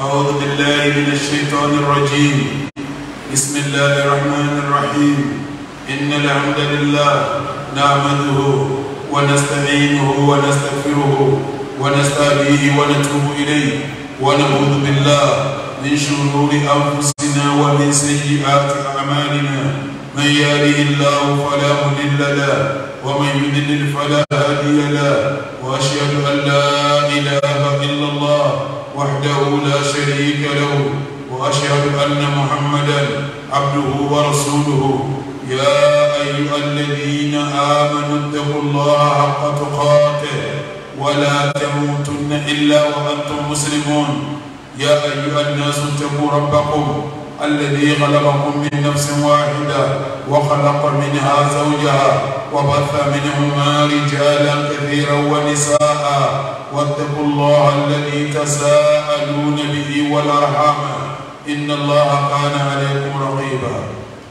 أعوذ بالله من الشيطان الرجيم بسم الله الرحمن الرحيم إن الحمد لله نعمده ونستعينه ونستغفره ونستهديه ونتوب إليه ونعوذ بالله من شرور أنفسنا ومن سيئات أعمالنا من يهده الله فلا مضل له ومن يضلل فلا هادي له وأشهد أن لا إله إلا الله وحده لا شريك له وأشهد أن محمدا عبده ورسوله يا أيها الذين آمنوا اتقوا الله حق تقاته ولا تموتن إلا وأنتم مسلمون يا أيها الناس اتقوا ربكم الذي خلقكم من نفس واحدة وخلق منها زوجها وبث منهما رجالا كثيرا ونساء واتقوا الله الذي تساءلون به والأرحام إن الله كان عليكم رقيبا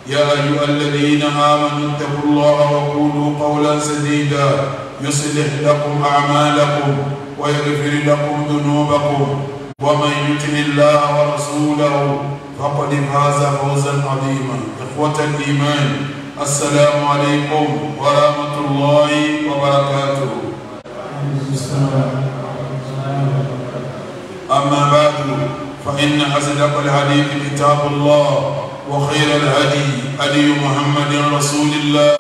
يا أيها الذين آمنوا اتقوا الله وقولوا قولا سديدا يصلح لكم أعمالكم ويغفر لكم ذنوبكم ومن يطع الله ورسوله فقد فاز فوزا عظيما إخوة الإيمان السلام عليكم ورحمة الله وبركاته أما بعد فإن أصدق الحديث كتاب الله وخير الهدي هدي محمد رسول الله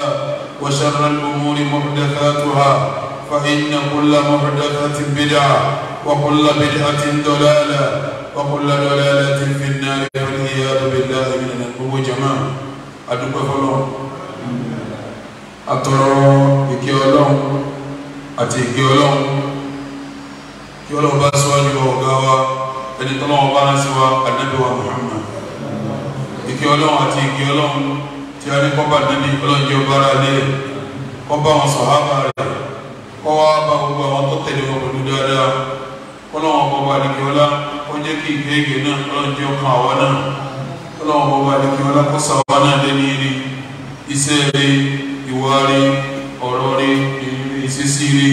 وشر الأمور محدثاتها فإن كل محدثة بدعة وكل بدعة ضلالة وكل ضلالة في النار والعياذ بالله من النبو جماعة أدوك فلو أترى بكي الله àti ìgbé ọlọ́run kí ọlọ́run bá síwájú ọ̀gá wa ẹni tọ́lọ́run bá rán sí wa wa Muhammad ìgbé ọlọ́run àti ìgbé ọlọ́run tí a ní kọ́ba nàbí ọlọ́run jẹ́ ọba ara lé kọ́ba àwọn sọ̀hábà rẹ̀ kọ́ wa bá gbogbo àwọn tó tẹ̀lé wọn pẹ̀lú dáadáa ọlọ́run ọba wa àdìgbé ọlá ó jẹ́ kí ìgbé ìgbé náà ọlọ́run jẹ́ ọkàn àwa náà ọlọ́run ọba àdìgbé ọlá kó sàwọn náà lé ní iṣẹ́ ìṣesí rí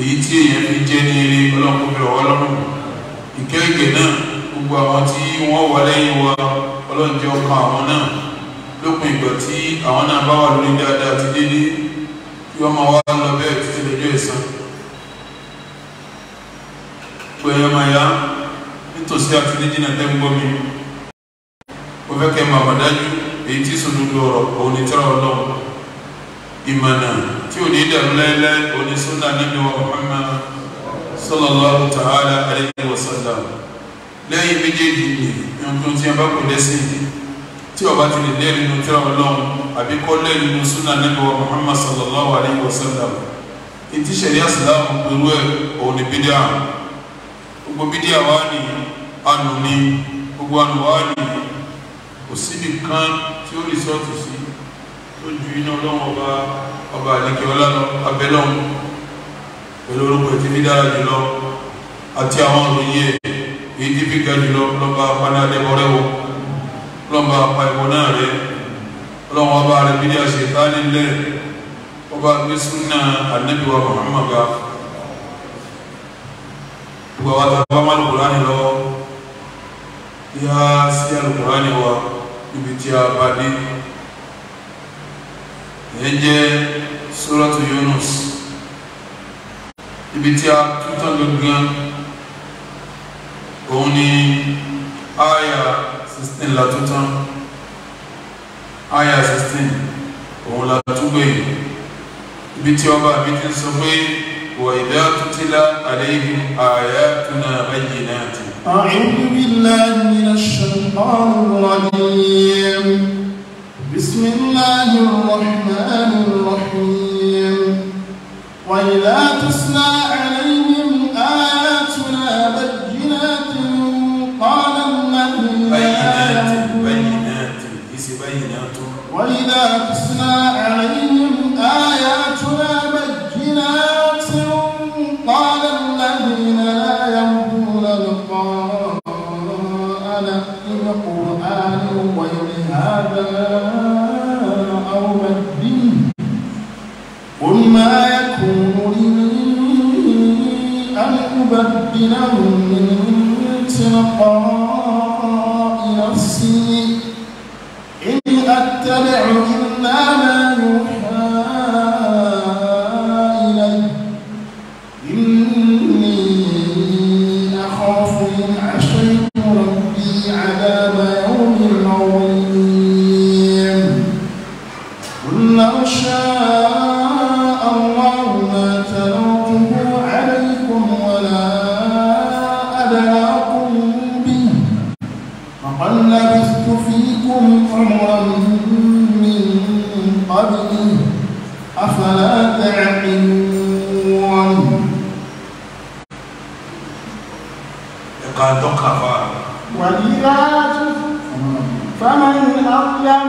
èyí tí èèyàn fi jẹ́ ní eré ọlọ́kùnrin ọ̀wọ́ lọ́rùn ìkẹ́kẹ́ náà gbogbo àwọn tí wọ́n wà lẹ́yìn wa ọlọ́njẹ́ ọkàn àwọn náà lópin ìgbà tí àwọn náà bá wà lórí dáadáa ti dédé kí wọ́n máa wá lọ bẹ́ẹ̀ títí lọ́jọ́ ẹ̀san gbẹ̀yàn máa yá nítòsí àti nídìí náà tẹ́gbọ́ mi mo fẹ́ kẹ́ máa mọ̀ dájú èyí tí sòdodo ọ̀rọ̀ òun ni tẹ́rọ ọlọ́run ìmọ̀nà tí ò ní dàrú lẹ́lẹ́ òní súnà nínú Muhammad sallallahu ta'ala alayhi wa sallam lẹ́yìn méjèèjì ni nǹkan tí a bá kò lẹ́sìn tí ọba ti lè lẹ́rìí nínú tíra ọlọ́run àbí kọ́ lẹ́rìí nínú súnà nínú Muhammad sallallahu alayhi wa sallam ìtí sẹ̀ríà pẹ̀lú ẹ̀ òun bídíà gbogbo bídíà wà ní ànú ni gbogbo ànú wà ní kò síbi kan tí ó rìsọ́ọ̀tù sí tó ju iná ọlọ́run ọba ọba àdìkẹ́ ọlọ́run abẹ́lọ́run pẹ̀lú orúkọ ètí ní dára jùlọ àti àwọn òròyìn ẹ̀ èyí tí fíga jùlọ lọ́ba apanadẹ́bọ̀rẹ́ wọ lọ́ba apá ẹ̀wọ̀ náà rẹ ọlọ́run ọba rẹ bí ní àṣẹ ìtàlélẹ̀ ọba gbésùnà ànábìwá Muhammadu gbogbo àwọn àtàwọn bá má lùkùránì lọ́wọ́ yá sí àlùkùránì wa ibi tí a bá dé ìyẹn jẹ́ suratu Yunus ibi tí a túntọ́ gangan òun ni aya 16 la túntọ́ aya 16 òun la túgbẹ̀ ibi tí ọba mi ti sọ pé وإذا تتلى عليهم آياتنا بينات أعوذ بالله من الشيطان الرجيم بسم الله الرحمن الرحيم وإذا تسلى عليهم آياتنا بينات قال الذين بينات بينات بينات وإذا تسلى عليهم آياتنا بينات قال الذين لا يرجون لقاءنا إن قرآن غير هذا لهم من تلقاء نفسي إن أتبع إلا ka dɔ ka fa. wàlíyá tún fáwọn ènìyàn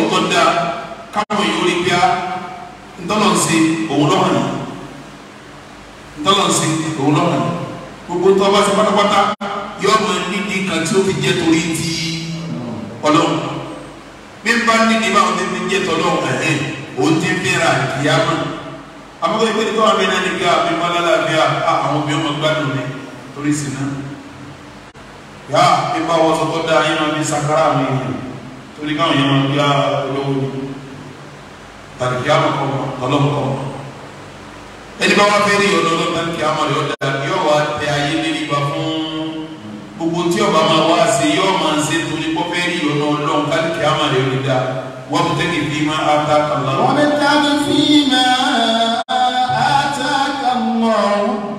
ní tó dáa káwọn èèyàn rí bíá ntọ́lọ́nsì òun lọ́hàn yìí ntọ́lọ́nsì òun lọ́hàn yìí gbogbo tó bá ṣe pátápátá yọ ọmọ nídi kan tí ó fi jẹ torí ti ọlọ́run bí n bá nídi báwọn ti fi jẹ tọ́lọ́run ẹ̀hìn òun ti fi ra ìyáma àbúkọ ìpínlẹ̀ tó wà mí náà níbi àbí mọ́lálà bí àwọn obìnrin ọmọ gbádùn mi torí sí náà yá ìbáwọ̀ sọ́kọ́ dáa yín máa fi sakara mi yìí torí káwọn yẹn máa gbá olówó ni tàbí àwọn kan ọlọ́mọ kan ẹni bá wá fẹ́ rí ọ̀dọ́ ló tàbí kí àwọn ọ̀dọ́ dà bí ọ̀wá tẹ ayé lérí gba fún gbogbo tí ọba máa wá sí yóò máa ń ṣe torí kó fẹ́ rí ọ̀dọ́ ọlọ́run tàbí kí àwọn ọ̀dọ́ rí dà wọ́n mú tẹ́kì fi máa ata kàlá. wọ́n mú tẹ́kì fi máa ata kàlá.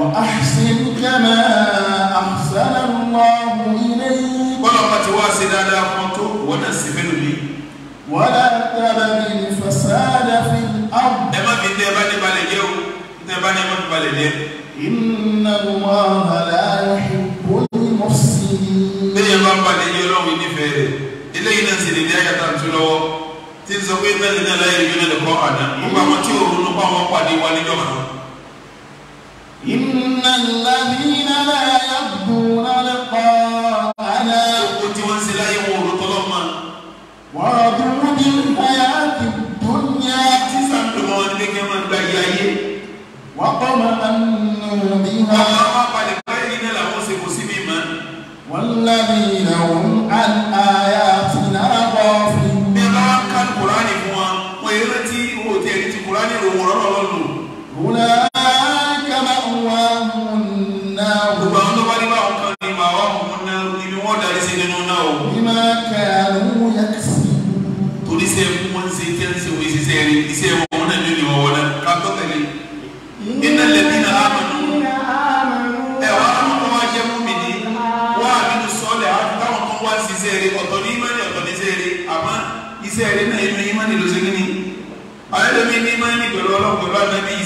وأحسن كما أحسن الله إليك bọ́lá ọba ti wá sí dáadáa fún tó wọ́n náà sì fẹ́ lómi. wala tabghi fasada fil ard. ẹ má fi tẹ ẹ bá ní balẹ̀ jẹ́ o tẹ ẹ bá ní ẹ má fi balẹ̀ jẹ́. inna Allaha la yuhibbul mufsidin. bẹ́ẹ̀ bá ń balẹ̀ jẹ́ ọlọ́run nífẹ̀ẹ́ rẹ̀ eléyìí náà sì lè dé àyàtà tó lọ́wọ́ tí n sọ pé bẹ́ẹ̀ ni náà láyé ìgbélé lè kọ́ àná. mo gbà wọn tí òun ló bá wọn pàdé wa níjọ́ kan. إن الذين لا يرجون لقاءنا قلت وانزل أي أمور طلبنا ورضوا بالحياة الدنيا تسمى وانك من بيعي وطمأنوا بها والذين هم oníṣẹ́ ẹ̀kú wọn ṣe tí wọ́n ṣe wọ́n ṣiṣẹ́ rẹ̀ iṣẹ́ wọn náà ní ìwọ̀n wọn náà ká tọ́tẹ̀ lé iná lẹ́bí na amanu ẹ̀ wá àwọn kan wá jẹ́ múmi ní wọ́n àbínú sọ́ọ̀lẹ̀ àwọn táwọn kan wá ṣiṣẹ́ rẹ̀ ọ̀tọ̀ ní ìmánì ọ̀tọ̀ ní iṣẹ́ rẹ̀ àmọ́ iṣẹ́ rẹ̀ náà inú ìmánì ló ṣe kí ni ayélujára ní ìmánì pẹ̀lú ọlọ́pàá lọ́dún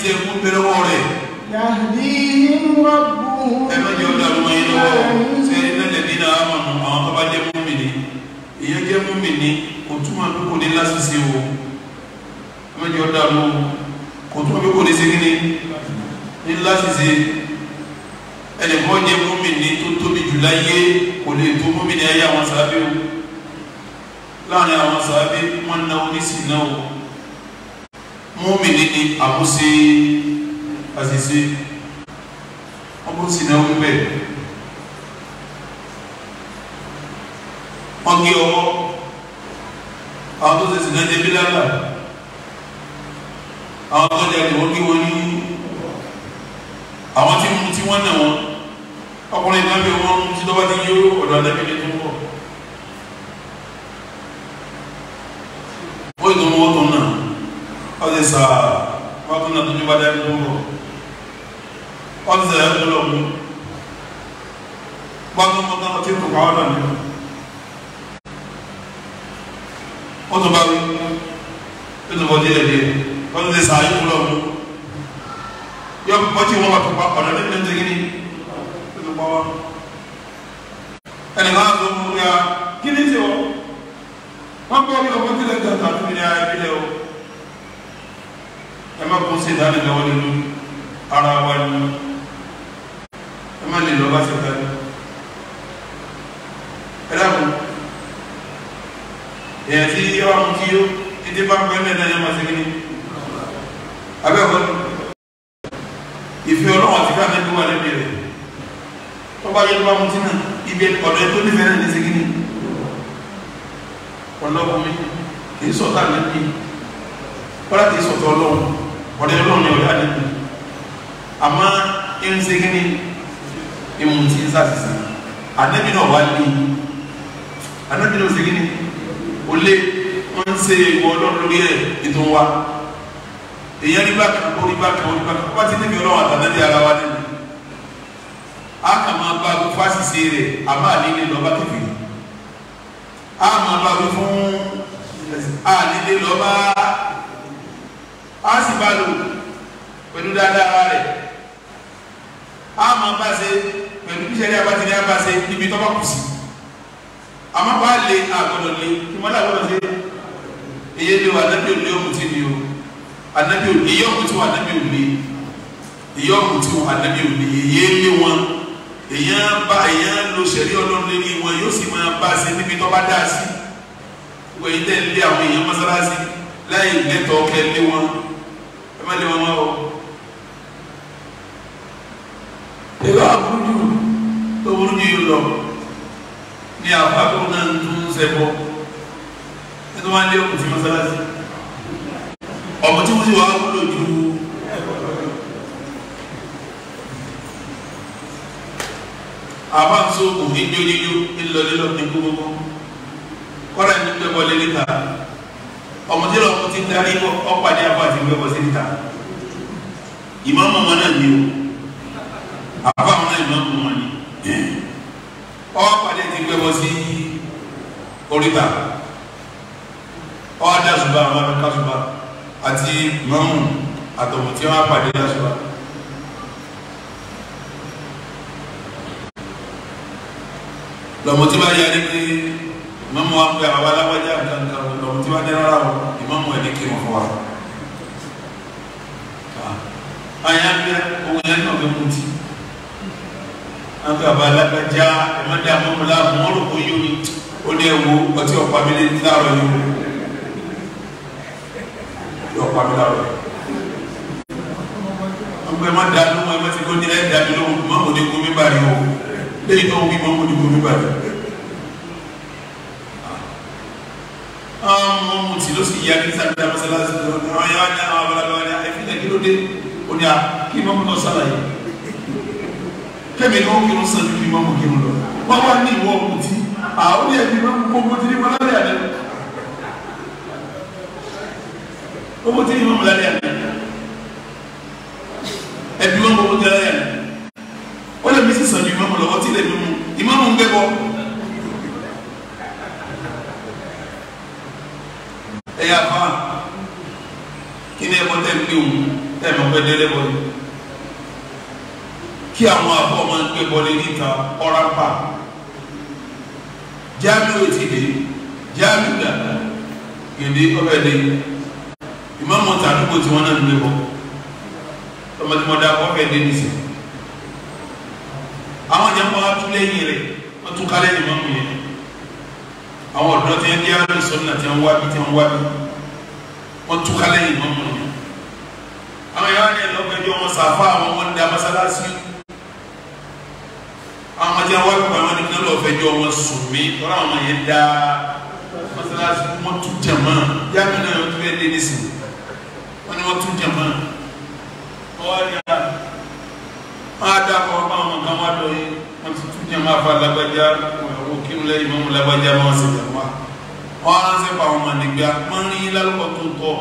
jẹ́ múmi ní kò túmọ̀ pé kò ní lásìsí o mẹ́jọ ọ̀dà ló kò túmọ̀ pé kò ní sí kíní ní lásìsí ẹnìkan jẹ́ múmi ní tó tóbi jù láyé kò lè tó múmi ní ayé àwọn sàábé o láàrin àwọn sàábé wọn náwó ní sí náà o múmi ní ní àkóso àṣìṣe ọkọ̀ sí náà wípé. wọn gé ọwọ́ àwọn tó sèse náà débi lábà àwọn tó dẹ ẹni wọn gé wọn ní àwọn tí mu tí wọn nà wọn ọkùnrin náà bí wọn mú tí dọ́wọ́ ti yó ọ̀dọ̀ àdàbí ni tó ń bọ̀ wọ́n yìí tó ń wọ́n tó ń nà ọ́ ti sà wọ́n tó nà tó ń bá dàbí tó ń bọ̀ sà ẹ̀ ń lọ́wọ́ wọ́n tó ń bọ̀ tó ń bọ̀ tó ń bọ̀ wọ́n tún bá wí wọ́n tún bọ́ díẹ̀ díẹ̀ wọ́n tún lè sa ayé wúlọ̀ mú yọ wọ́n ti wọ́n wà tó pa ọ̀nà lẹ́yìn náà tẹ́gí ni wọ́n pa wá. ẹnì kan tó mú ya kí ni ti wọ́n bọ́ bí ọkọ̀ tilẹ̀ tẹ̀ tà tún ní ayé bí lẹ̀ o ẹ má kó sí ìdánilẹ́wọ́ nínú ara wa nínú ẹ má lè lọ́ bá ṣe ká ní ẹ dákun èèyàn tí yẹ wà mú kí yó títí bá ń bẹ ní ẹ̀dá yẹn máa segin ní. abẹ́kọ̀ ìfẹ́ ọlọ́wọ́ àti káfíń tó wà lẹ́bi rẹ̀ tọ́ba yẹ tó bá mú tí náà ibi ọ̀dọ̀ ẹ tó nífẹ̀ẹ́ náà ní segin ní. ọlọ́wọ́ mi kì í sọ̀tà níbi kọ́lá kì í sọ̀tà ọlọ́wọ́ ọ̀dọ̀ ọlọ́wọ́ ni ọ̀dọ̀ àdébù àmọ́ ń segin ní ìmùtí ń sàṣìṣe àdébì náà wá ní àdébì náà segin ní ó lé wọ́n ń ṣe ìwọ ọlọ́run lórí ẹ̀ ètò wa èyí ẹni bá kan orí bá kan orí bá kan wọ́n ti níbi ọlọ́run àtàlẹ́dẹ́ ara wa nínú a kà máa bá wí fásitì rẹ̀ àmọ́ àlílé lọ́ba kẹfì a máa bá wí fún àlílé lọ́ba a sì bá lò pẹ̀lú dáadáa rẹ̀ a máa bá ṣe pẹ̀lú bí sẹ́ni abá ti ní abá ṣe níbi tọ́ba kù sí i àmọ́ bá lè àgbọ̀dọ̀ lè kí wọ́n dàgbọ́dọ̀ sí iye lé o ànábì ò lé ọ̀hún tí ni o ànábì ò lé iye ọ̀hún tí wọ́n ànábì ò lé iye ọ̀hún tí wọ́n ànábì ò lé iye lé wọn èèyàn bá èèyàn lo sẹ̀rí ọlọ́run lé ní wọn yóò sì máa bá a sí níbi tó bá dá a sí wọ́n yìí tẹ̀ lé àwọn èèyàn mọ́sálásí láyé ìgbẹ́tọ̀ kẹ́ lé wọn ẹ má lé wọn mọ́ o. èrò àbúrò tó burú jù lọ ní àbábọ̀ náà ń tún sẹ́bọ̀ nínú wá dé òkùnfin mọ́sálásí ọmọ tí wọ́n sì wá wúlò ju àbáǹsó kò ní jóníjó ńlọlélọ ní gbogbo kọ́ra ní gbẹ́bọ̀ lé níta ọmọ tí lọ́kọ́ ti darí ọ̀pàdé àbá àti gbẹ́bọ̀ sí níta ìmọ̀ ọmọ náà ni o àbá àwọn náà ìmọ̀ ọmọ náà ni ọwọ́ pàdé ti gbé wọn sí oríta ọwọ́ dàṣùbà àwọn akásùbà àti mọ́mù àtọ̀wò tí wọ́n pàdé dàṣùbà. lọ́mọ tí bá yá ni pé mọ́mù wa pé àwọn alábàjá àgbàǹkà lọ́mọ tí bá dé rárá o ìmọ̀mù ẹ̀ ní kí wọ́n fọwọ́. àyà ń bẹ òun yẹn náà ló mú ti wọn kà bá alágbájá ẹ̀mọ́dé amọ́mọ́lá wọn rò kó yóni ó dé wo ọtí ọ̀pá mi lé láàrọ̀ yìí o ọ̀pá mi láàrọ̀ yìí gbogbo ẹ má da lóhùn ẹ má ti kó ní ẹ dàbí lóhùn má mo ní kó mi bàrí o lẹ́yìn tó ń bí mo ní kó mi bàrí. àwọn ah, ọmọ ah, mutí ló sì yá kí sábẹ́ àmọ́sálásí lọ́wọ́ àwọn yàrá ní àwọn abalabalẹ̀ àìfílẹ̀ kí ló dé ó ní a ah, kí mọ́mú lọ kémi ni wọn kírun sàn ju kí mọ́mú kírun lọ wọn wá ní ìwọ ọmọ tí àwọn yẹn ti mọ́mú gbogbo ti ní mọ́lá lẹ́yà lẹ́nu gbogbo ti ní mọ́mú lẹ́yà lẹ́nu ẹbí wọn gbogbo ti lẹ́yà lẹ́nu ó lè mi sì sàn ju mọ́mú lọ ọtí lè mi mú ìmọ̀mù ń gbẹ́bọ. ẹ̀yà fa kí ni ẹ̀kọ́ tẹ̀ ń pé òun tẹ̀ mọ̀ pé délé bọ̀ yìí kí àwọn afọ máa ń gbé bọ́lé níta ọ̀rápá jáàmù ètìdé jáàmù dàda gèdè ọbẹ̀dẹ ìmáàmù ọ̀tà àdúgbò tí wọ́n náà ń gbé bọ́ tọmọtìmọ̀dá ọbẹ̀dẹ nìsí àwọn jẹ́pọ̀ atúlẹ̀yìn rẹ̀ wọ́n tún kálẹ̀ ìmáàmù yẹn àwọn ọ̀dọ́ tí wọ́n di àwọn ìsọ̀nù àti àwọn wábi tí wọ́n wábi wọ́n tún kálẹ̀ ìmáàmù yẹn àwọn yàrá ni ẹ̀ wọn sàfà àwọn wọn dá àwọn àti àwọn àgbà wọn ni kí wọn lọ fẹ́ jọ wọn sùn mí tọ́lá àwọn yẹn dá masalasi wọn tún jàmá yàtọ̀ náà wọn tún bẹ́ẹ̀ dé nísìnyí wọn ni wọn tún jàmá wọn ni a máa dá kọ́ wọn báwọn kan wá lọ yìí wọn ti tún jàmá fa lágbájá wọn kí wọn lẹ́yìn mọ́mú lágbájá wọn sì jàmá wọn á ránṣẹ́ pa àwọn ọmọ nígbà wọn rí lálùkọ́ tó tọ́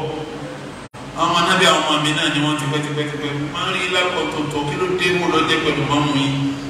àwọn anábìà ọmọ mi náà ni wọn ti pẹ́tipẹ́tipẹ́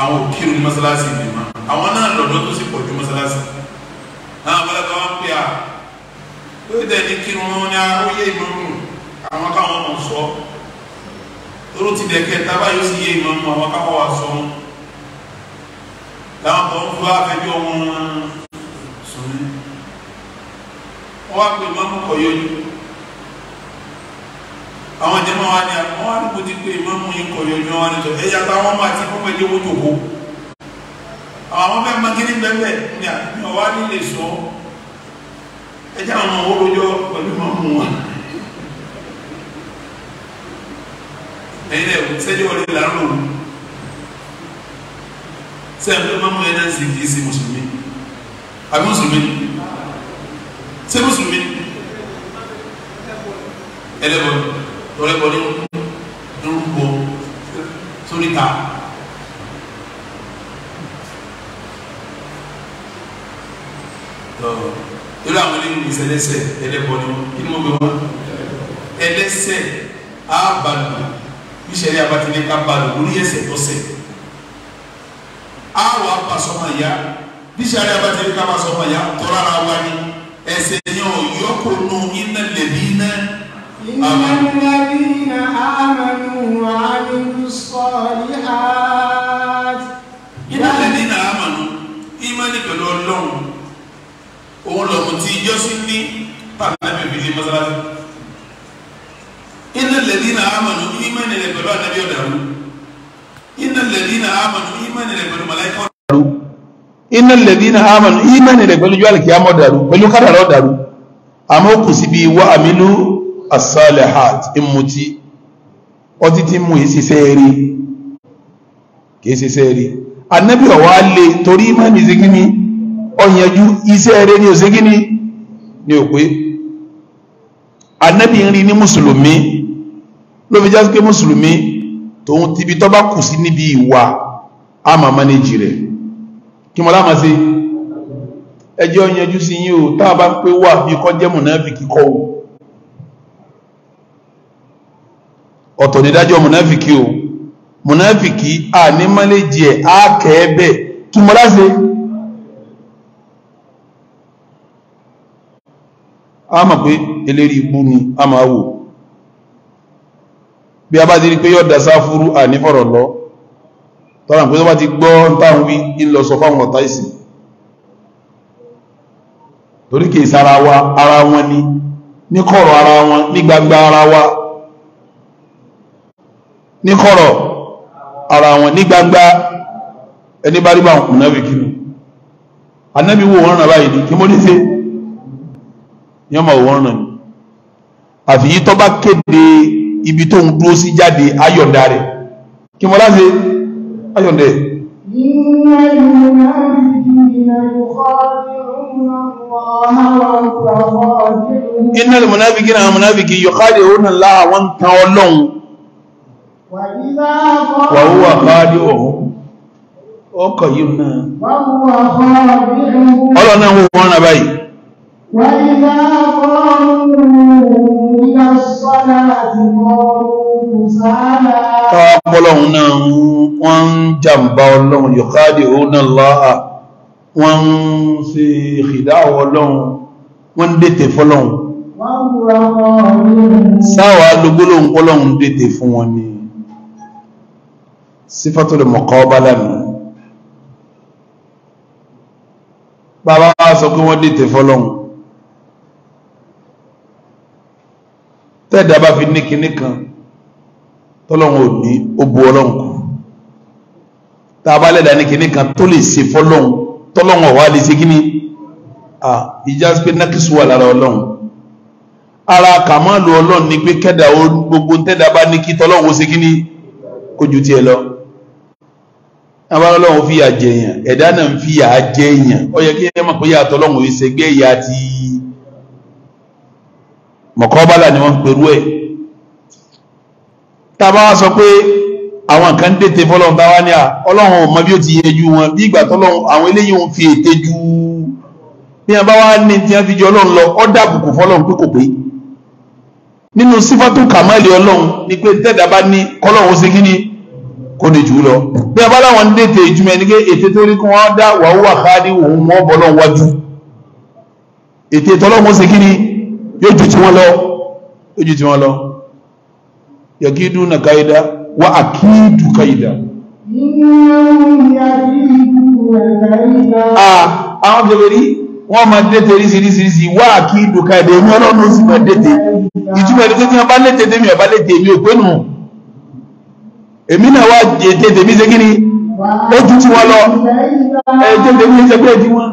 àwọn òkìrù mọ́sálásí ni ma àwọn náà lọ́dọ́ tó sì pọ̀ ju mọ́sálásí náà balaba wọn pè á ó yẹ dẹ́ni kírun wọn ni ó yẹ ìmọ̀mù àwọn káwọn mọ̀ sọ tóró ti dẹ̀kẹ́ tábà yóò sì yẹ ìmọ̀mù àwọn káwọn wà sọ wọn làwọn kan fún afẹ́jọ́ wọn sùn ní wọn wá pè mọ́mù kọ̀ yọjú àwọn jẹ́mọ́ wa ni àwọn wá níbo ti pé ìmọ̀mú yín kọ̀ yọjọ́ wa ni sọ ẹ̀yà bá wọn máa ti fún ẹjẹ́ wótò kó àwọn bẹ́ẹ̀ máa kí ní bẹ́ẹ̀ ni àbí ọ̀wá ní lè sọ ẹjẹ́ àwọn ọmọ olójọ́ pẹ̀lú ìmọ̀mú wa ẹ̀yin dẹ̀ sẹ́jọ́ wọlé làárọ̀ òru sẹ́yìn pé yẹn náà sì kì í mùsùlùmí àbí mùsùlùmí ṣé mùsùlùmí ẹlẹ́bọ̀ọ́ torí wọlé dúró sóríta torí àwọn ilé ìwé ìṣẹlẹsẹ ẹlẹbọ ni inú mi wọn ẹlẹsẹ àbàlù ìṣẹlẹ abatilẹ kábàlù lórí ẹsẹ tọsẹ àwọn apasọmọ ìyá bí ìṣẹlẹ abatilẹ kábàsọmọ ìyá tọ́ra ara wa ni ẹsẹ yẹn ò yọkùnú iná lẹ. الذين آمنوا وعملوا الصالحات إن الذين آمنوا إيمان pẹ̀lú Ọlọ́run òun lọ́mọ tí ìjọsìn ní tàbí bíi mọ́sálásí إن الذين آمنوا إيمان pẹ̀lú ànábì ọ̀dàrú إن الذين آمنوا إيمان pẹ̀lú màláíkà ọ̀dàrú إن الذين آمنوا إيمان pẹ̀lú jọ́ àlùkìyàmọ̀ ọ̀dàrú pẹ̀lú kádàrá ọ̀dàrú àmọ́ kù síbi wà àmínú asalihat ìmùtí ọtí tí mú ìṣiṣẹ́ rí kìí ṣiṣẹ́ rí anábì ọ̀wá lè torí ìmánì sí kíní ọ̀yànjú iṣẹ́ rẹ̀ ní òsí ni ò pé anábì ń rí ní mùsùlùmí ló fi jásí pé mùsùlùmí tòun ti bi tọ́ba kù sí níbi ìwà àmà mánéjì rẹ̀ kí mo lámà sí ẹjọ́ yanjú sí yín o tá a bá ń pé wà bí kọ́ jẹ́ mùnáfíkì kọ́ o ọ̀tọ̀ nídájọ́ mùnáfìkì o mùnáfìkì a ní mọ́lẹ́jì ẹ̀ á kẹ́ẹ̀bẹ̀ túnmọ́ láṣẹ a mọ̀ pé eléri ibú ni a máa wò bí a bá ti rí pé yọ́ dasá fúrú a ní fọ̀rọ̀ lọ tọ́rọ pé tó bá ti gbọ́ táwọn wí ń lọ sọ fáwọn ọ̀tá ìsìn torí kìí sára wa ara wọn ni ní kọ̀rọ̀ ara wọn ní gbangba ara wa ní kọ̀rọ̀ ara wọn ní gbangba ẹni bá rí bá wọn kùnà bìkì nù anabi wo wọn ràn báyìí ni kí mo ní ṣe yẹn máa wọn ràn ni àfi yìí tó bá kéde ibi tó ń dúró sí jáde ayọ̀ǹda rẹ̀ kí mo láṣẹ ayọ̀ǹda rẹ̀. innal munafiqina àwọn munafiki yukhadi'una Allah àwọn ń tan ọlọ́run wàhúwà fáàdí ọ̀hún ọkọ̀ yìí náà ọlọ́nà wọn wọ́n rán báyìí ọpọlọ́hun náà wọ́n ń jàmbá ọlọ́run yọ̀kádì òun láà wọ́n ń ṣe ìdá ọlọ́run wọ́n ń fọ́lọ́run sáwà lógbólóhun pọ́lọ́run dètè fún wọn ni sífàtòlè mọ̀kọ́bálà nù bàbá wa sọ pé wọ́n dìtẹ̀ fọ́lọ́hun tẹ́ẹ̀dá bá fi ní kinní kan tọ́lọ́hun ò ní ó bu ọlọ́hun kù tá a bá lẹ́dàá ní kinní kan tó lè ṣe fọ́lọ́hun tọ́lọ́hun ọ̀wá lè ṣe kíní ìjà pé nákìsù wà lára ọlọ́hun ara kàmáàlú ọlọ́hun ni pé kẹ́dà gbogbo tẹ́ẹ̀dá bá ní kí tọ́lọ́hun ó ṣe kíní kójú tiẹ̀ lọ abára ọlọ́run fìyà jẹyàn ẹ̀dá náà ń fìyà jẹyàn ó yẹ kí ẹ mọ̀ pé yàtọ̀ ọlọ́run ìṣègbè ìyá ti mọ̀kọ́bálà ni wọ́n ń perú ẹ̀ tá a bá wá sọ pé àwọn nǹkan ń dètè fọlọ́run táwa ní à ọlọ́run ò mọ bí ó ti wọn bí ìgbà tọ́lọ́run àwọn eléyìí ń fi ète ju bí bá wá ní tí fi jọ ọlọ́run lọ ọ́ dàbùkù fọlọ́run pé kò pé nínú sífàtú kàmáìlì ọlọ́run ni pé tẹ́dà bá ní kọ́lọ́run ó ṣe kí ni kó ní jù lọ bí a bá láwọn ní ètè ìjúmọ̀ ẹni pé ètè tó rí kí wọ́n dá wàá wà káàdì òun mọ́ bọ́lọ́ wájú ètè tọ́lọ́wọ́ ṣe kí ni yóò ju tí wọ́n lọ yóò ju tí wọ́n lọ yakidu na kaida wa akidu kaida. àwọn kèfèrí wọ́n máa dẹ́tẹ̀ ríṣiríṣiríṣi wá akidu kaida èmi ọlọ́run ó sì máa dẹ́tẹ̀ ìjúmọ̀ ẹni pé tí wọ́n bá lẹ́tẹ̀ tẹ́mi ọ̀bá lẹ́tẹ̀ èmi ò pé nù èmi náà wá ètè tèmi ṣe kíni ó ju tí wọ́n lọ ètè tèmi ṣe pé ètè wọn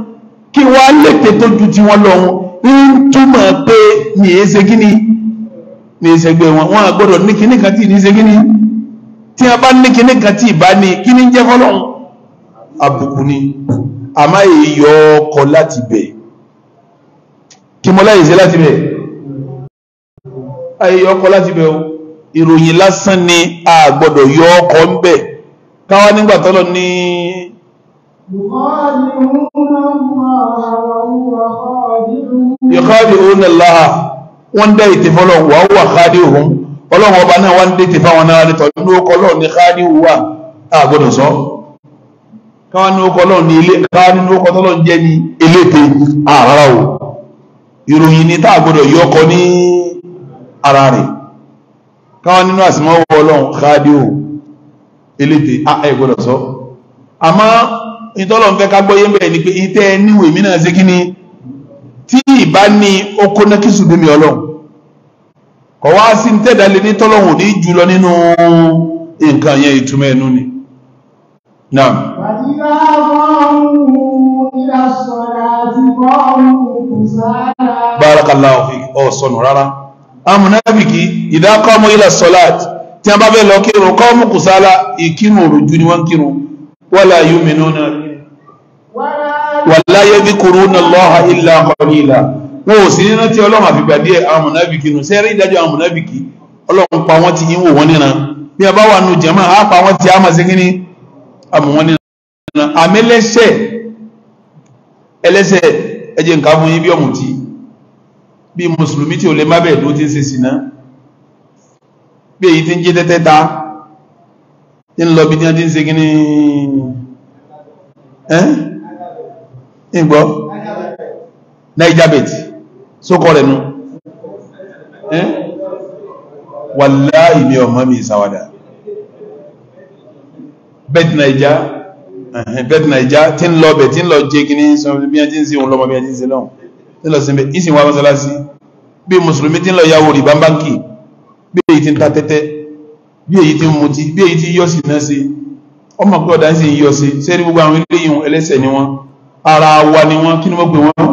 kí wọ́n á lètè tó ju tí wọ́n lọ wọn ń túmọ̀ pé mi è ṣe kíni mi è ṣe gbé wọn wọn à ní kíní kan tí ì ní ṣe kíni tí a bá ní kíní kan tí ì bá ní kíní jẹ́ fọlọ́hún àbùkù ni àmá èyọ ọkọ̀ láti bẹ̀ kí mọ́lá yìí ṣe láti bẹ̀ èyọ ọkọ̀ láti bẹ̀ o ìròyìn lásán ni a gbọ́dọ̀ yọ ọkọ̀ ń bẹ̀ káwá nígbà tọ́lọ ní yọ̀káàdì òun láà wọ́n dá ìtì fọ́lọ̀ wà wà káàdì òun ọlọ́run ọba náà wọ́n dé ti fáwọn náà nítọ̀ ní ó kọlọ́ ní káàdì wà a gbọ́dọ̀ sọ káwá ní ó kọlọ́ ní ilé káàdì ní ó kọtọ́lọ́ jẹ́ ní eléte àrárá o ìròyìn ni tá a gbọ́dọ̀ yọ ọkọ̀ ní ara rẹ̀ káwọn nínú àsìmọ́wọ́ ọlọ́run káàdì ò eléte ẹ gbọ́dọ̀ sọ àmọ́ ìtọ́lọ̀ ń fẹ́ ká gbọ́yé bẹ́ẹ̀ ni pé ìtẹ́ níwò èmi náà ṣe kí ni tí ìbá ní okó náà kí sùdúmi ọlọ́run kọ̀ wá sí tẹ́ẹ̀dá lè ní tọ́lọ́hùn ní jùlọ nínú nǹkan yẹn ìtumọ̀ ẹnu ni. Naam. ọ̀sọ̀nù rárá amúnábìkì ìdákọ́mọ ilẹ̀ sọ́láàtì tí wọ́n bá fẹ́ lọ kírun kọ́mù kùsálà ìkírun òrùjú ni wọ́n kírun wala yu'minuna wala yadhkuruna Allaha illa qalila wọn ò sí nínú tí ọlọ́run àfìgbà díẹ̀ amúnábìkì nù sẹ́rí ìdájọ́ amúnábìkì ọlọ́run pa wọ́n ti yín wò wọ́n níran bí a bá wà nù jẹ́mọ́ á pa wọ́n ti á máa ṣe kí ni àmọ́ wọ́n níran àmẹ́lẹ́sẹ̀ ẹlẹ́sẹ̀ ẹjẹ̀ nǹkan bí mùsùlùmí tí ó lè mábẹ̀ ló ti ṣe sínà bí èyí tí ń jẹ́ tẹ́tẹ́ ta tí ń lọ bí tí wọ́n ti ń ṣe gíní ìgbọ́ naijabet sókọ rẹ̀ nù wàláhì mi ọmọ mi ìsàwádà bet naija bet naija tí ń lọ bẹ̀ tí ń lọ jẹ́ gíní sọ bí wọ́n ti ń ṣe òun lọ́mọ bí wọ́n ti ń ṣe lọ́hùn nílọ sí ìsìn wa mọ́sálásí bí mùsùlùmí tí ń lọ yàwó rìbá báńkì bí èyí tí ń ta tẹ́tẹ́ bí èyí tí ń mutí bí èyí tí yọ́ sí náà sí ọmọ pé ọ̀dá sí yọ́ sí sẹ́rí gbogbo àwọn ilé ìhun ẹlẹ́sẹ̀ ni wọ́n ara wa ni wọ́n kí ni wọ́n pè wọ́n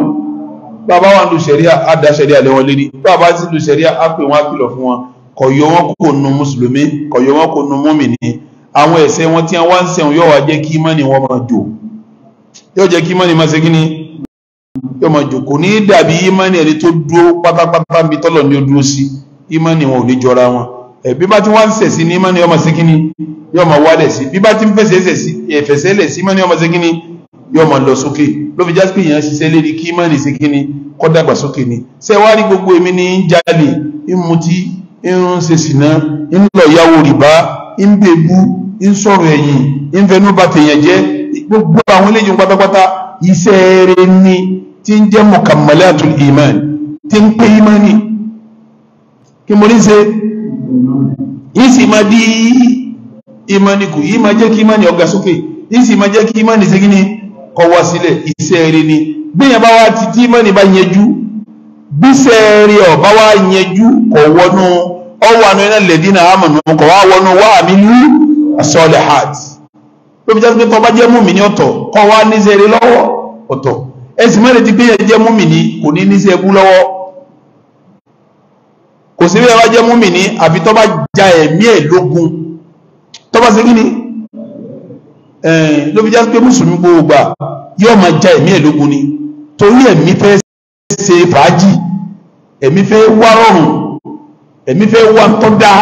bàbá wa ń lu sẹ̀ríà á da sẹ̀ríà lé wọn lérí bàbá ti lu sẹ̀ríà á pè wọ́n á kìlọ̀ fún wọn kò wọn kò nu mùsùlùmí kò wọn kò nu mùmínì àwọn ẹ̀ṣẹ̀ wọn tí wọ́n ń ṣẹ̀wọ̀n yóò wá jẹ́ kí mọ́ni wọn máa jò yóò jẹ́ kí mọ́ni máa ṣe ni yóò máa jòkó ní dàbí ìmánì ẹni tó dúró pátápátá bí tọ́lọ̀ ní ó dúró sí ìmánì wọn ò ní jọra wọn bí bá ti wá ń sẹ̀sí ní ìmánì yóò máa ṣe kíní yóò máa wálẹ̀ sí bí bá ti ń fẹsẹ̀ sẹ̀sí ẹ̀fẹ̀sẹ̀ sí ìmánì yóò máa ṣe kíní lọ sókè ló fi jásí pé èèyàn kí ìmánì ṣe kíní dàgbà sókè ni ṣé wá rí gbogbo èmi ní ń jalè ń mutí ń ṣe sìná ń lọ yáwó rìbá ń bèbú ń sọ̀rọ̀ ẹ̀yìn ń fẹnú bàtẹ̀yàn jẹ́ gbogbo àwọn eléyìí pátápátá iṣẹ́ rere ni tí ń jẹ́ mukammalatul iman tí ń imani kí mo ní ṣe yìí sì máa imani ku, yìí máa jẹ́ kí imani ọ̀gá sókè yìí sì máa jẹ́ imani ṣe kí ni kọ wá sílẹ̀ iṣẹ́ rẹ ni gbìyàn bá wá ti tí imani bá yẹjú bíṣẹ́ rẹ ọ̀ bá wá yẹjú kọ̀ wọnú ọwọ́ àná iná lẹ́dínà àmọ̀nà kọ̀ wá wọnú wá àmì ní asọ́lẹ̀ heart ló pé tọ́ bá jẹ́ mùmínì ọ̀tọ̀ kọ́ wá níṣẹ́ rẹ lọ́wọ́ ọ̀tọ̀ ẹsì mọ́lẹ̀ ti gbéyàn jẹ́ múmìní kò ní ní sí ẹbú lọ́wọ́ kò sí bí ẹ bá jẹ́ múmìní àfi tọ́ bá ja ẹ̀mí ẹ̀ lógun tọ́ bá ṣe kí ni ló fi já pé mùsùlùmí gbogbo yóò máa ja ẹ̀mí ẹ̀ lógun ni torí ẹ̀mí fẹ́ ṣe fàájì ẹ̀mí fẹ́ wá rọrùn ẹ̀mí fẹ́ wá tọ́ dáa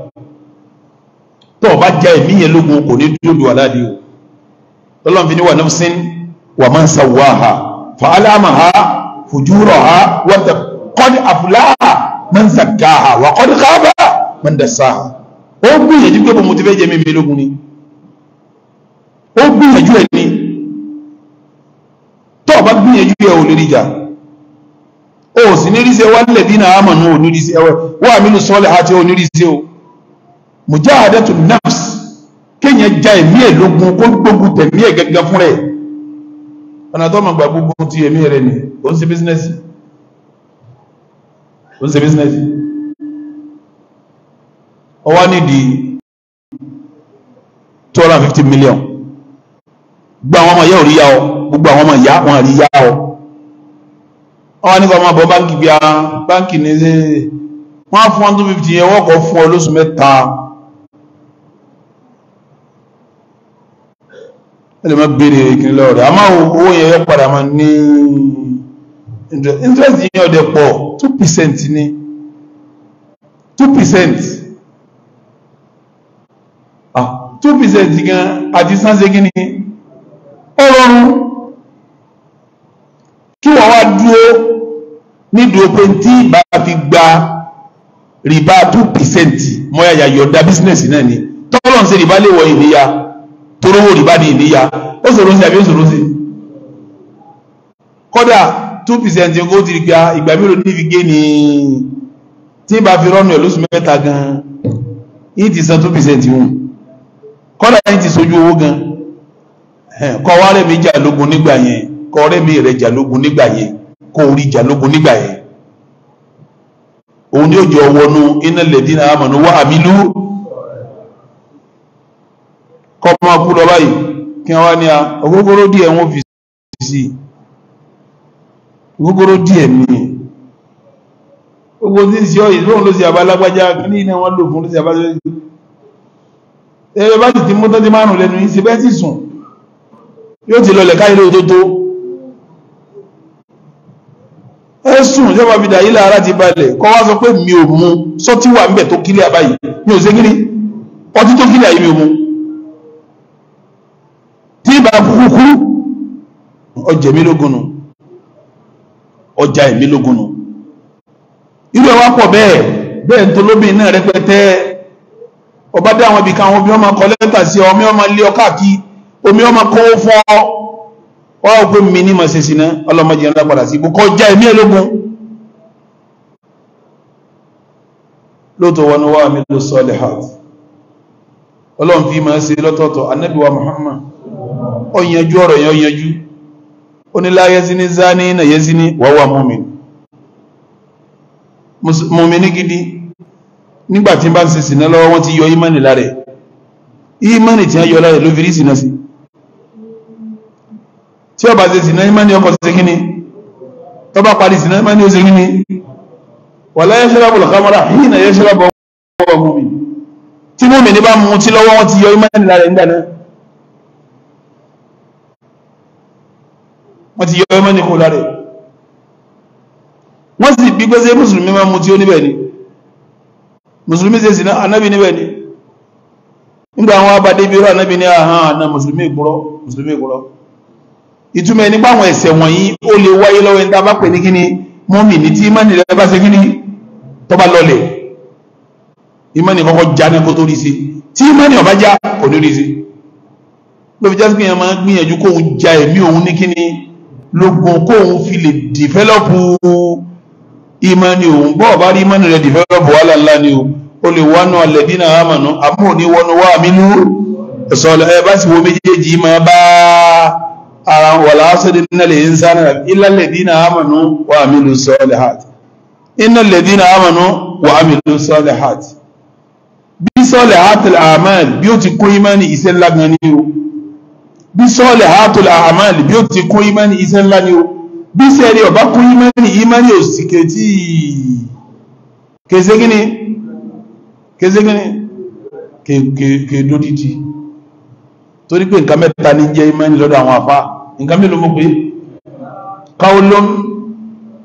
tó o bá já ẹ̀mí yẹn lógun kò ní dúdú aládìí o tọ́lọ́n fi ní wà nafsin wà man sawwaha fa alamaha fujuraha wa qad aflaha man zakkaha wa qad khaba man dassaha ó gbìyànjú pé bó mo ti fẹ́ jẹ́ mímí lógun ni ó gbìyànjú ẹ̀ ni tó o bá gbìyànjú ẹ̀ ò lè rí o sì ní rí ṣe wal ladina amanu ò ní rí ṣe wà mí lù sọ́ọ̀lẹ̀ àti ò ní rí o mujahadatu nafs kéèyàn já ẹ̀mí ẹ̀ lógun kó gbógun tẹ̀mí ẹ̀ gẹ́gẹ́ fún rẹ̀ ọ̀nà tó ma gba gbogbo ti ẹ̀mí rẹ̀ ni ó business ṣe bísínẹ́sì ó ń ṣe bísínẹ́sì ọwọ́ nídìí two hundred and fifty million gbogbo àwọn ọmọ ìyá ò rí ya ọ gbogbo àwọn ọmọ ìyá wọn rí yá ọ wọn ní kọ́ ọmọ bọ́ báńkì bíi báńkì ní eh, wọ́n á fún one two fifty yẹn wọ́n kọ́ fún ọ lóṣù mẹ́ta. ẹlẹ́ mọ́ bèèrè ìkìrí lọ rẹ̀ àmá owó yẹn yẹ padà máa ní interest yẹn ọdẹ pọ̀ 2% ní 2% ah 2% gan àti sáńsẹ́ kí ni ọlọ́run kí wọ́n wá dúró nídúró pé tí ìbá fi gba rìbá 2% mọ́yàyà yọ̀ọ̀dá bísínẹ̀sì náà ni tọ́lọ́n ṣe rìbá lè wọ ìníyà torówó rìbá ní ìníyà ó ṣòro sí àbí ó ṣòro sí kódà two percent ó ti rí pé ah, ìgbà mélòó ní fi gé ni tí bá fi rọ́nù ẹ̀ lóṣù mẹ́ta gan-an ti san two percent wọn kódà yìí ti sojú owó gan-an kọ́ wá rẹ̀ mi jà lógun nígbà yẹn kọ́ rẹ̀ mi rẹ̀ jà lógun nígbà yẹn kó orí jà lógun nígbà yẹn òun ni ó jọ wọnú iná lẹ̀dínà àmọ̀nù wá àmì lú kọ́ máa kú lọ báyìí kí wọ́n wá ní ogógóró díẹ̀ wọ́n fi sí ogógóró díẹ̀ ní gbogbo tí ń ṣe ọ̀yẹ̀ lóòrùn ló sì àbá lágbájá ní iná wọn lò fún ló sì àbá lórí ẹgbẹ́ bá sì ti mú tọ́jú márùn lẹ́nu yìí ṣe bẹ́ẹ̀ sì sùn yóò ti lọlẹ̀ káyìí lóòótọ́ tó ẹ sùn jọba fi dàyí lára ti balẹ̀ kọ́ wá sọ pé mi ò mú sọtí wà ń bẹ̀ tó kílẹ̀ àbáyìí mi ò ṣe kíní ọtí tó kílẹ̀ àyè mi ò mú bá kúkú kú ọjà èmi ọjà èmi lógún nu irú ẹ̀ wá pọ̀ bẹ́ẹ̀ bẹ́ẹ̀ náà rẹpẹtẹ ọba dé àwọn ibìkan omi ọmọ kọ sí ọmọ ọmọ ọkà kí omi ọmọ kọ́ fọ, fọ́ pé mi náà yẹn ọjà wọn ọlọ́run fi máa ṣe lọ́tọ̀ọ̀tọ̀ ọ̀yanjú ọ̀rọ̀ yẹn ọ̀yanjú ó ní la yazini zani na yazini wa huwa mu'min mu'min gidi nígbà tí bá ń ṣe sìná lọ́wọ́ wọ́n ti yọ ìmánì lára ẹ̀ ìmánì tí wọ́n yọ lára ẹ̀ ló fi rí sìná sí tí ó bá ṣe sìná ìmánì ọkọ̀ ṣe kí ni tó bá parí sìná ìmánì ó ṣe kí ni wala yashrabu al-khamra hina yashrabu ọmọ mi tí mọ́mí ní bá mú tí lọ́wọ́ wọ́n ti yọ ìmánì lára ẹ̀ ń wọ́n ti yọ ẹmọ́ ní kò lárẹ̀ wọ́n sì gbígbé sí mùsùlùmí máa mú tí ó níbẹ̀ ni mùsùlùmí sí sí anábì níbẹ̀ ni nígbà àwọn abadé bí ó rà anábì ní àhán àná mùsùlùmí ìgbúrọ́ mùsùlùmí ìgbúrọ́ ìtumọ̀ nípa àwọn ẹ̀ṣẹ̀ wọ̀nyí ó lè wáyé lọ́wọ́ ẹni tá a bá pè ní kíni mọ́mì ní tí ìmánì rẹ̀ bá ṣe kíni tó bá lọlẹ̀ ìmánì kọ́kọ́ já ní kó tó rí sí tí ìmánì ọ̀bá já kò ní rí sí lóbi jásí gbìyànjú kóhun já ẹ̀mí òun ní kíni lógun kóhun fi lè dìfẹ́lọ́pù ìmánì òun bọ́ọ̀ bá rí ìmánì rẹ̀ dìfẹ́lọ́pù wà láńlá ni o ó lè wánú alẹ́dínà àmànú àmú ní wọnú wà mínú ẹ̀sọ́lẹ̀ ẹ bá sì wo méjèèjì máa bá ara wà lásìrì nínú lè ń sáré rẹ̀ ilá lẹ́dínà àmànú wà mínú sọ́ọ̀lẹ̀ hàt iná lẹ́dínà àmànú wà mínú sọ́ọ̀lẹ̀ hàt bí sọ́ọ̀lẹ̀ hàt àmàl bí ó ti kó ìmánì ìṣẹ́ ńlá gan ni o bí sọ́ọ̀lẹ̀ àátòlà àmàlì bí ó ti kún ìmánì iṣẹ́ ńlá ni ó bí sẹ́ẹ̀rí ọ̀bá kún ìmánì ìmánì ò sì kẹtí kẹsẹ́gíní kẹsẹ́gíní kẹdódìdì torí pé nǹkan mẹ́ta ní jẹ́ ìmánì lọ́dọ̀ àwọn àfá nǹkan mélòó mú pé qaulun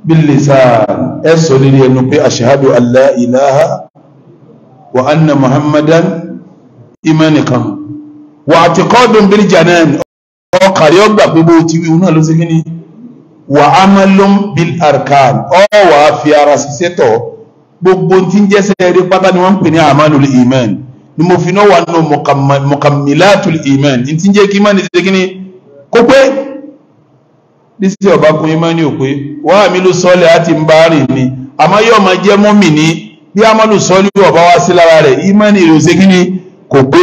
bil lisan nílé ẹnu pé ashhadu an ilaha wa anna muhammadan ìmánì kan wà á ti kọ́dùn bí janan ọkàrí ọgbà pé bó ti wí náà ló sí kíní wà á mọ́lọ́m bí arkan ọ wà á fi ara ṣiṣẹ́ tọ̀ gbogbo tí ń jẹ́sẹ̀ rí pátá ni wọ́n ń pè ní amanul iman ni mo fi náà wà nù mọ̀kàmìlátùl iman ni ti ń jẹ́ kí iman ṣe kíní kó pé ní sí ọba kun iman ò pé wà á mi ló sọ́ọ̀lẹ̀ á ti ni àmọ́ yóò máa jẹ́ mọ́mì ní bí amọ́lù sọ́ọ̀lẹ̀ ọba wá sí lára rẹ̀ iman ìròṣe kíní kò pé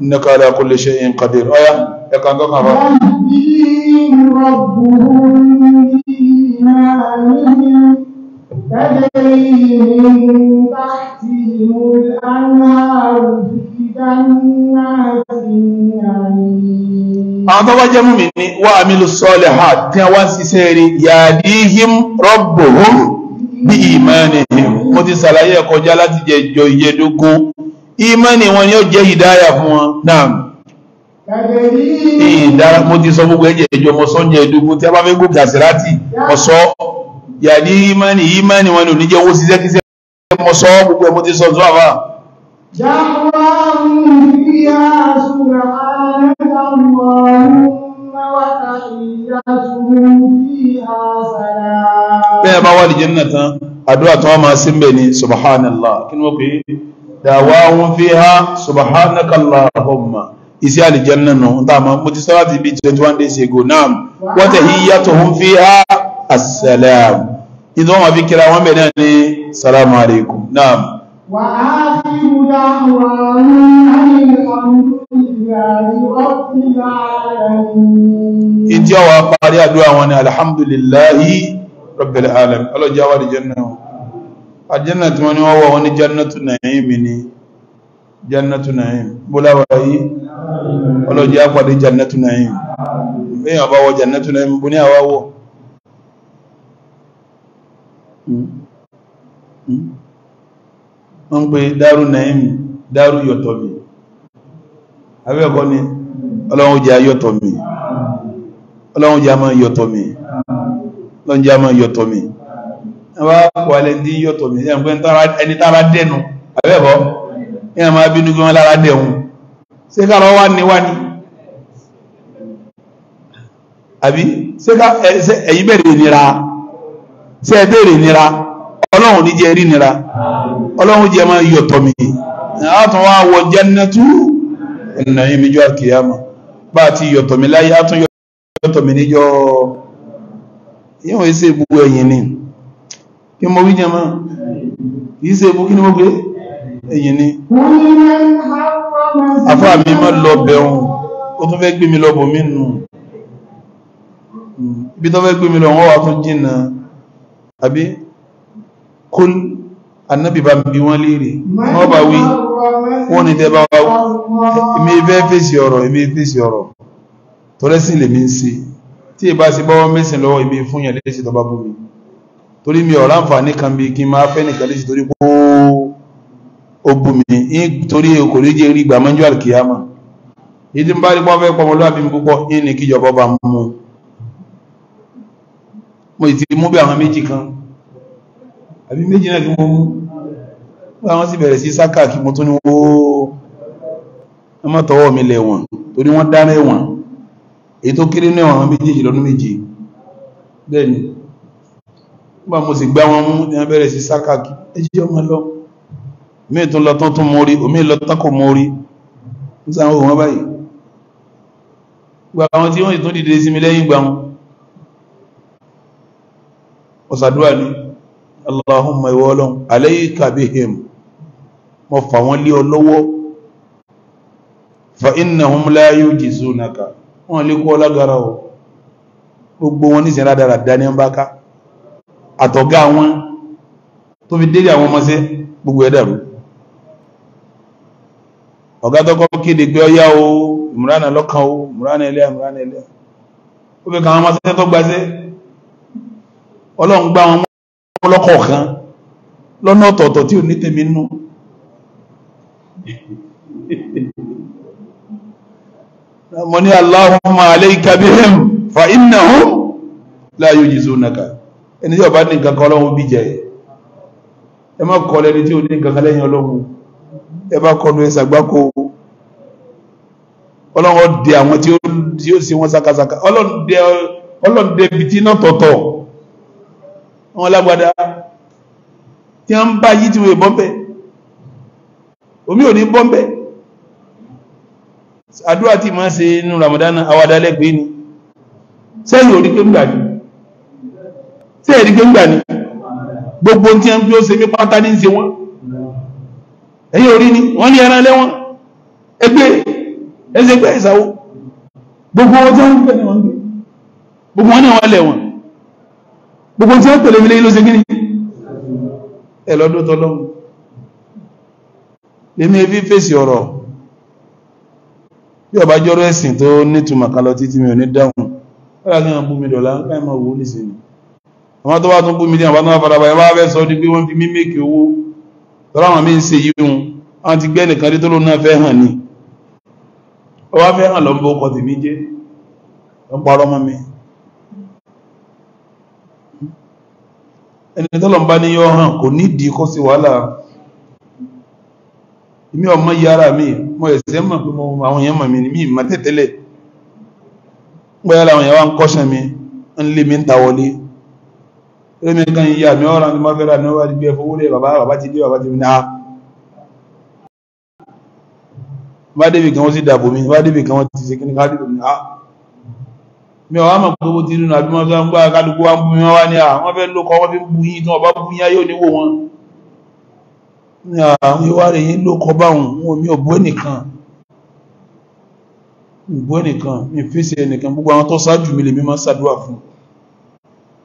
innaka ala kulli shay'in qadir ọya ẹka nǹkan kan rọrùn. تجري من تحتهم الأنهار في جنات النعيم àwọn tó wá jẹ́ mú mi ní wá àmìlú sọ́ọ̀lẹ̀ ha tí wá ń ṣiṣẹ́ rí yàdíhìm rọ́bùhùn bí ìmánihim mo ti ṣàlàyé ẹ̀kọjá láti jẹ́ ìjọ ìyẹ́dógún ìmánì wọn ni ó jẹ́ ìdáyà fún wọn náà ìdára mo ti sọ gbogbo ẹjẹ́ ìjọ mọ́ sọ́njẹ́ ìdógún tí a bá fẹ́ gòkè àsìrátì ọ̀sọ́ yàdí ìmánì ìmánì wọn ni oníjẹ́ owó síṣẹ́ kíṣẹ́ mọ́ sọ́ gbogbo ẹ̀ mo ti sọ ọ̀sọ́ àfà bẹ́ẹ̀ bá wà lè jẹ́ nínú àdúrà tó wọ́n máa sí mbẹ̀ ni subhanallah kí ni wọ́n pè é dàwáhùn fíhá subhanakallahumma isi alìjẹ́nà nù ń tàà mọ́ ti sáwà ti bí 21 days ago náà wọ́n tẹ̀ yíyá tó hún fíhá assalam inú wọn fi kíra wọn bẹ̀rẹ̀ ní salamu alaikum náà wà á fi mú dáhùn àwọn ìdí ọwà parí àdúrà wọn ni alhamdulillahi rabbil alamin ọlọ́jà wà alìjẹ́nà àjẹ́nà tí wọ́n ní wọ́n wọ́n ní jannatu na'im ni jannatu na'im bóláwà yìí ọlọ́jì àpàdé jannatu na'im èyàn bá wọ jannatu na'im bú ní àwáwọ̀ hmm. hmm. wọ́n pè dáru na'im dáru yọ̀tọ̀ mi abẹ́ẹ̀kọ́ ni ọlọ́run jẹ́ mi ọlọ́run jẹ́ mi ọlọ́run jẹ́ yọ̀tọ̀ mi wá pọ̀lẹ̀ dí yọ́tọ̀ mi ẹni tára dẹnu àbẹ́bọ́ ní àmà bínú gbọ́n lára dẹ̀hun ṣe ká lọ wá ní wá ní àbí ẹ̀yí bẹ̀rẹ̀ nira ṣe ẹ̀bẹ̀rẹ̀ nira ọlọ́run ní jẹ́ rí nira ọlọ́run jẹ́ máa yọ̀tọ̀ mi látún wá wọ jannatu ẹ̀nà ìmìjọ́ àkìyàmà bá ti yọ̀tọ̀ mi láyé átún yọ̀tọ̀ mi níjọ́ yíwọ̀n ìṣe gbogbo ẹ̀yìn ni kí mo wí jẹmọ́ kìí ṣe ebú kí ni mo gbé ẹ̀yìn ni afá mi má lọ bẹ̀rún ó tún fẹ́ gbé mi lọ bò mí nù bí tó fẹ́ gbé mi lọ wọ́n wà tún jìnà àbí kún annabi bá bí wọ́n léèrè wọ́n bá wí wọ́n ni tẹ́ bá wá torí mi ọ̀rá àǹfààní kan bí kí n máa fẹ́ nìkan léṣe torí kó o bù mí torí kò rí jẹ́ rí gbàmọ́jú àlùkìyàmà ìdí ń bá rí pọ́fẹ́ pọ́ ọmọlúwàbí púpọ̀ yìí ni kíjọba bá mú mo ti mú bí àwọn méjì kan àbí méjì náà kí mo mú wọ́n àwọn sì bẹ̀rẹ̀ sí sáká kí mo tún ní wó wọ́n má tọwọ́ mi lẹ̀ wọ̀n torí wọ́n dáná ẹ̀wọ̀n èyí tó kéré náà àwọn méjèèjì lọ́dún méje bẹ́ẹ̀ ni nígbà mo sì gbá wọn mú ní abẹ́rẹ́ sí sákàkì ẹjí ọmọ lọ mí tún lọ tán tún mọ orí omi lọ tán kò mọ orí ń sáwọn òun báyìí gba àwọn tí wọ́n ìtún dìde sí mi lẹ́yìn gbà wọn ọ̀sàdúrà ní Allahumma ìwọ ọlọ́run alayka bihim mo fà wọ́n lé ọ fa innahum la yujizunaka wọ́n lè kó ọlágara ọ gbogbo wọn ní ìsìn rádára dání ń bá àtọ̀gá wọn tó fi délé àwọn ọmọṣẹ́ gbogbo ẹ̀ dàrú ọ̀gá tọ́kọ́ kéde pé ọyá o ìmúránà lọ́kàn o ìmúránà ilẹ̀ ìmúránà ilẹ̀ ó fi kàwọn ọmọṣẹ́ tó gbaṣẹ́ ọlọ́run gbá wọn mọ́ lọ́kọ̀ọ̀kan lọ́nà ọ̀tọ̀ọ̀tọ̀ tí ò ní tèmi nú mo ní Allahumma alayka bihim fa innahum la yujizunaka ẹni tí ọba ní nǹkan kan ọlọ́run bí jẹ ẹ má kọ lẹni tí ò ní nǹkan kan lẹ́yìn ọlọ́run ẹ má kọlu ẹ sàgbákò ọlọ́run dẹ àwọn tí ó sì wọn sakasaka ọlọ́run dẹ ibi tí iná tọ̀tọ̀ wọn lágbádá tí wọn bá yí tí wọn èbọn omi ò ní bọ́n àdúrà tí màá ṣe inú Ramadan awadalẹ́gbẹ̀ẹ́ ni sẹ́yìn orí pé ń gbàdúrà tẹ́ẹ̀rí gbẹ́ngbà ni gbogbo tí wọ́n bí ó ṣe mí pátá ní ṣe wọ́n ẹ̀yìn orí ni wọ́n ní ẹran lẹ́wọ́n ẹgbẹ́ ẹsẹ̀ pẹ́ ìsàwó gbogbo wọn tí wọ́n pẹ̀ ní wọ́n gbé gbogbo wọn ní wọ́n lẹ̀ wọ́n gbogbo tí wọ́n pẹ̀lẹ̀ mílẹ̀ ló ṣe gíní ẹ ní dáhùn ọ̀rọ̀ àwọn tó wá tún kú mílíọ̀nù bá tún wá farabalẹ̀ wá fẹ́ sọ di pé wọ́n fi mí mèkì owó tọ́lá àwọn míì ń ṣe yí wọn àwọn ti gbé ẹnìkan dé tó lóun náà fẹ́ hàn ni ó wá fẹ́ hàn lọ́nbọ̀ ọkọ̀ tèmi jẹ́ ó ń parọ́ mọ́ mi ẹni tọ́lọ̀ ń bá ní yọ hàn kò nídìí kó sí wàhálà èmi ọmọ yìí ara mi mo ẹ̀sẹ̀ mọ̀ èmi kan yíya mi ọ́ràn tó mọ́fẹ́ra ní ọwá gbé fowó lè bàbá bàbá ti dé bàbá ti ní àá bá débì kan wọ́n sí dàbò mi bá débì kan wọ́n ti ṣe kí ní ká dìbò mi àá mi ọ̀wá mọ̀ gbogbo ti rìnà àbí mọ́sán gbá kálukú wá ń bú mi wá ní àá wọ́n fẹ́ ló kọ́ wọ́n fi ń bú yín tí wọ́n bú yín yóò níwò wọn ní àwọn ìwà rẹ̀ yín ló báwọn wọn mi ò bú ẹnìkan mi ò bú ẹnìkan mi fèsì ẹnìkan gbogbo àwọn tó ṣáájú mi lè mi máa ṣàdúrà fún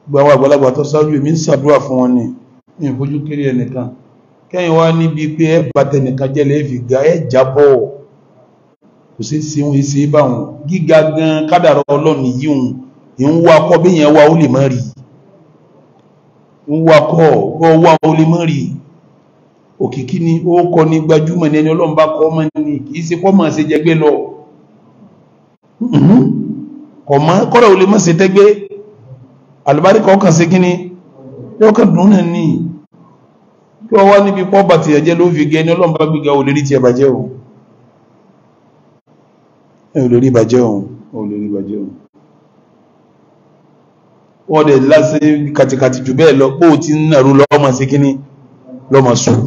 gbogbo àwọn àgbàlagbà tó sáájú èmi ń sàdúrà fún wọn ni ní ìfojú kéré ẹnìkan kẹ́yìn wá níbi pé ẹ bá tẹnìkan jẹ́ lẹ́ẹ̀fì ga ẹ jábọ̀ kò sí sí wọn ṣe é báwọn gíga gan kádàrá ọlọ́run yìí ń wá kọ́ bí wá ó lè má rí ń wá kọ́ ọ wá ó lè má rí òkìkí ni ó kọ́ ni gbajúmọ̀ ní ẹni ọlọ́run kọ́ ọmọ ni kì í ṣe kọ́ máa ṣe jẹgbẹ́ lọ kọ̀ mọ́ kọ́dà àlùbáríkà ọkàn sí kíní yóò kàn dùn náà ní kí wọ́n wá níbi pọ́ bàtì ẹ̀jẹ́ ló fi gẹ ní ọlọ́run bá gbígbà olè rí ti ẹ̀bàjẹ́ òun olè rí bàjẹ́ òun olè rí wọ́n dẹ̀ lásì kàtìkàtì jù bẹ́ẹ̀ lọ pé ó ti nàrú lọ́mọ sí kíní lọ́mọ sùn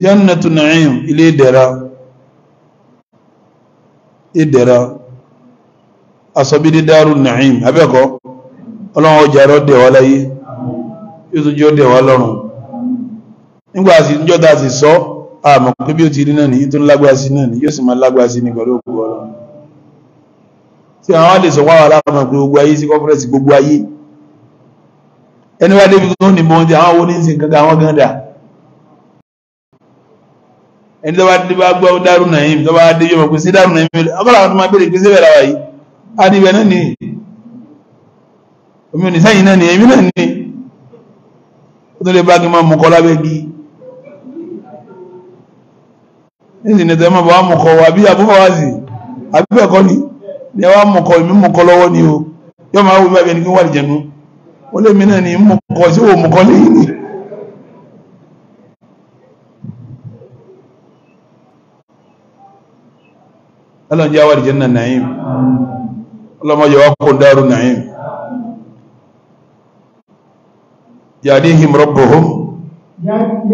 jannatu na'im ilé ìdẹ̀ra ìdẹ̀ra asọ́bídé dárù na'im abẹ́kọ́ ọlọ́run ọjà rọ dẹ̀wà láyé yóò tún jọ dẹ̀wà lọ́rùn nígbà sí ti si sọ wáwà láàmà pé gbogbo ayé gbogbo ẹni wá débi tó ní mọ́ àwọn kankan àwọn ẹni tó bá dé bá gbọ́ Daaru Naim tó bá dé yọmọ̀ pé sí Daaru Naim ọkọ̀lá tó máa bèèrè pé sí bẹ̀rẹ̀ wáyé a ní náà ni omi òní sẹ́yìn náà ni èmi náà ni ó tó lè bá kí máa mọ̀kọ́ lábẹ́ gi nísìn ní tẹ́mọ̀ bá mọ̀kọ́ wà bí abúfáwásì abẹ́ẹ̀kọ́ ni ni wá mọ̀kọ́ ìmí mọ̀kọ́ lọ́wọ́ ni o yọ máa wù bá bẹ́ẹ̀ ni kí wà lìjẹ̀nu ó lé mi náà ni mọ̀kọ́ sí òmùkọ́ lẹ́yìn ni ọlọ́run jẹ́ àwọn àlùjánnà naim ọlọ́mọ yọ ọkùn dárú naim yadihim rabbuhum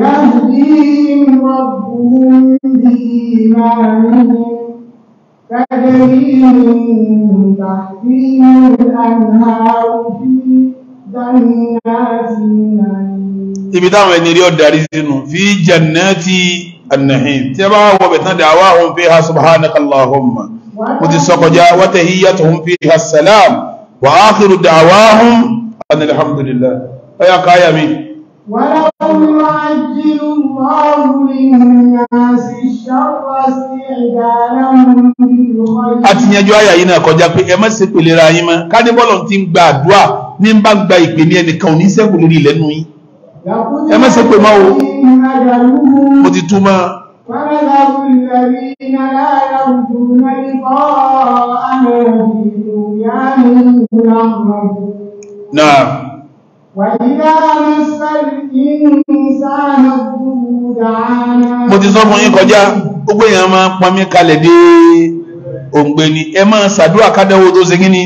yadihim rabbuhum bí ìmáàlú kẹ́gẹ́rìnrìn tàbí ibi táwọn ẹni rí ọ̀darí sínú fi jannati النحيم تبع وبتدعواهم فيها سبحانك اللهم متسقجا وتهيتهم فيها السلام وآخر دعواهم أن الحمد لله يا قايمي ولو يعجل الله للناس الشر استعجالهم بالخير àtìyànjú àyà yìí náà kọjá pé ẹ má ṣe pèlera yín mọ́ ká ní bọ́lọ̀ ti ń gba àdúrà ní bá gba ìpè ní ẹnìkan ò ní sẹ́kù lórí ilẹ̀ nù yín ẹ má ṣe pè mọ́ o mo ti tún mọ́ náà mo ti sọ fún yín kọjá gbogbo èèyàn máa pọnmi kalẹ̀ dé òǹgbẹ ni ẹ máa ṣàdúrà kádẹ́wò tó ṣe kí ni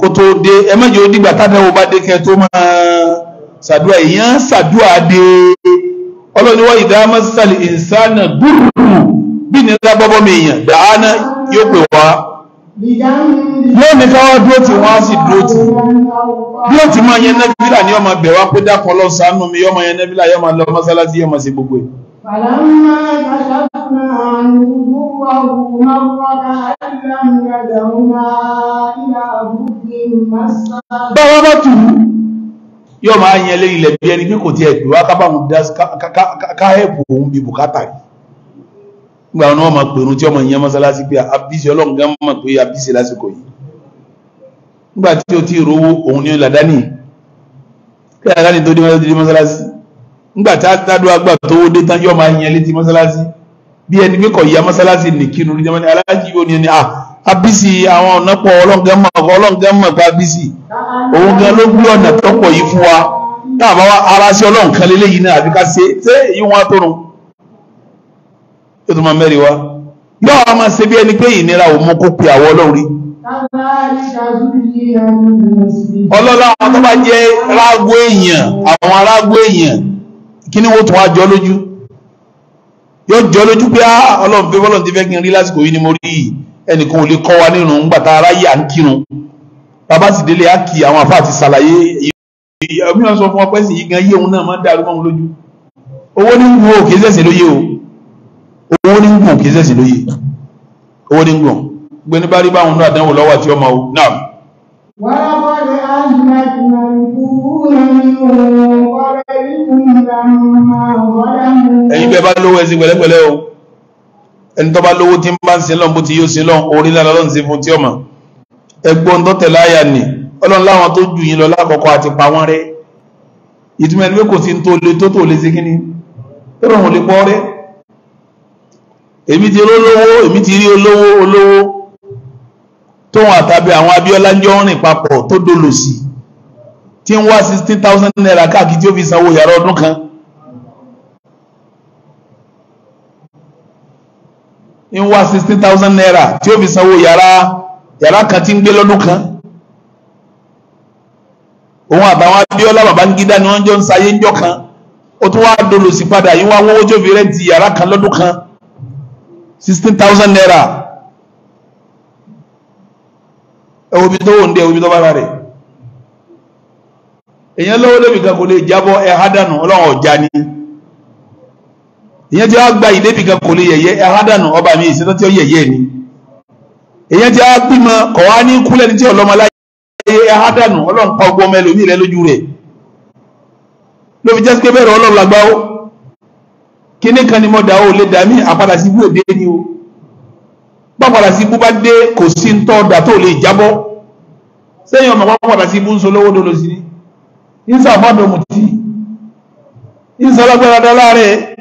kó tó dé ẹ má dìgbà tádẹ́wò bá dé kẹ́ tó máa sàdúà èèyàn sàdúà dé ọlọ́niwọ́ ìdáhámọ́ sàlẹ̀ ìsánà gúrù bí ní ẹ̀dá bọ́bọ́ mi èèyàn dáhánà yóò pè wá yóò ní káwọ́ dúró tí wọ́n á sì dúró tì dúró tì máa yẹn nẹ́fílà ní ọmọ bẹ̀rẹ̀ wá pé dákọ̀ lọ sànú mi yọmọ yẹn nẹ́fílà yọmọ lọ mọ́sálásí yọmọ sí gbogbo ẹ̀. فلما كشفنا عنه ضره yóò máa yan lé ilẹ̀ bí ẹni bí kò tiẹ̀ pè wá kábà wọn dá ká ẹ̀bù òun bí bùkátà yìí nígbà wọn máa pèrún tí ọmọ ìyẹn mọ́sálásí pé àbíṣe ọlọ́run gan mọ̀ pé àbíṣe lásìkò yìí nígbà tí o ti rówó òun ni làdáni kí làdáni tó dé mọ́sálásí nígbà tí adó agbà tó dé tán yóò máa yan létí mọ́sálásí bí ẹni pé kò yá mọ́sálásí nìkínu ní aláàjì ah abisi àwọn ọ̀nà pọ̀ ọlọ́ngán mọ̀ ọlọ́ngán mọ̀ bá abisi òun gan ló gbé ọ̀nà tó pọ̀ yìí fún wa táàbá wa ara sí ọlọ́run kan lélẹ́ yìí náà àbíká ṣe ṣé èyí wọn á tórun tó tó máa mẹ́rin wa yóò wá máa ṣe bí ẹni pé ìnira ò mú kó pe àwọn ọlọ́run rí. ọlọ́lá àwọn tó bá jẹ́ rágó èèyàn àwọn arágó èèyàn kí ni wọ́n tún wá jọ lójú yóò jọ lójú pé ọlọ́run fẹ́ bọ́lọ́run ẹnìkan ò lè kọ́ wa nínú ńgbàtà aráyé à ń kírun bàbá sì délé á kì àwọn afá àti ṣàlàyé mìíràn sọ fún wa pẹ́sì yìí gan yé òun náà máa ń dàrú òun lójú owó ní ń gun òkè sẹ̀sẹ̀ lóye o owó ní ń gun òkè sẹ̀sẹ̀ lóye owó ní ń gun gbé ní bá báwọn náà dánwò lọ́wọ́ àti ọmọ o náà. wàá wọlé àjùmọ̀ ẹ̀yin bẹ́ẹ̀ bá lówó ẹ̀sìn pẹ̀lẹ́pẹ̀lẹ́ o ẹni tó bá lówó tí ń bá ń sin lọ́n bó ti yóò sin lọ́n orí ńlá lọ́n sí fún tí ọmọ ẹgbọ́n tó tẹ̀lé àyà ni ọlọ́run láwọn tó jù yín lọ lákọ̀ọ́kọ́ àti pa wọ́n rẹ́ ìtumọ̀ ẹni pé kò sí tó le tó tó le sí kíní tọ́rọ̀ òun lè pọ́ rẹ́ èmi ti olówó èmi ti rí olówó olówó tóun àtàbí àwọn Abíọ́lá ń jọ rìn papọ̀ tó dolòsì tí ń wá sixteen thousand naira káàkiri tí ó fi sanwó yàrá ọdún kan ń wá sixteen thousand naira tí ó fi sanwó yàrá yàrá kan tí ń gbé lọ́dún kan òun àtàwọn Abíọ́lá Babangida ni wọ́n jọ ń sayé ńjọ́ kan ó tún wáá dolòsì padà yìí wá wọ́wọ́ tó fi rẹ́ǹtì yàrá kan lọ́dún kan sixteen thousand naira ẹ wo ibi tó wò ń dé ẹ wo ibi tó bá bá rẹ̀ èèyàn lọ́wọ́ débi kan kò lè jábọ́ ẹ̀ hádànù ọlọ́run ọ̀já ni ìyẹn tí wọ́n gba ìdébì kan kò lè yẹ̀yẹ́ aládànù ọba mi ìṣẹ́ tó ti yẹ̀yẹ́ ni ìyẹn tí wọ́n bímọ kọ̀ wá ní kúlẹ̀ ní tí ọlọ́mọláyé aládànù ọlọ́run pa ọgbọ́n mẹ́lò ní ilẹ̀ lójú rẹ̀ ló fi jẹ́ pé bẹ́ẹ̀ rẹ̀ ọlọ́run lágbá ó kíní kan ni mo dà ó lè dà mí àpadà sí ni o bá padà sí ibú bá dé kò sí ń tọ́ dà tó lè jábọ́ sẹ́yìn ọmọ bá padà sí ń so dolo sí ní ìsàmọ́dọ̀ mùtí ìsàlágbára dá láàrẹ̀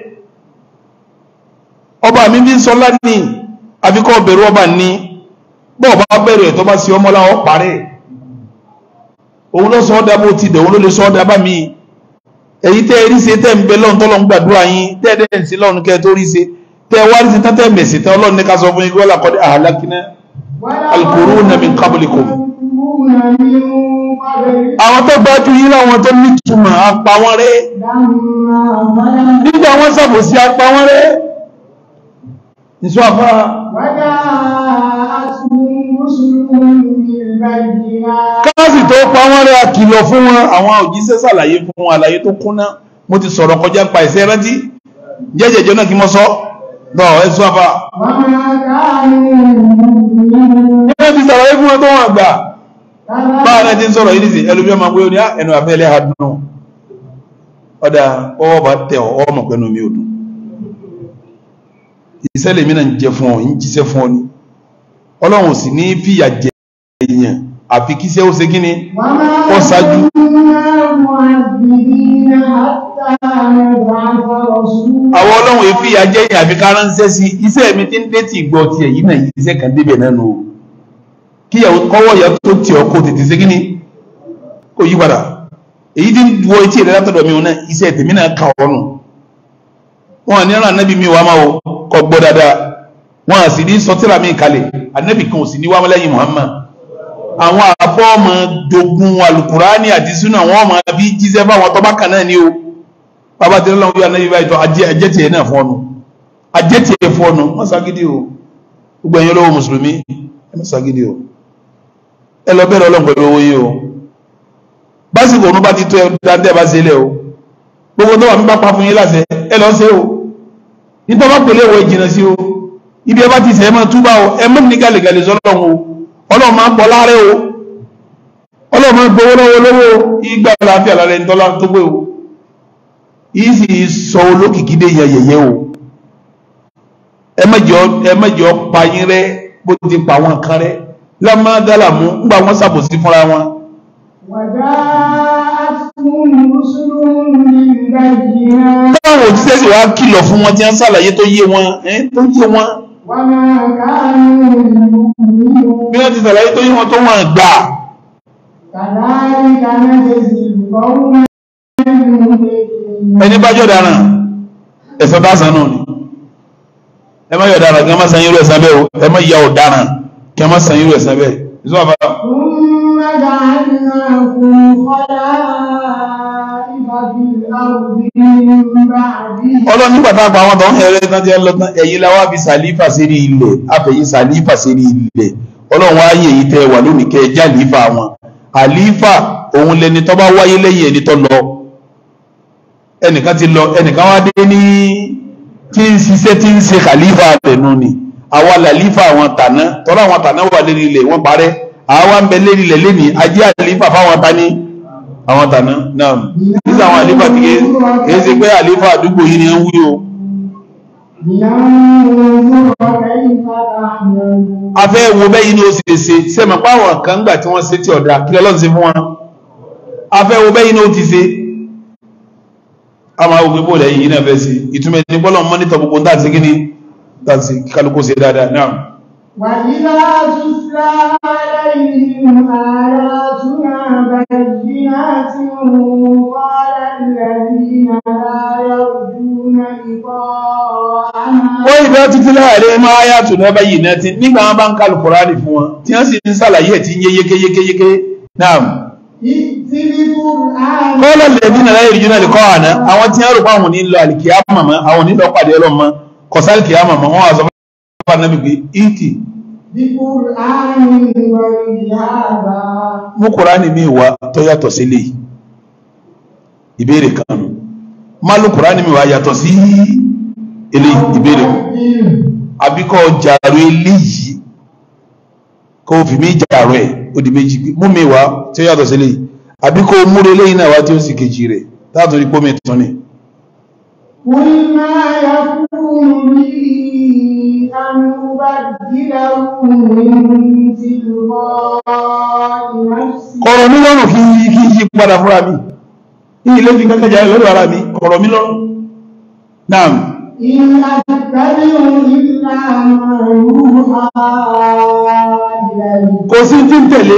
ọba mi ní sọlá ní àfikọ́ bẹ̀rù ọba ní bọ́ọ̀ bá bẹ̀rẹ̀ tó bá sí ọmọ láwọ́ òun ló sọ ọ́dà bó ti dẹ̀ òun ló lè sọ ọ́dà bá mi èyí tẹ́ ẹ rí ṣe tẹ́ ń bẹ lọ́run tọ́lọ́ ń gbàdúrà yín tẹ́ ẹ dẹ́rẹ̀ sí lọ́run kẹ́ tó rí ṣe tẹ́ ẹ wá rí ṣe tán tẹ́ mẹ̀sì tán ọlọ́run ní ká sọ fún yín wọ́n làkọ́dé àhàlákínà alquruna min qablikum. àwọn tó gbájú yín láwọn tó nítumọ̀ apá wọn rẹ́ nígbà wọn ṣàbòsí apá wọn rẹ́ nso afa káàsì tó pa wọ́n rẹ̀ àkìlọ̀ fún wọn àwọn òjíṣẹ́ sàlàyé fún wọn àlàyé tó kúnná mo ti sọ̀rọ̀ kọjá pa ìṣẹ́ rántí jẹ́jẹ̀jẹ́ náà kí mọ́ sọ dọ̀ ẹ̀sù àfà ẹ̀rọ ti sàlàyé fún wọn tó wọ́n àgbà báà náà ti ń iṣẹ́ lèmi náà ń jẹ fún ọ ń jíṣẹ́ fún ọ ni ọlọ́run sì ní fìyà jẹ èèyàn àfi kíṣẹ́ ó ṣe kíni kọ́ ṣáájú. àwọn ọlọ́run ìfìyà jẹ èèyàn àfi ká ránṣẹ́ sí iṣẹ́ mi tí ń dé tì gbọ́ tiẹ̀ yìí náà iṣẹ́ kan débẹ̀ náà o kí ọwọ́ ìyá tó tì ọ́ kó tètè ṣe kíni kó yí padà èyí tí ń wọ etí ìrẹ́lá tọ̀dọ̀ mi ò náà iṣẹ́ tèmi náà kà ọ́ nù wọn à ní ràn ànábì mi wà máa o kọ gbọ́ dáadáa wọn à sì ní sọtìrà mi kalẹ̀ ànábì kan ò sì ní wà lẹ́yìn Muhammad àwọn àbọ̀ ọmọ dogun alukurani àti sunu àwọn ọmọ bí jíṣẹ́ fáwọn tọ́ba kan náà ni o bàbá tí lọ́wọ́ yóò ànábì báyìí tó ajé tiẹ̀ náà fọ́nu ajé tiẹ̀ fọ́nu wọ́n ságídí o gbogbo ẹ̀yin olówó mùsùlùmí ẹ̀ mọ́ ságídí o ẹ lọ bẹ̀rẹ̀ ọlọ́run pẹ̀lú owó yìí o básìkò òun bá ti tó ẹ dáńtẹ́ bá ṣe lẹ̀ o gbogbo tó wà nípa pa fún yín láṣẹ ẹ lọ ṣe o nítorí wọn pèlè ìwọ ìjìnà sí o ibi ẹ bá ti sẹ ẹ máa túbà o ẹ mọ́ni gàlẹ́gàlẹ́ sọ́lọ́run o ọlọ́run máa ń bọ̀ láàrẹ́ o ọlọ́run máa ń gbowó lọ́wọ́ lọ́wọ́ ìgbà àlàáfíà lálẹ́ ńtọ́lá tó gbé o yìí sì sọ olókìkí dé yẹyẹyẹ o ẹ mẹ́jọ ẹ mẹ́jọ pa yín rẹ bó ti pa àwọn kan rẹ lọ́mọdálàmú ńgbà wọn ṣàbòsí fúnra wọn. wàdà. Báwo òjíṣẹ́ sì wá kìlọ̀ fún wọn tí wọ́n ṣàlàyé tó yé wọn, tó yé wọn. Bí wọ́n ti ṣàlàyé tó yé wọn tó wọ́n gbà. Ẹni bá jọ dáràn, ẹ̀fẹ́ bá sàn ni. Ẹ má yọ dáràn kí wọ́n má san irú ẹ̀san bẹ́ẹ̀ o, ẹ má yà ọ̀daràn kí wọ́n má san irú ẹ̀san bẹ́ẹ̀. Ìṣọ́ àbá. Ó ń mẹ́ta àti náà ọlọ́ni pàtàkì àwọn tó ń hẹrẹ́ tán jẹ́ lọ́tán ẹ̀yìn la wá fi sàlífà sérí ilẹ̀ àfẹ̀yìn sàlífà sérí ilẹ̀ ọlọ́run wá yẹ èyí tẹ́ wà lónìí kẹ́ ẹ já àlífà wọn àlífà òun lẹni tó bá wáyé lẹ́yìn ẹni tó lọ ẹnìkan ti lọ ẹnìkan wá dé ní tí ń ṣiṣẹ́ tí ń ṣe kàlífà rẹ̀nu ni àwa làlífà àwọn tàná tọ́lá àwọn tàná wà lérí ilẹ̀ wọ́n parẹ́ àwa ń bẹ lérí ilẹ̀ lénìí ajé àlífà fáwọn tání àwọn tàná náà nígbà àwọn àlífà tí kìí ṣe pé àlífà àdúgbò yìí ni ń wí o afẹ́ wo bẹ́yìí ni ó ṣe ṣe sẹ́mọ̀ páwọn kan gbà tí wọ́n ṣe tí ọ̀dá kí lọ́lọ́n ṣe fún wọn afẹ́ wo bẹ́yìí ni ó ti ṣe a máa wo gbogbo lẹ́yìn yìí náà fẹ́ sí ìtumẹ̀ ní bọ́lọ̀ mọ́nítọ̀ gbogbo ń tàṣí kí ni tàṣí kálukú ṣe dáadáa náà وإذا تتلى عليهم آياتنا بينات قال الذين لا يرجون لقاءنا وإذا تتلى عليهم آياتنا بينات nígbà wọn bá ń ka Al-Kùránì fún wọn tí wọ́n sì ń ṣàlàyé tí ń yé yékéyékéyéké náà. Kọ́lọ̀ lẹ́bí náà láyé ìrìnà lè kọ́ àná, àwọn tí wọ́n rò pé àwọn ní lọ àlìkíyàmọ̀ mọ́, àwọn ní lọ pàdé ọlọ́mọ, kọ̀sálìkíyàmọ̀ mọ́, wọ́n wá sọ bá náà gbé ìtì mú kùránì mi wá tó yàtọ̀ sí lè ìbéèrè kan má ló kùránì mi wá yàtọ̀ sí ilé ìbéèrè àbíkọ́ jàrú eléyìí kó fi mí jàrú ẹ̀ ó di méjì mú mi wá tó yàtọ̀ sí lè àbíkọ́ múre lẹ́yìn náà wá tí ó sì kejì rẹ̀ láti orí pómi tún ni. wọ́n máa yà fún mi. أن أبدله من تلقاء نفسي ọ̀rọ̀ mi lọ́rùn kí kí yí padà fúnra mi ní ilé fi kankan jẹ́ lọ́rọ̀ ara mi ọ̀rọ̀ mi lọ́rùn náà kò sí tí ń tẹ̀lé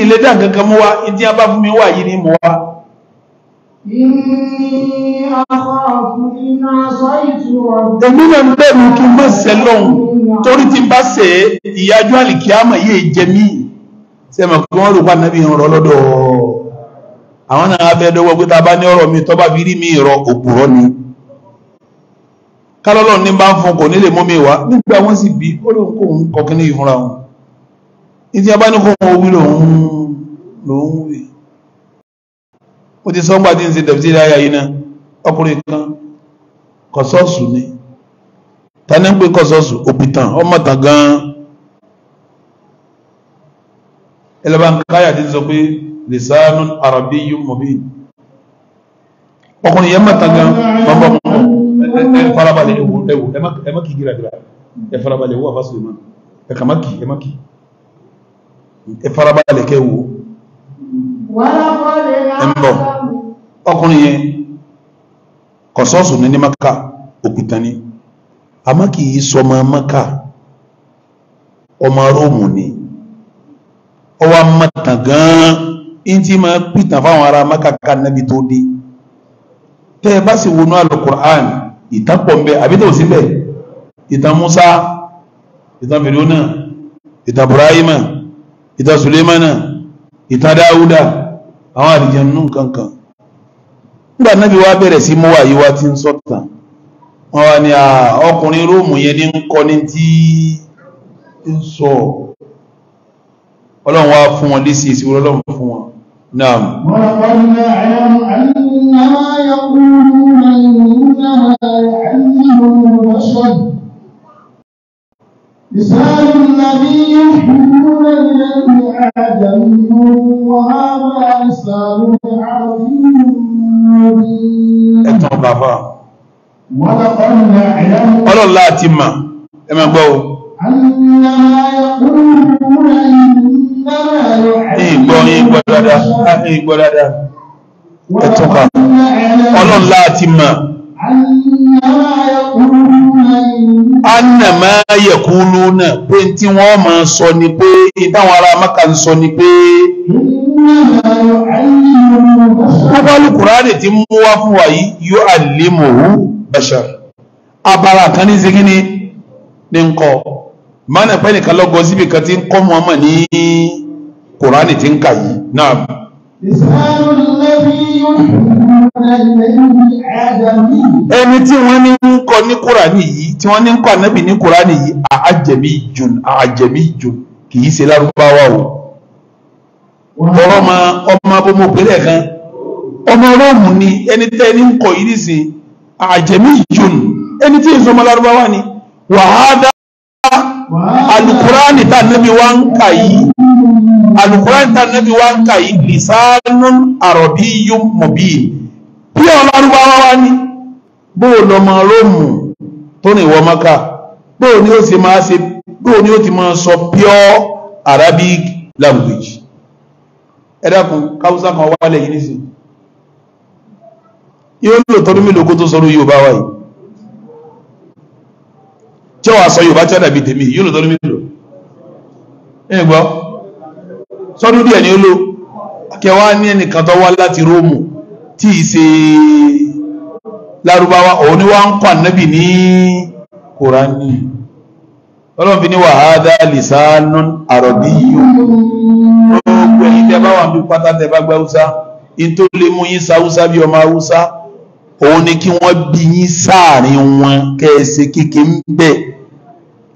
ilé dá nǹkan mú wá ìdí abá fún mi wà yìí ní mú wá Èmi náà ń bẹ̀rù kí n bá ṣẹ lọ́hun torí tí n bá ṣẹ ìyájú àlìkíámà yìí jẹ mí. Ṣé mọ̀ kí wọ́n rò pa nábì ọ̀rọ̀ lọ́dọ̀ àwọn náà abẹ́ dọ́wọ́ pé ta bá ní ọ̀rọ̀ mi tọ́ bá fi rí mi ìrọ̀ òpùrọ́ ni. Kálọ́lọ́ ní bá ń fún kò nílè mú mi wá nígbà wọ́n sì bí ó lóun kò kọkínní ìfúnra wọn. Ìdí abánikọ́ wọn wí lòun lòun ó ti sọ́ngbà tí ń ṣe tẹ̀fìsírí ayà yìí náà ọkùnrin kan kọ̀sọ́ọ̀sù ni ta ní ń pè kọ̀sọ́ọ̀sù òpìtàn ọmọ tàn gan-an ẹlẹ́bàá káyà ti sọ pé lisanu arabi yu mubin ọkùnrin yẹn mọ̀ tàn gan-an bàbá ọkùnrin ẹ farabalẹ̀ ẹwù ẹwù ẹ má kì í gíragíra ẹ farabalẹ̀ ẹwù àfàsùn ẹ má kì í ẹ má kì í ẹ farabalẹ̀ kẹ́ wò ẹ̀mbọ̀ ọkùnrin yẹn kọ̀sọ́ọ̀sù ní ní maka òkúta ní a má kì í sọ ọmọ maka ọmọ róòmù ni ọwọ́ mọ́tàn gan-an in ti ma pìtàn fáwọn ará maka ká nábi tó dé tẹ́ ẹ bá sì wọnú alukur'an ìtàn pọ̀ nbẹ àbí tó síbẹ̀ ìtàn Musa ìtàn Fir'auna ìtàn Ibrahima ìtàn Sulemana ìtàn Dáúdà àwọn àdìjẹnú kankan nígbà náàbí wá bẹ̀rẹ̀ sí mú wàyí wá tí ń sọ́tàn wọ́n wá ní ọkùnrin róòmù yẹn ní ń kọ́ ní tí ń sọ ọlọ́run wá fún wọn lésì èsì ọlọ́run fún wọn náà Ìsáàrùn nàbí yóò fún ní àjàmù ẹ̀tàn bàbá ọlọ́run láti ma ẹ gbọ́ o ìgbọ́ láti ma annama yakuluna pé tí wọ́n máa sọ ni pé ìdáwọn ará Mákà sọ ni pé Gbogbo alùkùránì tí mú wá fún wa yìí yóò àlèmòhú bashar. Abara kan ní sí kíní ní ń kọ́. Mánà pẹ́ nìkan lọ́gọ́ síbi kan tí ń kọ́ Muhammad ní Kùránì tí ń kà yìí. Náà. Ẹni tí wọ́n ní ń kọ́ ní Kùránì yìí, tí wọ́n ní ń kọ́ ànábì ní Kùránì yìí, àjẹ̀mí jùn, àjẹ̀mí jùn, lárúbáwá o ọ̀rọ̀ ma ọmọ abomo pẹ̀lẹ̀ kan ọmọ Róòmù ni ẹni tẹ́ ní ń kọ̀ yìí nìsín àjẹmí yìí ẹni tí ìsọmọ Lárúbáwá ni wàhádá alukurani tá nẹ́bí wá ń kà yìí alukurani tá nẹ́bí wá ń kà yìí lisanun arabiyyun mubin bí ọmọ Lárúbáwá wá bóò lọmọ Róòmù tó ní ìwọ Mákà ni ó sì máa bóò ni ó ti máa sọ pure Arabic language ẹ̀dàkùn káwùsá kan wálẹ̀ yìí nìsìn yóò lò tọ́dún mélòó kó tó sọ́rọ̀ Yorùbá wáyé tí wàá sọ Yorùbá tí wàá dàbí tèmi yóò lò tọ́dún mélòó ẹ̀ gbọ́ sọ́dún díẹ̀ ni ó lò kẹwàá ní ẹnìkan tó wá láti Róòmù tí ì ṣe lárúbáwá òun ni wá ń kọ́ ànábì ní Kùránì ọlọ́run fi ní wàhálà lìsánú àròbí yìí gbogbo ẹ̀yin tẹ́ bá wà ní pátá tẹ́ bá gba haúsá in tó lè mú yín sáúsá bí ọmọ haúsá òun ni kí wọ́n bí yín sáàrin wọn kẹ́ ẹ ṣe kéke ń bẹ̀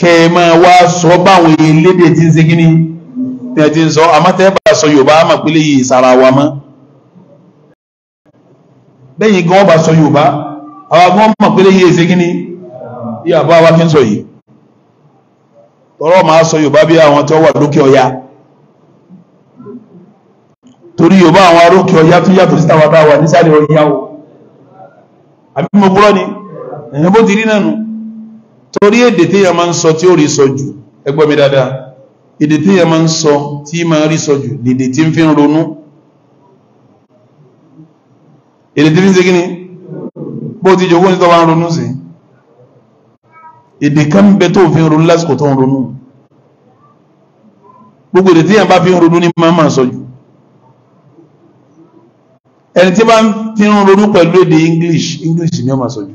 kẹ́ ẹ máa wá sọ báwọn elédè tí ń ṣe kí ni tẹ́ ti ń sọ àmọ́ bá sọ Yorùbá àmọ́ pé lè yìí sára wa mọ́ lẹ́yìn gan ọba sọ Yorùbá àwọn agbọ́n mọ̀ pé lè yìí ṣe kí ni yíyàbá wa kí ń sọ yìí tọ́rọ̀ máa sọ Yorùbá bí àwọn tó wà lókè ọya torí yorùbá àwọn arókè ọ̀yá tó yàtọ̀ sí tàwa bá wà nísàlẹ̀ ọ̀yá o àbí mo búrọ́ ni ẹ̀yìn bó ti rí nánu torí èdè téèyàn máa ń sọ tí ó rí sọ jù ẹ gbọ́ mi dáadáa èdè téèyàn máa ń sọ tí máa rí sọ jù lèdè tí ń fi ń ronú èdè tí ń ṣe kíni bó ti jòkó ní tó bá ń ronú sí èdè kan bẹ tó fi ń ronú lásìkò tó ń ronú gbogbo èdè téèyàn bá fi ń ronú ní máa máa sọ jù ẹni tí bá ń tí ń ronú pẹ̀lú èdè english english ni ó máa sọ jù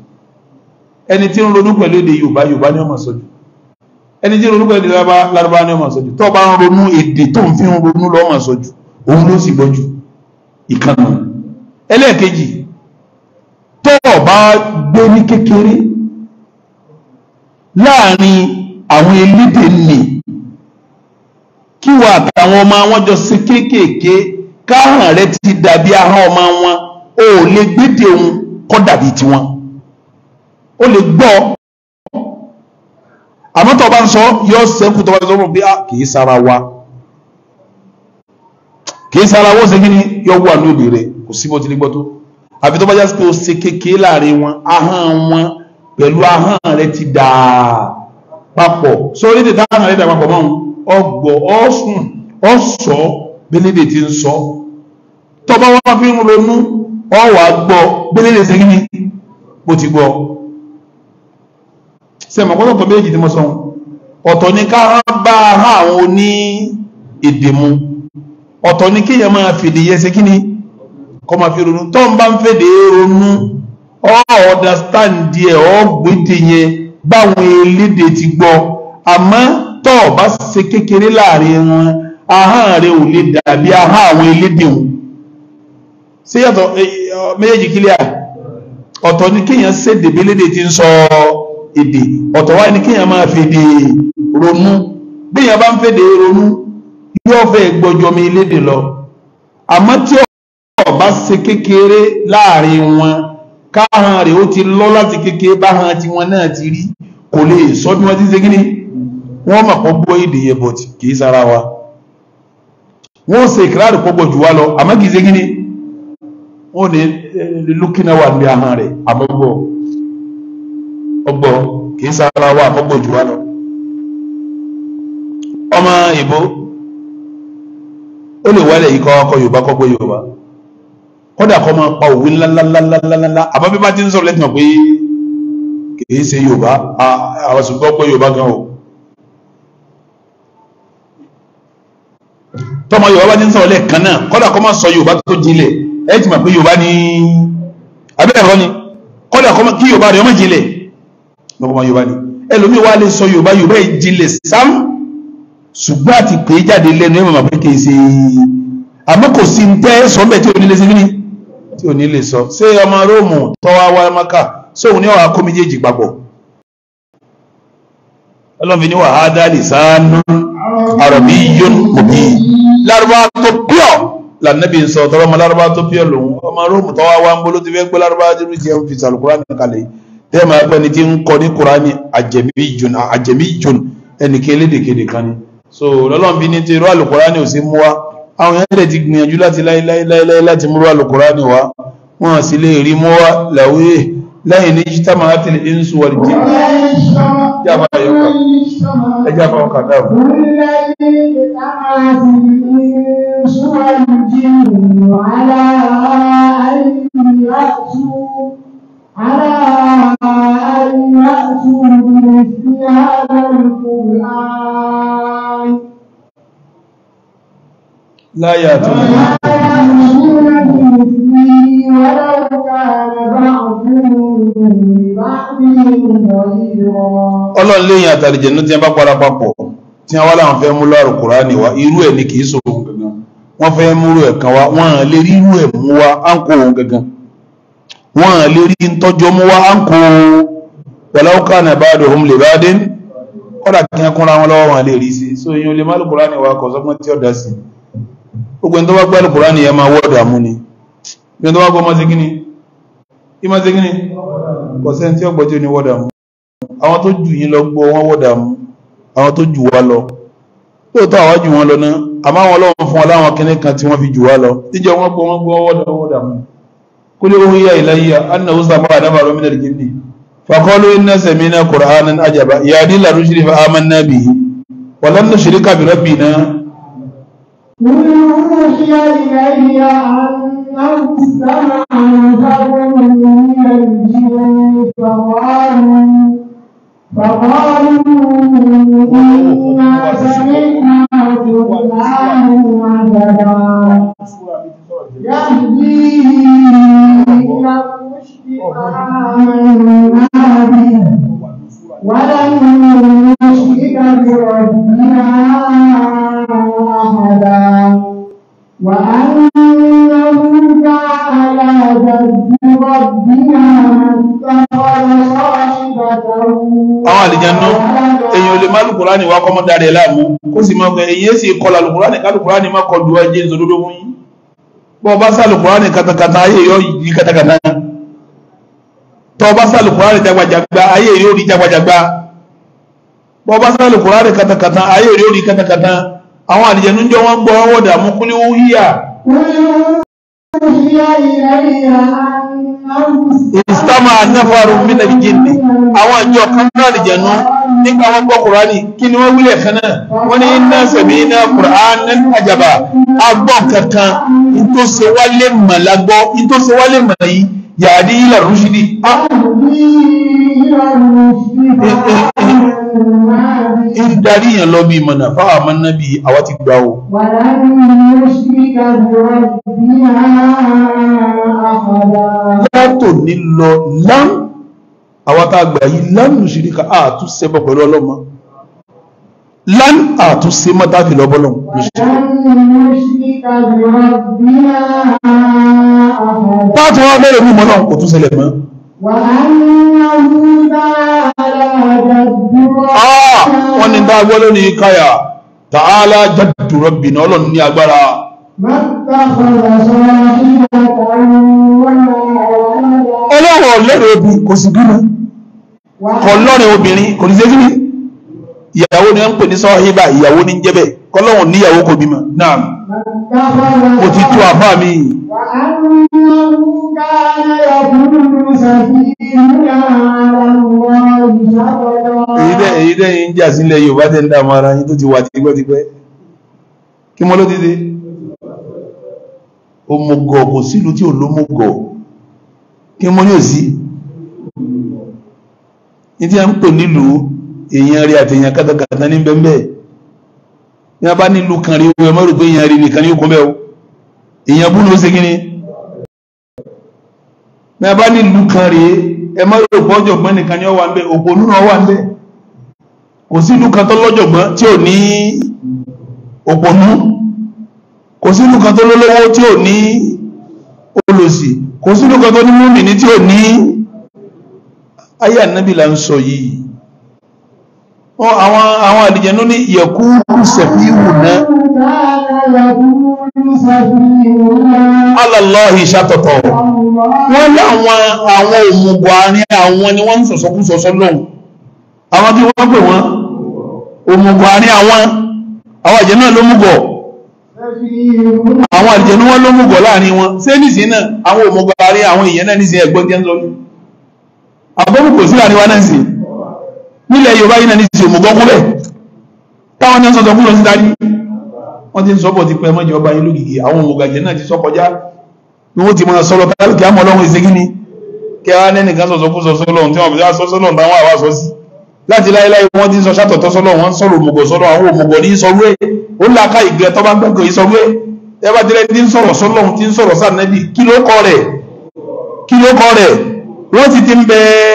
ẹni tí ń ronú pẹ̀lú èdè yorùbá yorùbá ni ó máa sọ jù ẹni tí ń ronú pẹ̀lú èdè lárúbá ni ó máa sọ jù tó bá ń ronú èdè tó ń fi ń ronú ló máa sọ jù òun ló sì gbọ́ jù ìkànnà ẹlẹ́ẹ̀kejì tó bá gbé ní kékeré láàrin àwọn elédè nì kí wà àtàwọn ọmọ àwọn jọ sí kéékèèké káhàn rẹ ti dàbí ahọ́n ọmọ wọn o lè gbédè òun kọ́ dàbí tiwọn o lè gbọ́ àmọ́ tó bá ń sọ yọ sẹ́kù tó bá ń sọ fún mi ah, kìí sára wa kìí sára wọ́n ṣe kí ni yọ wà ní òbí rẹ kò sí bó ti ní gbọ́ tó àfi tó bá jásí pé o ṣe kékeré láàrin wọn ahọ́n wọn pẹ̀lú ahọ́n rẹ ti dà papọ̀ sórí tètè ahọ́n rẹ dà papọ̀ mọ́ ọgbọ̀ ọ̀sùn ọ̀sọ́ gbélédè ti ń sọ tọba wọn fi ń ronú ọwà gbọ́ gbélédè sí kí ni bó ti gbọ́ sẹmọkọtọ méjì tí mo sọ ọ̀tọ̀ ni ká bá ara àwọn oní èdè mu ọ̀tọ̀ ni kéèyàn máa fèdè yẹ sí kí ni kọ́ máa fi ronú tó ń bá ń fèdè ronú ọ understand ẹ ọ gbèdè yẹn báwọn elédè ti gbọ́ àmọ́ tó o bá ṣe kékeré láàrin wọn. aha rẹ̀ ò lè dàbí aha àwọn elédè òun sí yàtọ̀ méjèèjì kílíà ọ̀tọ̀ ni kíyàn sédè bí ti ń sọ èdè ọ̀tọ̀ wáyé ni kíyàn máa fèdè ronú bí bá ń fèdè ronú yóò fẹ́ gbọ́jọ mi lọ àmọ́ tí ọ̀rọ̀ bá ṣe kékeré láàrin wọn káhàn rẹ̀ ó ti lọ láti kékeré báhàn tí wọn náà ti rí kò lè sọ bí wọ́n ti ṣe kíní mọ̀ gbọ́ èdè yẹn bọ̀ kì í wa. wọ́n ṣe ìkìláàrì pọ̀pọ̀ jù wá lọ àmọ́ kìí ṣe gíní wọ́n ní eh, lókínà wà ní ahọ́n rẹ̀ àmọ́gbọ́ ọgbọ́ kìí sára wà pọ̀pọ̀ jù wá lọ ọmọ ìbò ó lè wálẹ̀ yìí kọ́ ọkọ̀ Yorùbá kọ́ pé Yorùbá kọ́dà kọ́ máa pa òwe ńláńláńláńláńlá àbábí bá ti ń sọ̀rọ̀ lẹ́tìmọ̀ pé kìí ṣe Yorùbá àwọn ṣùgbọ́n pé Yorùbá gan o tọmọ yorùbá ní sọ̀rọ̀ lẹ́ẹ̀kan náà kọ́dà kọ́ máa sọ yorùbá tó jinlẹ̀ ẹ ti mọ̀ pé yorùbá ní abẹ́rẹ́ ẹ̀rọ ni kọ́dà kọ́ kí yorùbá rẹ̀ ọmọ jinlẹ̀ lọ́kọ́ máa yorùbá ni ẹlòmíì wá lè sọ yorùbá yorùbá yìí jinlẹ̀ sám ṣùgbọ́n àti pè é jáde lẹ́nu ẹ̀ mọ̀ pé kì í ṣe àmọ́ kò sí tẹ́ sọ bẹ́ẹ̀ tí ò ní lè ṣe mí ni tí ò ní lè sọ ṣé ọmọ róòmù tọ́wá wá maka sóhun ní ọ̀hà kó méjèèjì papọ̀ lárúbáwá tó pure lànàbí ń sọ tọrọ ọmọ lárúbáwá tó pure lòun ọmọ róòmù tó wá wá ń bolo ti fẹ́ gbé lárúbáwá tó rí tiẹ̀ ń fi sàlùkúrá mi kalẹ̀ tẹ́ ẹ̀ máa pẹ́ ni ti ń kọ́ ní kúránì àjẹmí jùn àjẹmí jùn ẹnì kélédèkéde kan ni so lọ́lọ́run bí ní ti rú àlùkúránì ò sí mú wa àwọn yẹn lè ti gbìyànjú láti láíláíláí láti múrú àlùkùránì wá wọ́n sì lè rí mọ́ wá làwé lẹ́yìn ní jíta máa tẹ̀lé insu wà lìjì ẹjá bá dáàbò والجن على أن يأتوا على أن يأتوا بمثل هذا القرآن لا يأتون لا يأتون بمثله ولو كان بعضهم ببعض ظهيرا Ọlọ́run léyìn àtàlìjẹ̀ ní tí wọ́n bá parapapọ̀ tí wọ́n wá láwọn fẹ́ mú lọ́rùn Kùránì wá irú ẹ̀ ní kìí sọ̀rọ̀ wọ́n fẹ́ múrú ẹ̀ kan wá wọ́n à lè rírú ẹ̀ mú wá à ń kó òun gangan wọ́n à lè rí ntọ́jọ́ mú wá à ń kó walau kana ba'duhum li ba'din kọ́dà kí wọ́n kúnra wọn lọ́wọ́ wọn lè rí sí so ìyẹn olè má Al-Qur'ani wa kọ̀ sọ́kùn tí ó dá sí gbogbo ẹni tó bá gbọ́ Al-Qur'ani yẹn máa wọ́ọ̀dà mú ni bí wọ́n tó bá gbọ́ ọmọ sí kíni ìmọ̀ sẹ́ni tí ọgbọ́n tí ó ní wọ́ọ̀dà mú àwọn tó jù yín lọ gbọ́ wọn wọ́ọ̀dà mú àwọn tó jù wá lọ lóòótọ́ àwọn jù wọn lọ náà àmọ́ àwọn ọlọ́run fún ọláwọn kẹ́ni kan tí wọ́n fi jù wá lọ níjọ wọn gbọ́ wọn gbọ́ wọ́dà wọ́dà mú kó lè wúyà ìlàyà anna usama adama romina gindi fakọlu iná sẹmínà kùránà ajaba yàdí làrú ṣírí fa amán náà bì í wàlán náà ṣírí kàbí rọ́bì náà. أنزل عن قوم من الجن فقالوا فقالوا إنا سمعنا قرآنا عجبا يهدي إلى الرشد فآمنا به ولن نشرك بربنا أحدا وأن àwọn àlìjáná èyàn lè má lùkùránì wá kọ́mọ́ dáre láàmú kó sì mọ́ èyí sì kọlà ni ká lùkùránì má kọ dùn ẹjẹ́ ìṣòdodo fún yín bọ́ ọba sá lùkùránì katakata ayé yọ yí katakata tọ́ ọba sá lùkùránì jagbajagba ayé yóò rí jagbajagba bọ́ ọba sá lùkùránì katakata ayé yóò rí katakata àwọn àlìjáná jọ wọ́n gbọ́ wọ́dà mú kúlíwú yíyà ìsítámà náfàrún mínà jíndì àwọn àjọ kan náà lè jẹnu nípa wọn gbọ́ kùránì kí ni wọ́n wílẹ̀ kan náà wọ́n ní iná sẹ̀mí iná kùránì àjàbà agbọ́n kankan ìtòsẹ̀ wálé mọ̀ lágbọ́ ìtòsẹ̀ wálé mọ̀ yìí yàdí ìlà rúṣìdì ń darí yàn lọ bí ìmọ̀nà fáwọn ọmọ nábì àwa ti gbà o. yàtọ̀ ní lọ lán àwa tá a gbà yìí lán nùsíríkà àtúnṣe bọ̀ pẹ̀lú ọlọ́mọ lán àtúnṣe mọ́tàfì lọ́bọ́lọ́ táàtún wá bẹ̀rẹ̀ mú mọ́ náà kò tún ṣẹlẹ̀ mọ́. wàhálà ń ah wọ́n ní dá gbọ́ lónìí káyà tààlà jádù rọ́bìnà ọlọ́run ní agbára ọlọ́run ọ̀lẹ́rẹ̀ ebu kò sí bímọ kọlọ́rin obìnrin kò ní sẹ́sí ìyàwó ni wọ́n ń pè ní sọ́híbà ìyàwó ní jẹ́bẹ̀ kọlọ́run níyàwó kò bímọ náà kò ti tó àfá mi èyí dẹ́yìn ń jà sílẹ̀ yóò bá tẹ́ ń dámọ́ ara yín tó ti wà tipẹ́tipẹ́ kí mọ́ ló o dé òmùgọ̀ kò sílù tí ò lómùgọ̀ kí mọ́ ní òsí ní tí a ń pè nílùú èèyàn rí àtèèyàn kátàkátà ní bẹ́ẹ̀ ní a bá nílùú kan rí owó ẹ mọ́rò pé èèyàn rí nìkan ní okùn bẹ́ẹ̀ o èèyàn bú ló ṣe kí ni ní a bá nílùú kan rí ẹ mọ́rò pé ọ̀jọ̀gbọ́n nìkan ní ọwà ń bẹ òpó nínú ń bẹ kò sí ìlú kan tó tí ò ní òpó nú kò sí kan tó tí ò ní kò sí ìlú kan tó ní múmi ní tí ò ní ayé àwọn àwọn àlìjẹ̀nú ní yẹ̀kúrú sẹ̀fíhù náà alàlọ́hì ṣàtọ̀tọ̀ wọ́n ní àwọn àwọn òmùgbò àárín àwọn ni wọ́n ń sọ̀sọ̀kúsọ̀sọ̀ lọ́hùn àwọn tí wọ́n pè wọ́n òmùgbò àárín àwọn àwọn àjẹ́ náà ló múgọ̀ àwọn àjẹ́ náà ló múgọ̀ láàrin wọn ṣé nìsín náà àwọn òmùgbò àárín àwọn èèyàn náà nìsín ẹ̀gbọ́n jẹ́ ń lọ́yún nílẹ̀ Yorùbá yìí náà ní ìsìn òmùgọ́ kún bẹ́ẹ̀ táwọn ní sọ̀tọ̀ fún lọ sí darí wọ́n ti ń sọ́bọ̀ ti pẹ́ mọ́jọ ọba yín lógìkì àwọn òmùgàjẹ́ náà ti sọ kọjá ni wọ́n ti mọ sọ́lọ kálukì àmọ́ ọlọ́run ìṣe kíni kí a lẹ́nu kan sọ̀tọ̀ fún sọ̀tọ̀ lọ́run tí wọ́n fi sọ sọ́lọ̀ táwọn àwa sọ sí láti láéláé wọ́n ti sọ sátọ̀tọ̀ sọ́lọ̀ wọ́n sọ̀rọ̀ òmùgọ̀ sọ́lọ̀ àwọn òmùgọ̀ ní sọ wé ó làákà ìgbẹ́ tó bá gbẹ́kọ̀ yìí sọ wọ́n ti ti ń bẹ́ẹ̀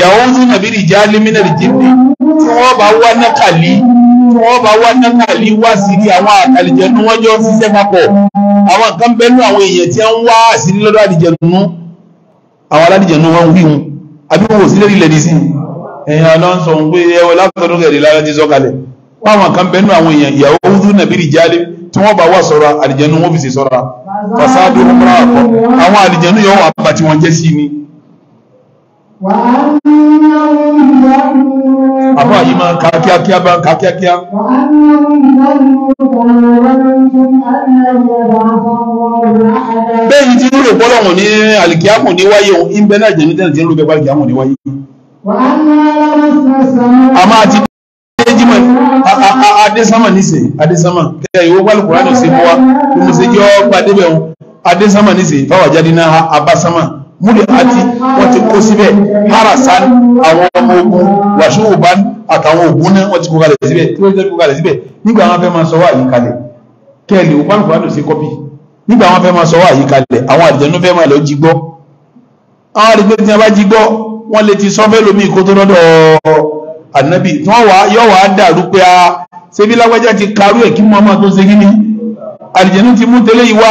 yàwó nàbí ìjà límínà ìjìnlẹ̀ tí wọ́n bá wá nákàlí tí wọ́n bá wá nákàlí wá sírí àwọn àlìjẹ̀nu wọ́n jọ ṣiṣẹ́ papọ̀ àwọn kan bẹ́nu àwọn èèyàn tí wọ́n wá sírí lọ́dọ̀ àlìjẹ̀nu àwọn aládìjẹ̀nu wọn wí wọn àbí wọn ò sí lórí ilẹ̀ sí ẹ̀yìn alonso ń gbé ẹwẹ́ látọ̀dún kẹrì lára ti sọ́kalẹ̀ àwọn kan bẹ́nu àwọn èèyàn ìyàwó nàbí ìjà tí wọ́n bá wá sọ́ra àlìjẹ̀nu wọn fi sì sọ́ra fasadu umra àkọ́ àwọn àlìjẹ̀nu yóò Àfọ́ yìí máa ń ka kíákíá bá ń ka kíákíá. Bẹ́ẹ̀ni tí ń rò pọ́lọ̀wọ̀n ní àlìkíákùn ní wáyé òun, ń bẹ́ náà jẹ́ ní tẹ́lẹ̀ tí ń rò pẹ́pẹ́ àlìkíákùn ní wáyé. A máa ti dé jímọ̀ Adésámà níṣe, Adésámà, kẹ́ ìwó wálùkù ránà sí fún wa, kò mú sí jọ́ gbàdébẹ̀ òun, Adésámà níṣe, fáwàjáde náà abásámà múlẹ̀ àti wọ́n ti kó síbẹ̀ harasan àwọn ọmọ ogun wàṣíwòbán àtàwọn ogun náà wọ́n ti kó kalẹ̀ síbẹ̀ tí wọ́n ti kó kalẹ̀ síbẹ̀ nígbà wọn fẹ́ máa sọ wá yìí kalẹ̀ kẹ́lẹ̀ òpá nìkan ló ṣe kọ́pì nígbà wọn fẹ́ máa sọ wá yìí kalẹ̀ àwọn àjẹnú fẹ́ máa lọ jí gbọ́ àwọn àdìgbẹ́ tí bá jí gbọ́ wọ́n lè ti sọ́fẹ́ lómi ìkó tó lọ́dọ̀ ànábì wọ́n ni àdìjẹ́nu ti mú tẹ́lẹ̀ wá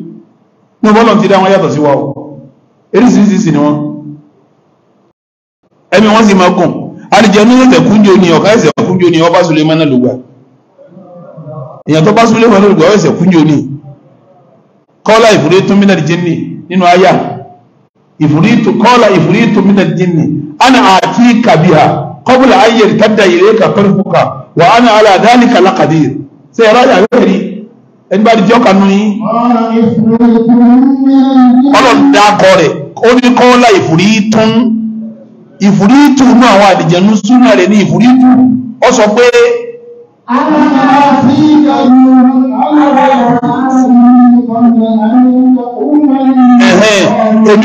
ní bọ́lọ̀ ti dá wọn yàtọ̀ sí wa o eríṣiríṣi ni wọn ẹ̀mí wọn sì máa gùn alìjẹnú ẹsẹ̀ kúnjó ni ọ̀ká ẹsẹ̀ kúnjó ni ọba Suleiman náà ló gbà èèyàn tó bá Suleiman náà ló gbà ẹsẹ̀ kúnjó ni kọ́lá ìfúrí tó mí náà jẹ́ni nínú àyà kọ́lá ìfúrí tó mí ana àti kàbíhà kọ́bùlà ayé tàbí ilé ka kọ́lùfùkà wà ana aládàáni kàlákàdé ṣe ẹ̀rọ àyà ẹgbẹ́ àdìjọ́ kanú yín ọlọ́dà akọ rẹ̀ ó ní kọ́lá ìfúrí tún ìfúrí tún ní àwọn àdìjẹ̀nú súnà rẹ̀ ní ìfúrí tún ó sọ pé èmi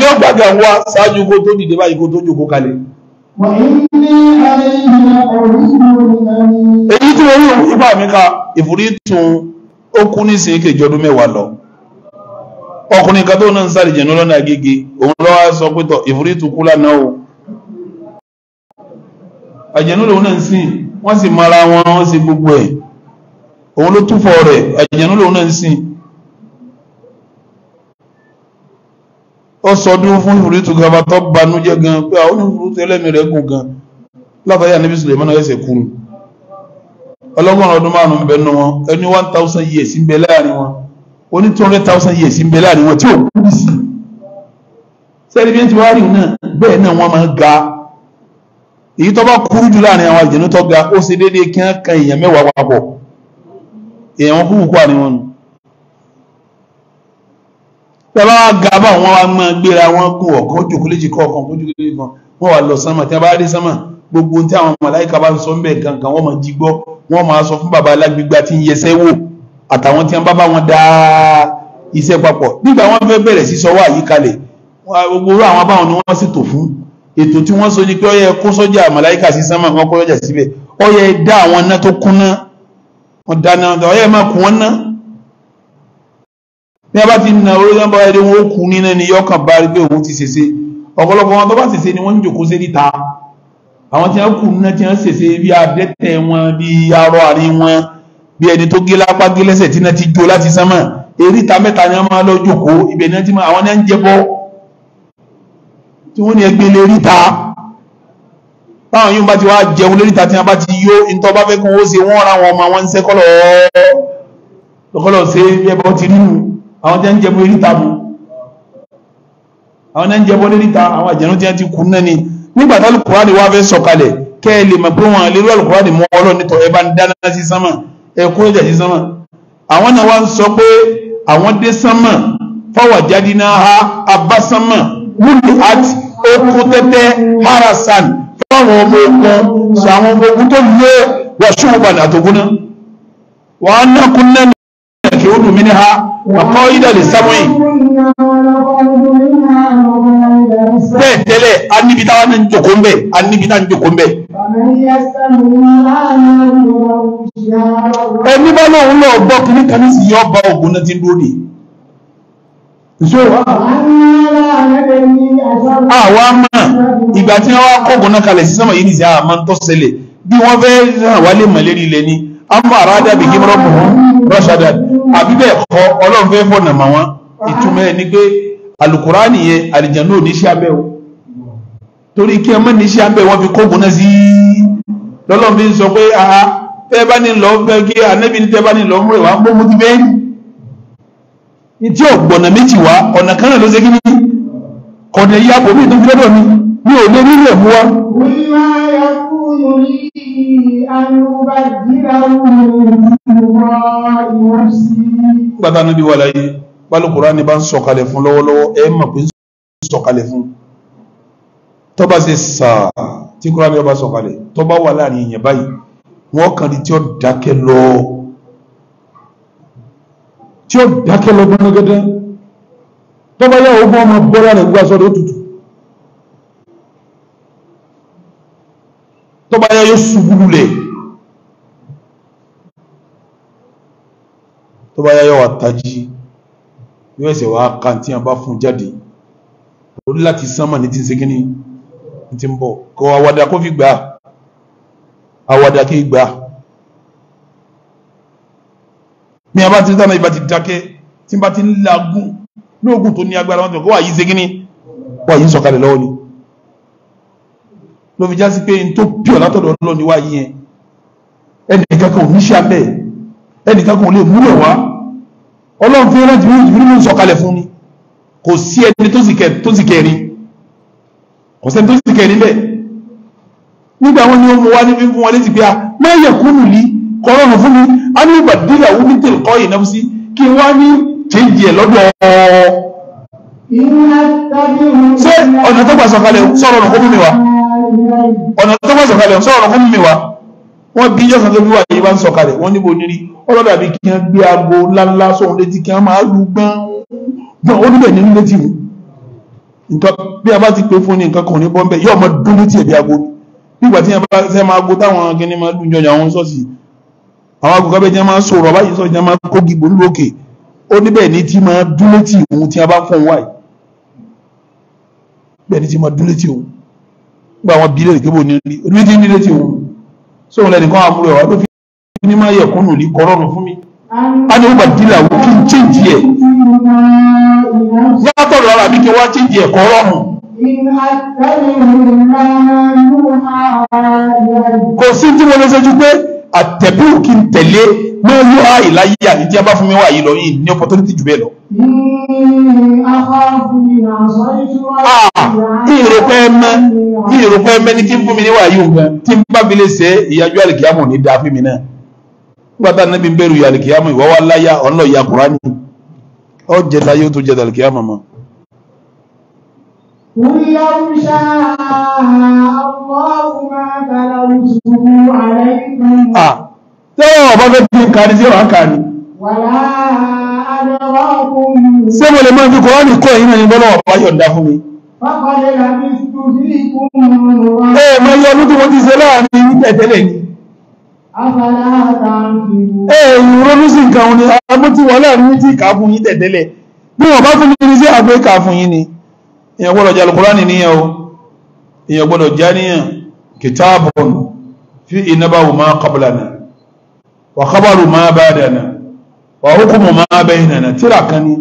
ó gbàgbà wá ṣáájú kó tó dìde báyìí kó tó jòkó kalẹ̀ èyí tí mo rí ìgbà mi ka ìfúrí tún ó kú ní ìsìn kejì ọdún mẹ́wàá lọ ọkùnrin kan tó náà ń sáré jẹ̀nu lọ́nà gígé òun lọ́wọ́ sọ pé tọ̀ ìfúrí tún kú lánàá o àjẹ̀nu lòun náà sìn wọ́n sì mara wọn wọ́n sì gbogbo ẹ̀ òun ló túfọ̀ rẹ̀ àjẹ̀nu lòun náà ń sìn ó sọdún fún ìfúrí tún gaba tó banújẹ́ gan pé àwọn onífúrú tẹ́lẹ̀mí rẹ̀ gùn gan lábáyà níbi sùlẹ̀mọ́nà ẹ̀sẹ̀ kúrú ọlọ́gbọ̀n ọdún márùn-ún bẹnu wọn ẹni one thousand years ń bẹ láàrin wọn oní two hundred thousand years ń bẹ láàrin wọn tí ò kú bí sí sẹ́ni bí ń ti wá rí náà bẹ́ẹ̀ náà wọ́n máa ga èyí tó bá kúrú jù láàrin àwọn àjẹnú tó ga ó ṣe déédéé kí wọ́n kan èèyàn mẹ́wàá papọ̀ èèyàn kúkú kú àníwọ̀n nù tẹ́lá wá ga bá wọn wá máa gbéra wọn kú ọ̀kan ó jòkó léjì kọ́ ọ̀kan ó jòkó léjì kan wọ́n wà lọ sánmà tí wọ́n bá dé sánmà gbogbo tí àwọn màláìka bá sọ ń bẹ̀ gangan wọ́n máa jí gbọ́ wọ́n máa sọ fún bàbá alágbègbà tí ń yẹsẹ́ wò àtàwọn tí wọ́n bá bá wọn dá iṣẹ́ papọ̀ nígbà wọ́n fẹ́ bẹ̀rẹ̀ sí sọ́wọ́ àyíkalẹ̀ gbogbo orú àwọn báwọn ni wọ́n sì tò fún ètò tí wọ́n sọ ni pé ó yẹ kó sọ́jà màláìka sí sánmà wọ́n kó sọ́jà síbẹ̀ ó yẹ dá àwọn ná tó kúnná wọ́n dáná ó yẹ má kún wọn ná bí a bá ti na orí yẹn bá yẹ kó kún ní náà ni yọkàn bá rí pé òun ti ṣèṣe ọ̀pọ̀lọpọ̀ wọn tó bá ṣèṣe ni wọ́n ń jòkó sí níta àwọn tí wọ́n kù náà tí wọ́n ṣèṣe bí adẹ́tẹ̀ wọn bí arọ àrí wọn bí ẹni tó gé lápá gé lẹ́sẹ̀ tí náà ti jó láti sánmọ̀ eríta mẹ́ta ni wọ́n máa lọ jókòó ibẹ̀ náà ti máa àwọn náà ń jẹbọ tí wọ́n ní ẹgbẹ́ lè ríta táwọn yóò bá ti wá jẹun léríta tí wọ́n bá ti yó ìtọ́ bá fẹ́ kún ó ṣe wọ́n ra wọn ọmọ wọn ń ṣe kọ́lọ̀ lọ́kọ́lọ̀ ṣe bí ẹbọ ti rí àwọn tí wọ́n ń jẹbọ eríta mu àwọn ni nígbà tí alukurani wá fẹ́ sọ̀kalẹ̀ kẹ́ ẹ lè mọ̀ pé wọn lérú alukurani mọ́ ọlọ́run nítorí ẹ bá ń dáná sí sánmà ẹ kó ẹ̀jẹ̀ sí sánmà àwọn náà wá ń sọ pé àwọn dé sánmà fáwọn jáde náà ha abá sánmà wúlò àti okun tẹ́tẹ́ harasan fáwọn ọmọ ogun sọ àwọn ọmọ ogun tó lé wàṣùwò padà àtògùn náà wà á nákúnná ní ìrìnàjò ó dùn mí ní ha àkọ́ ìdàlẹ̀ sámúyìn tẹ́lẹ̀ a níbi táwa náà ń jòkó ń bẹ̀ a níbi táwa ń jòkó ń bẹ̀. ẹni bá náà ń lọ gbọ́ kí ní kaní sì yọ ọba ògùn náà ti ń dúró dè. àwa mọ̀ ìgbà tí wọ́n kọ́ ògùn náà kalẹ̀ sí sọ́mọ̀ yìí nìyí àmọ́ ń tọ́ ṣẹlẹ̀ bí wọ́n fẹ́ ràn wálé mọ̀lẹ́rì ilẹ̀ ni amma arada bi gimro muhun rashadan àbí bẹ́ẹ̀ kọ́ Ọlọ́run fẹ́ fọ̀nà mọ́ wọn ìtumọ̀ ẹ̀ ni pé alukurani yẹn alijanu ní iṣẹ́ abẹ́ torí kí ọmọ níṣẹ́ abẹ́ wọn fi kóògùn náà sí lọ́lọ́ fi ń sọ pé àá tẹ́ bá ní lọ fẹ́ kí anẹ́bí ní tẹ́ bá ní lọ mú ìwà gbóhùn ti bẹ́ẹ̀ ní tí ọ̀gbọ̀nà méjì wá ọ̀nà kan náà ló ṣe kí ní kọ̀dà yí apò tó fi lọ́dọ̀ mi mi ò lè nílẹ̀ mú wa. gbàtà níbi wà pálukùrá ni bá ń sọ̀kalẹ̀ fún lọ́wọ́lọ́wọ́ ẹ mọ̀ pé ń sọ̀kalẹ̀ fún un tó bá ṣe sàá tí kúrò ní ọba sọ̀kalẹ̀ tó bá wà láàrin èèyàn báyìí wọ́n kàn ní tí ó dákẹ́ lọ tí ó dákẹ́ lọ gbọ́nagẹ́dẹ́ tó bá yá ogun ọmọ bọ́lá rẹ̀ gbá sọ́dọ̀ òtútù tó bá yá yóò ṣubú lulẹ̀ tó bá yóò wà yóò ẹsẹ̀ wà kàntí àbá fún jáde lórí láti sánmà ní ti ń segin ní ti ń bọ̀ kọ àwàdà kó fi gbà àwàdà kí gbà mi a bá ti dáná ìbá ti dákẹ́ tí n bá ti ń lagún lóògùn tó ní agbára wọn tó kọ́ wà yìí ṣe kíní wà yìí sọ̀kalẹ̀ lọ́wọ́ ni ló fi já sí pé n tó pure látọ̀dọ̀ Ọlọ́run ni wà yìí yẹn ẹnìkan kan ò ní ṣe abẹ́ ẹnìkan kan lè múlò wá Ọlọ́run fi rántí bí ìbírí mi sọ̀kalẹ̀ fún ni kò sí ẹni tó sì kẹrin kò sẹ́ni tó sì kẹ́ níbẹ̀ nígbà wọn ni ó mú wá níbi fún wọn létí pé a máa yẹ kúrú lí kọ́rọ́rùn fún mi a ní ìgbà dídà wú ní tèlùkọ́ yìí náà sí kí wá ní chéńjì ẹ̀ lọ́dọ̀ ṣé ọ̀nà tó gbà sọ̀kalẹ̀ sọ̀rọ̀ ọ̀nà kó mú mi wá ọ̀nà tó gbà sọ̀kalẹ̀ sọ̀rọ̀ ọ̀nà mi wá wọ́n bí yọ̀sán tó bí wà yìí bá ń sọ̀kalẹ̀ wọ́n níbo nírí ọlọ́dà bí kí wọ́n gbé aago ńláńlá sóhun létí kí wọ́n máa lù gbọ́n gbọ́n ó níbẹ̀ nínú létí wọn nǹkan bí a bá ti pè fún ní nǹkan kan ní bọ́m̀bẹ̀ yóò mọ dún ní tiẹ̀ bí aago nígbà tí a bá ṣe máa go táwọn kìnní máa dùn jọjọ àwọn sọ́ọ̀sì àwọn agogo bẹ́ẹ̀ tí a máa sọ̀rọ̀ báyìí sọ́ọ̀sì tí a máa kó gìgbò nílò òkè ó níbẹ̀ ní tí máa dún létí òun tí a bá fún wáyé bẹ́ẹ̀ ní tí máa dún létí òun gba àwọn bílẹ̀ ìkébò ní orí tí ń rí létí òun sóhun lẹ́nìkan àmúrò ẹ̀wà ló fi ní máa yẹ̀kúnnù ní kọ́rọ́rùn fún mi ani ó bàdìlà wò kí n chéǹjì ẹ̀ látọ̀rọ̀ ara mi kí wọ́n chéǹjì ẹ̀ kọ́ rọrùn kò sí tí mo lè ṣe ju pé àtẹ̀bí kí n tẹ̀lé ló ń lọ àìláyé àti tí a bá fún mi wà yìí lọ yìí ní opportunity jù bẹ́ẹ̀ lọ. Ah, ìròpẹ́ ẹmẹ ìròpẹ́ ẹmẹ ni tí ń fún mi níwáyé òun tí ń bá mi lè ṣe ìyájú àlèkè àmọ̀ ní dáa fún mi náà gbàtà níbi bẹ̀rù yàlìkìyàmù ìwọ́ wa láyà ọ̀nà ìyá kùránì ọ jẹta yóò tó jẹta yàlìkìyàmù mọ́. tẹ́wọ̀ ọba fẹ́ bí kàní sí ọ̀hán kàní. ṣé mo lè máa fi kùránì kọ́ ìyìn náà ní bọ́lá ọba yọ̀ǹda fún mi. ẹ mọ iye ọdún tí mo ti ṣe láàrin tẹ̀tẹ̀lẹ̀ ni ẹ̀yìn ronú sí nǹkan ni agbó tí wọ́n láàrin tí ìkà fún yín tẹ̀tẹ́lẹ̀ bí wọ́n bá fún mi sí àgbé ìkà fún yín ni èèyàn gbọ́dọ̀ jẹ́ alukùránì níyàn o èèyàn gbọ́dọ̀ jẹ́ níyàn kìtàbùn fi ìnábàwò máa kọbùlànà wà kábàrù máa bá dànà wà hukumu máa bẹ́ ìnànà tíra kan ni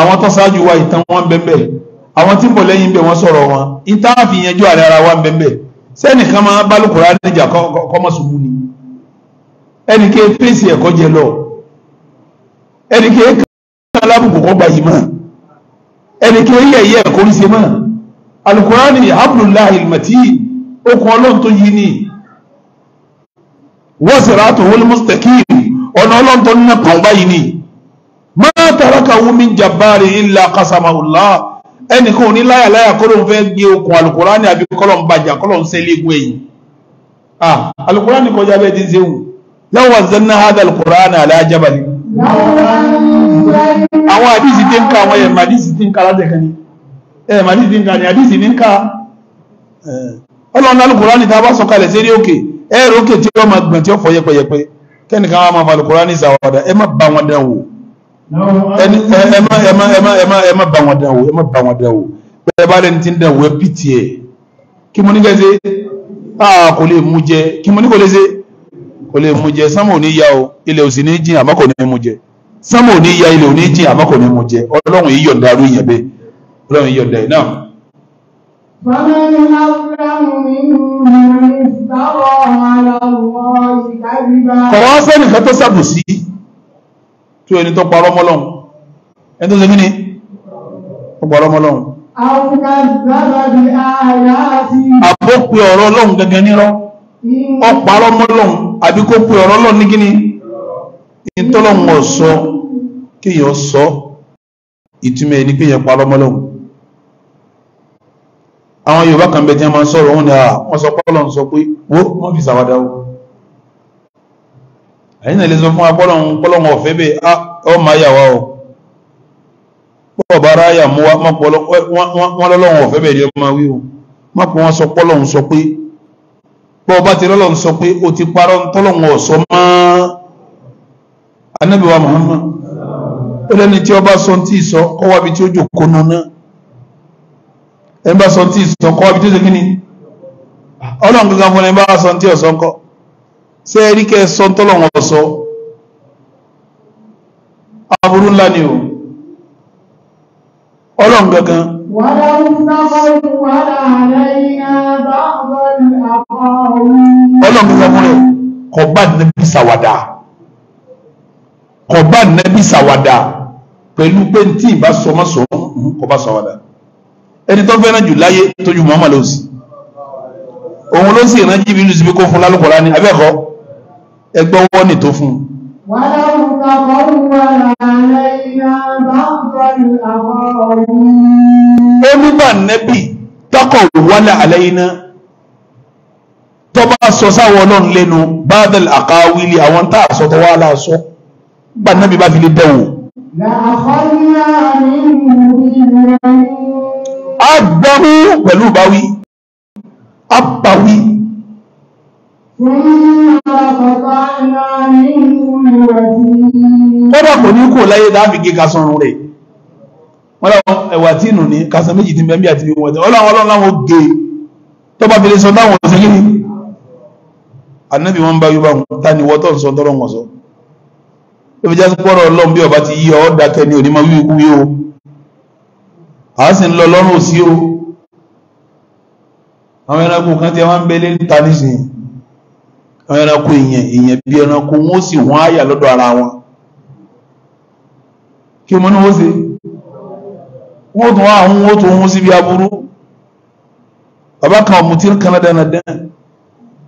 àwọn tó ṣáájú wa ìtàn wọn bẹ́ẹ̀ àwọn tí bọ̀ lẹ́yìn bẹ́ẹ̀ wọ́n sọ̀rọ̀ wọn ìtàn àfihànjú àrẹ ara wa bẹ́ẹ̀ sẹ́nìkan máa bá alukùránì jà kọ́mọ́sùn mú ni ẹnìké fèsì ẹ̀kọ́ jẹ lọ ẹnìké kan alábùkù kọ́ gba yìí mọ́ ẹnìké yẹ̀yẹ́ ẹ̀kọ́ ń ṣe mọ́ alukurani abdullahi ilmati okun ọlọ́run tó ni wọ́n sì ráàtò wọlé mustaqim ọ̀nà ọlọ́run tó nínú pàwọn báyìí ni ma tarakahu min jabari illa qasamahullah ẹnìkan ò ní láyàláyà kọ́ ló ń fẹ́ gbé okun alukurani àbí kọ́lọ̀ ń bàjá kọ́lọ̀ ń sẹ́lẹ̀ egun ẹ̀yìn ah, alukurani kọjá bẹ́ẹ̀ ti ń law anzalna hadha al-Qur'ana ala jabal àwọn àdìsí tí ń ka àwọn ẹ̀mà àdìsí tí ń ka láti ẹ̀kan ní ẹ̀mà àdìsí tí ń ka ní àdìsí ní ń ka ọlọ́run alùkùránì tá a bá sọ̀kalẹ̀ sí rí òkè ẹ̀rọ òkè tí ó máa gbọ̀n tí ó fọ yẹpẹyẹpẹ kẹ́nìkan wa máa fa alùkùránì sàwádà ẹ má bá wọn dán wò ẹ má bá wọn dán wò ẹ má bá wọn dán wò bẹ́ẹ̀ bá lẹ́ni tí ń dán wò ẹ pìtì ẹ̀ kí mo ní kẹ́ ṣe kò lè mú jẹ kí mo ní kò lè ṣe kò lè mú jẹ sánmà ò ní ya o ilẹ̀ ò sì ní jìn àmọ́ kò ní mú jẹ sánmà ò ní ya ilẹ̀ ò ní jìn àmọ́ kò ní mú jẹ ọlọ́run yìí yọ̀ǹda arú yẹn bẹ́ẹ̀ ọlọ́run yìí yọ̀ǹda ẹ̀ náà. فمن أظلم ممن افترى على الله كذبا. kọ̀wá sẹ́nìkan tó ṣàbòsí tó ẹni tó parọ́ mọ́lọ́hún ẹni tó ṣe kí ni ó parọ́ mọ́lọ́hún. àbúkà dábàbí àyà àti. àbókù ọ̀rọ̀ ọlọ́run gẹ́gẹ́ nírọ́ ọparọ́ mọ́lọ́n àbí kó pè ọ̀rọ̀ lọ ní gíní ìtọ́lọ́wọ́ sọ kíyàn sọ ìtumẹ̀ ní kíyàn parọ́ mọ́lọ́n àwọn Yorùbá kan bẹ̀ tí a máa sọ̀rọ̀ wọn ni à wọ́n sọ pọ́lọ̀ sọ pé wó wọ́n fi sàwádà ó àyínà ilé sọ fún apọ́lọ̀wọ̀n ọ̀fẹ́ bẹ́ ọ máa yà wá ọ pọ̀ bá ráyà mú wá mọ́pọ̀ wọ́n lọ́lọ́wọ̀n ọ̀fẹ́ bẹ̀ rí ọmọ wíwọ́ mọ́pọ̀ wọ́n sọ pọ́lọ̀wọ̀n sọ pé bọ́ ọba ti rọ́lọ́ sọ pé o ti parọ́ tọ́lọ́wọ́ sọ mọ́ Ànábì wa Muhammad ó lẹ́ni tí ọba sọ tí sọ kọ́wá bí tí ó jòkó nana ẹ̀ ń bá sọ tí sọ kọ́wá bí tí ó ṣe kí ni ọlọ́run gangan fún ẹ bá sọ tí ọ̀sán kọ́ ṣé ẹ rí kẹ́ ẹ sọ tọ́lọ́wọ́ sọ aburú ńlá ni o ọlọ́run gangan. wàlá ń náwó wàlá àlẹ́ yín bá ọlọ́run sọ fún rẹ̀ kò bá nẹ́bí sàwádà kò bá nẹ́bí sàwádà pẹ̀lú pé tí ìbá sọmọ́sọ kò bá sàwádà ẹni tó fẹ́ràn jù láyé tójú Muhammad ló sì òun ló sì rán Jibril síbi kó fún lálùkọ́lá ní abẹ́ẹ̀kọ́ ẹgbẹ́ wọ́n ní tó fún un. ولو تقول علينا بعض الأقاويل. ó ní nẹ́bí tọkọ̀ wọ́lẹ̀ àlẹ́ iná tó bá sọ sáwọn ọlọ́run lẹ́nu bábẹ́l àkáwílì àwọn tá a sọ tó wá láàṣọ gbà náà bí bá fi lè bẹ̀wò. a gbọ́rú pẹ̀lú báwí a báwí. kọ́dà kò ní kò láyé dáàbì gé kásánrun rẹ̀ wọ́n láwọn ẹ̀wà tí nù ní kásán méjì ti mẹ́mí àti ìwọ̀n ọlọ́run ọlọ́run láwọn gé tó bá fi lè sọ táwọn ọ̀sẹ̀ yìí anábì wọn bá yúbá tani wọ́tọ̀ nsọ tọ́rọ wọn sọ ló fi já sí ọba ti yí ọ dákẹ́ ní onímọ̀ wíwíkú o a sì ń lọ lọ́rùn o àwọn ẹranko kan tí wọ́n ń belé ta nísìnyí àwọn ẹranko ìyẹn ìyẹn bí ẹranko wọn ó sì àyà ara wọn kí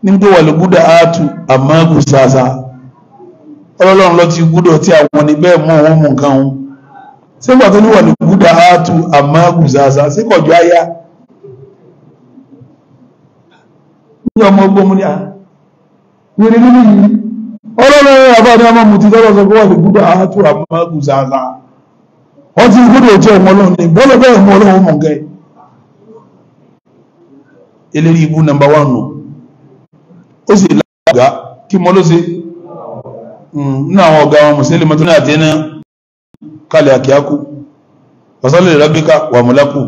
nígbò wà ló gúdà áàtù àmọ́ gùsàsà ọlọ́run lọ ti gúdọ̀ tí àwọn ní bẹ́ẹ̀ mọ́ wọn mú nǹkan wọn sígbà tó ní wà ló gúdà áàtù àmọ́ gùsàsà síkọ̀jọ́ àyà ní ọmọ ọgbọ́n mú ní à wèrè nínú yìí ọlọ́run àbá ní ọmọ mùtí tọ́lọ́ sọ pé wà ló gúdà áàtù àmọ́ gùsàsà wọ́n ti gúdọ̀ jẹ́ ọmọ ọlọ́run ní ó sì lágbà kí mọ́ ló ṣe hmm, nínú àwọn ọ̀gá wọn mùsùlùmí mọ́tò náà àti iná kalẹ̀ àkíákú wàsálẹ̀ rábíkà wà mọ́lákù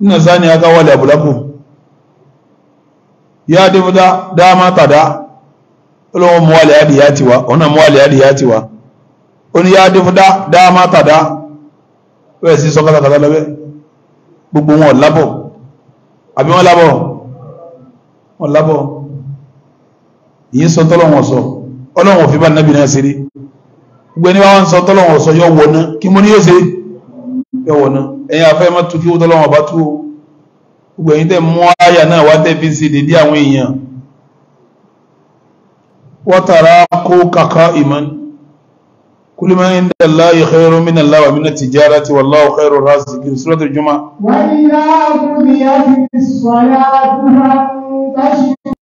nínú sáni akáwọlẹ̀ àbúlákù yá dẹ́fúdá dáama tàdá olóhùn mọ́wálẹ̀ adìyá tiwa ọ̀nà mọ́wálẹ̀ adìyá tiwa ó ní yá dẹ́fúdá dáama tàdá bẹ́ẹ̀ sí sọ kátàkátà lọ́bẹ̀ gbogbo wọn lábọ̀ àbí wọn lábọ̀ wọn lábọ̀ ìyẹn sọ tọ́lọ́wọ̀n sọ ọlọ́wọ̀n fi bá nàbì náà ṣeré gbogbo ẹni bá wọn sọ tọ́lọ́wọ̀n sọ yọ wọ̀nà kí mo ní yóò ṣe yọ wọ̀nà ẹ̀yin afẹ́ má tu kí wọ́n tọ́lọ́wọ̀n bá tú o gbogbo ẹ̀yin tẹ́ mú àyà náà wá tẹ́ fi ṣe dédé àwọn èèyàn wọ́n tara kó kàkà ìmọ̀ كل ما عند الله خير من الله ومن التجارة والله خير الرازقين سورة الجمعة وإذا قضيت الصلاة فانتشروا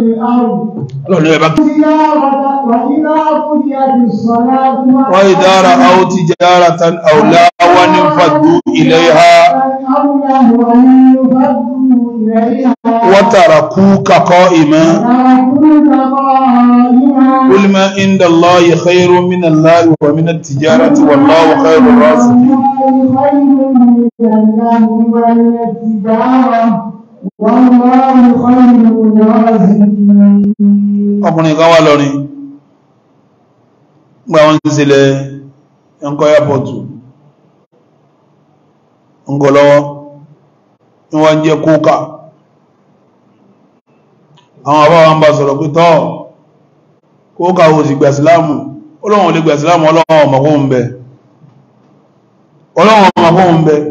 وإذا رأوا تجارة أو لا ونفدوا إليها وتركوك قائما قل ما عند الله خير من الله ومن التجارة والله خير الرازقين ọkùnrin kan wà lọ́rin gbà wọ́n ń sílẹ̀ ẹnkọ́ airportu ń gọ lọ́wọ́ ní jẹ́ kókà àwọn àbá bá sọ̀rọ̀ pé tọ́ kókà ó sì gbàsílámù ọlọ́wọ́n lè gbàsílámù ọlọ́wọ́n ọmọkún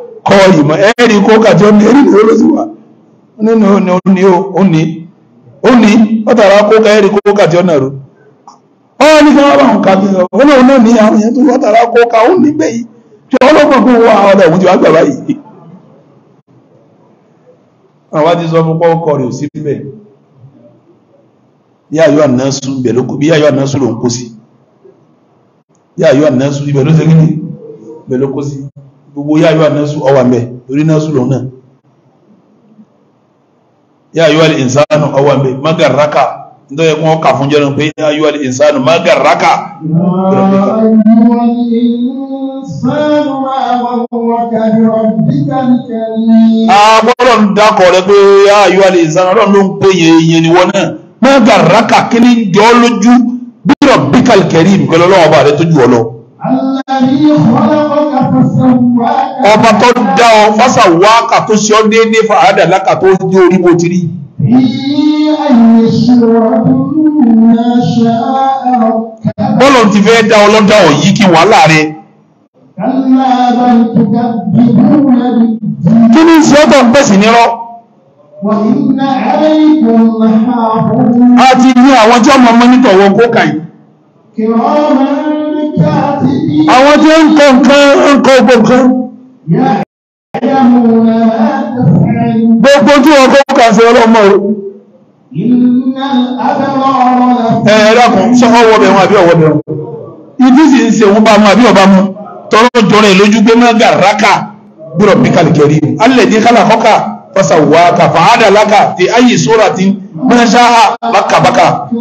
kọ ìmọ̀ ẹ̀rí kó kàjọ ní ẹ̀rí ní olóṣùwà nínú òní òní òní òní ọ̀tàrà kó ká ẹ̀rí kó kàjọ náà rò ọ́ ní kí wọ́n bá wọn kà bí ọ olóhùn náà ní àwọn èèyàn tó ọ̀tàrà kó ká òní gbé yìí tí ọlọ́gbọ̀n kó wá ọ̀dà òun ti gbà báyìí. àwa ti sọ fún pọ́ ọkọ rẹ̀ sí bẹ́ẹ̀ bí ayọ̀ ànásù bẹ̀ ló bí ayọ̀ ànásù ló ń kó sí bí ayọ̀ ànásù ibẹ̀ ló ṣe kí bẹ̀ ló kó sí gbogbo yá yíwá násù ọwà mẹ́ orí násù lòun náà yá yíwá lè ìsánù ọwà mẹ́ magaraka nítorí ẹkùn ọkà fún jẹ́rùn pé yá yíwá lè ìsánù magaraka agbọ́dọ̀ ń dákọ̀ rẹ pé yá yíwá lè ìsánù ọlọ́run ló ń pè yẹn yẹn ni wọ́n náà magaraka kí ni jọ́ lójú bí rọ̀bíkàl kẹrí ìbùkẹ́lọ́lọ́wọ́ bá rẹ tó jù ọ lọ ọba tó dá ọ fásà wákà tó ṣe ọ déédéé fún àádàlákà tó dé orí bó ti rí. bọ́lọ̀ ti fẹ́ dá ọ lọ́dá ọ yìí kí wàhálà rẹ. kí ni ìṣe ń pèsè nírọ́. a ti ní àwọn tí ọmọ mọ́nítọ̀ wọ kókà yìí. àwọn tí ń kọ nǹkan ń kọ gbogbo gbogbo tí wọ́n kọ́ kàfẹ́ ọlọ́mọ o ẹ̀rọ kan sọ ọwọ́ bẹ̀ wọn àbí ọwọ́ bẹ̀ ibi sì ń bá ọba tọrọ jọrọ ẹ lójú gbé mọ́gà gbúdọ̀ alẹ́ kọ́kà fàádà láka ayé sóra ti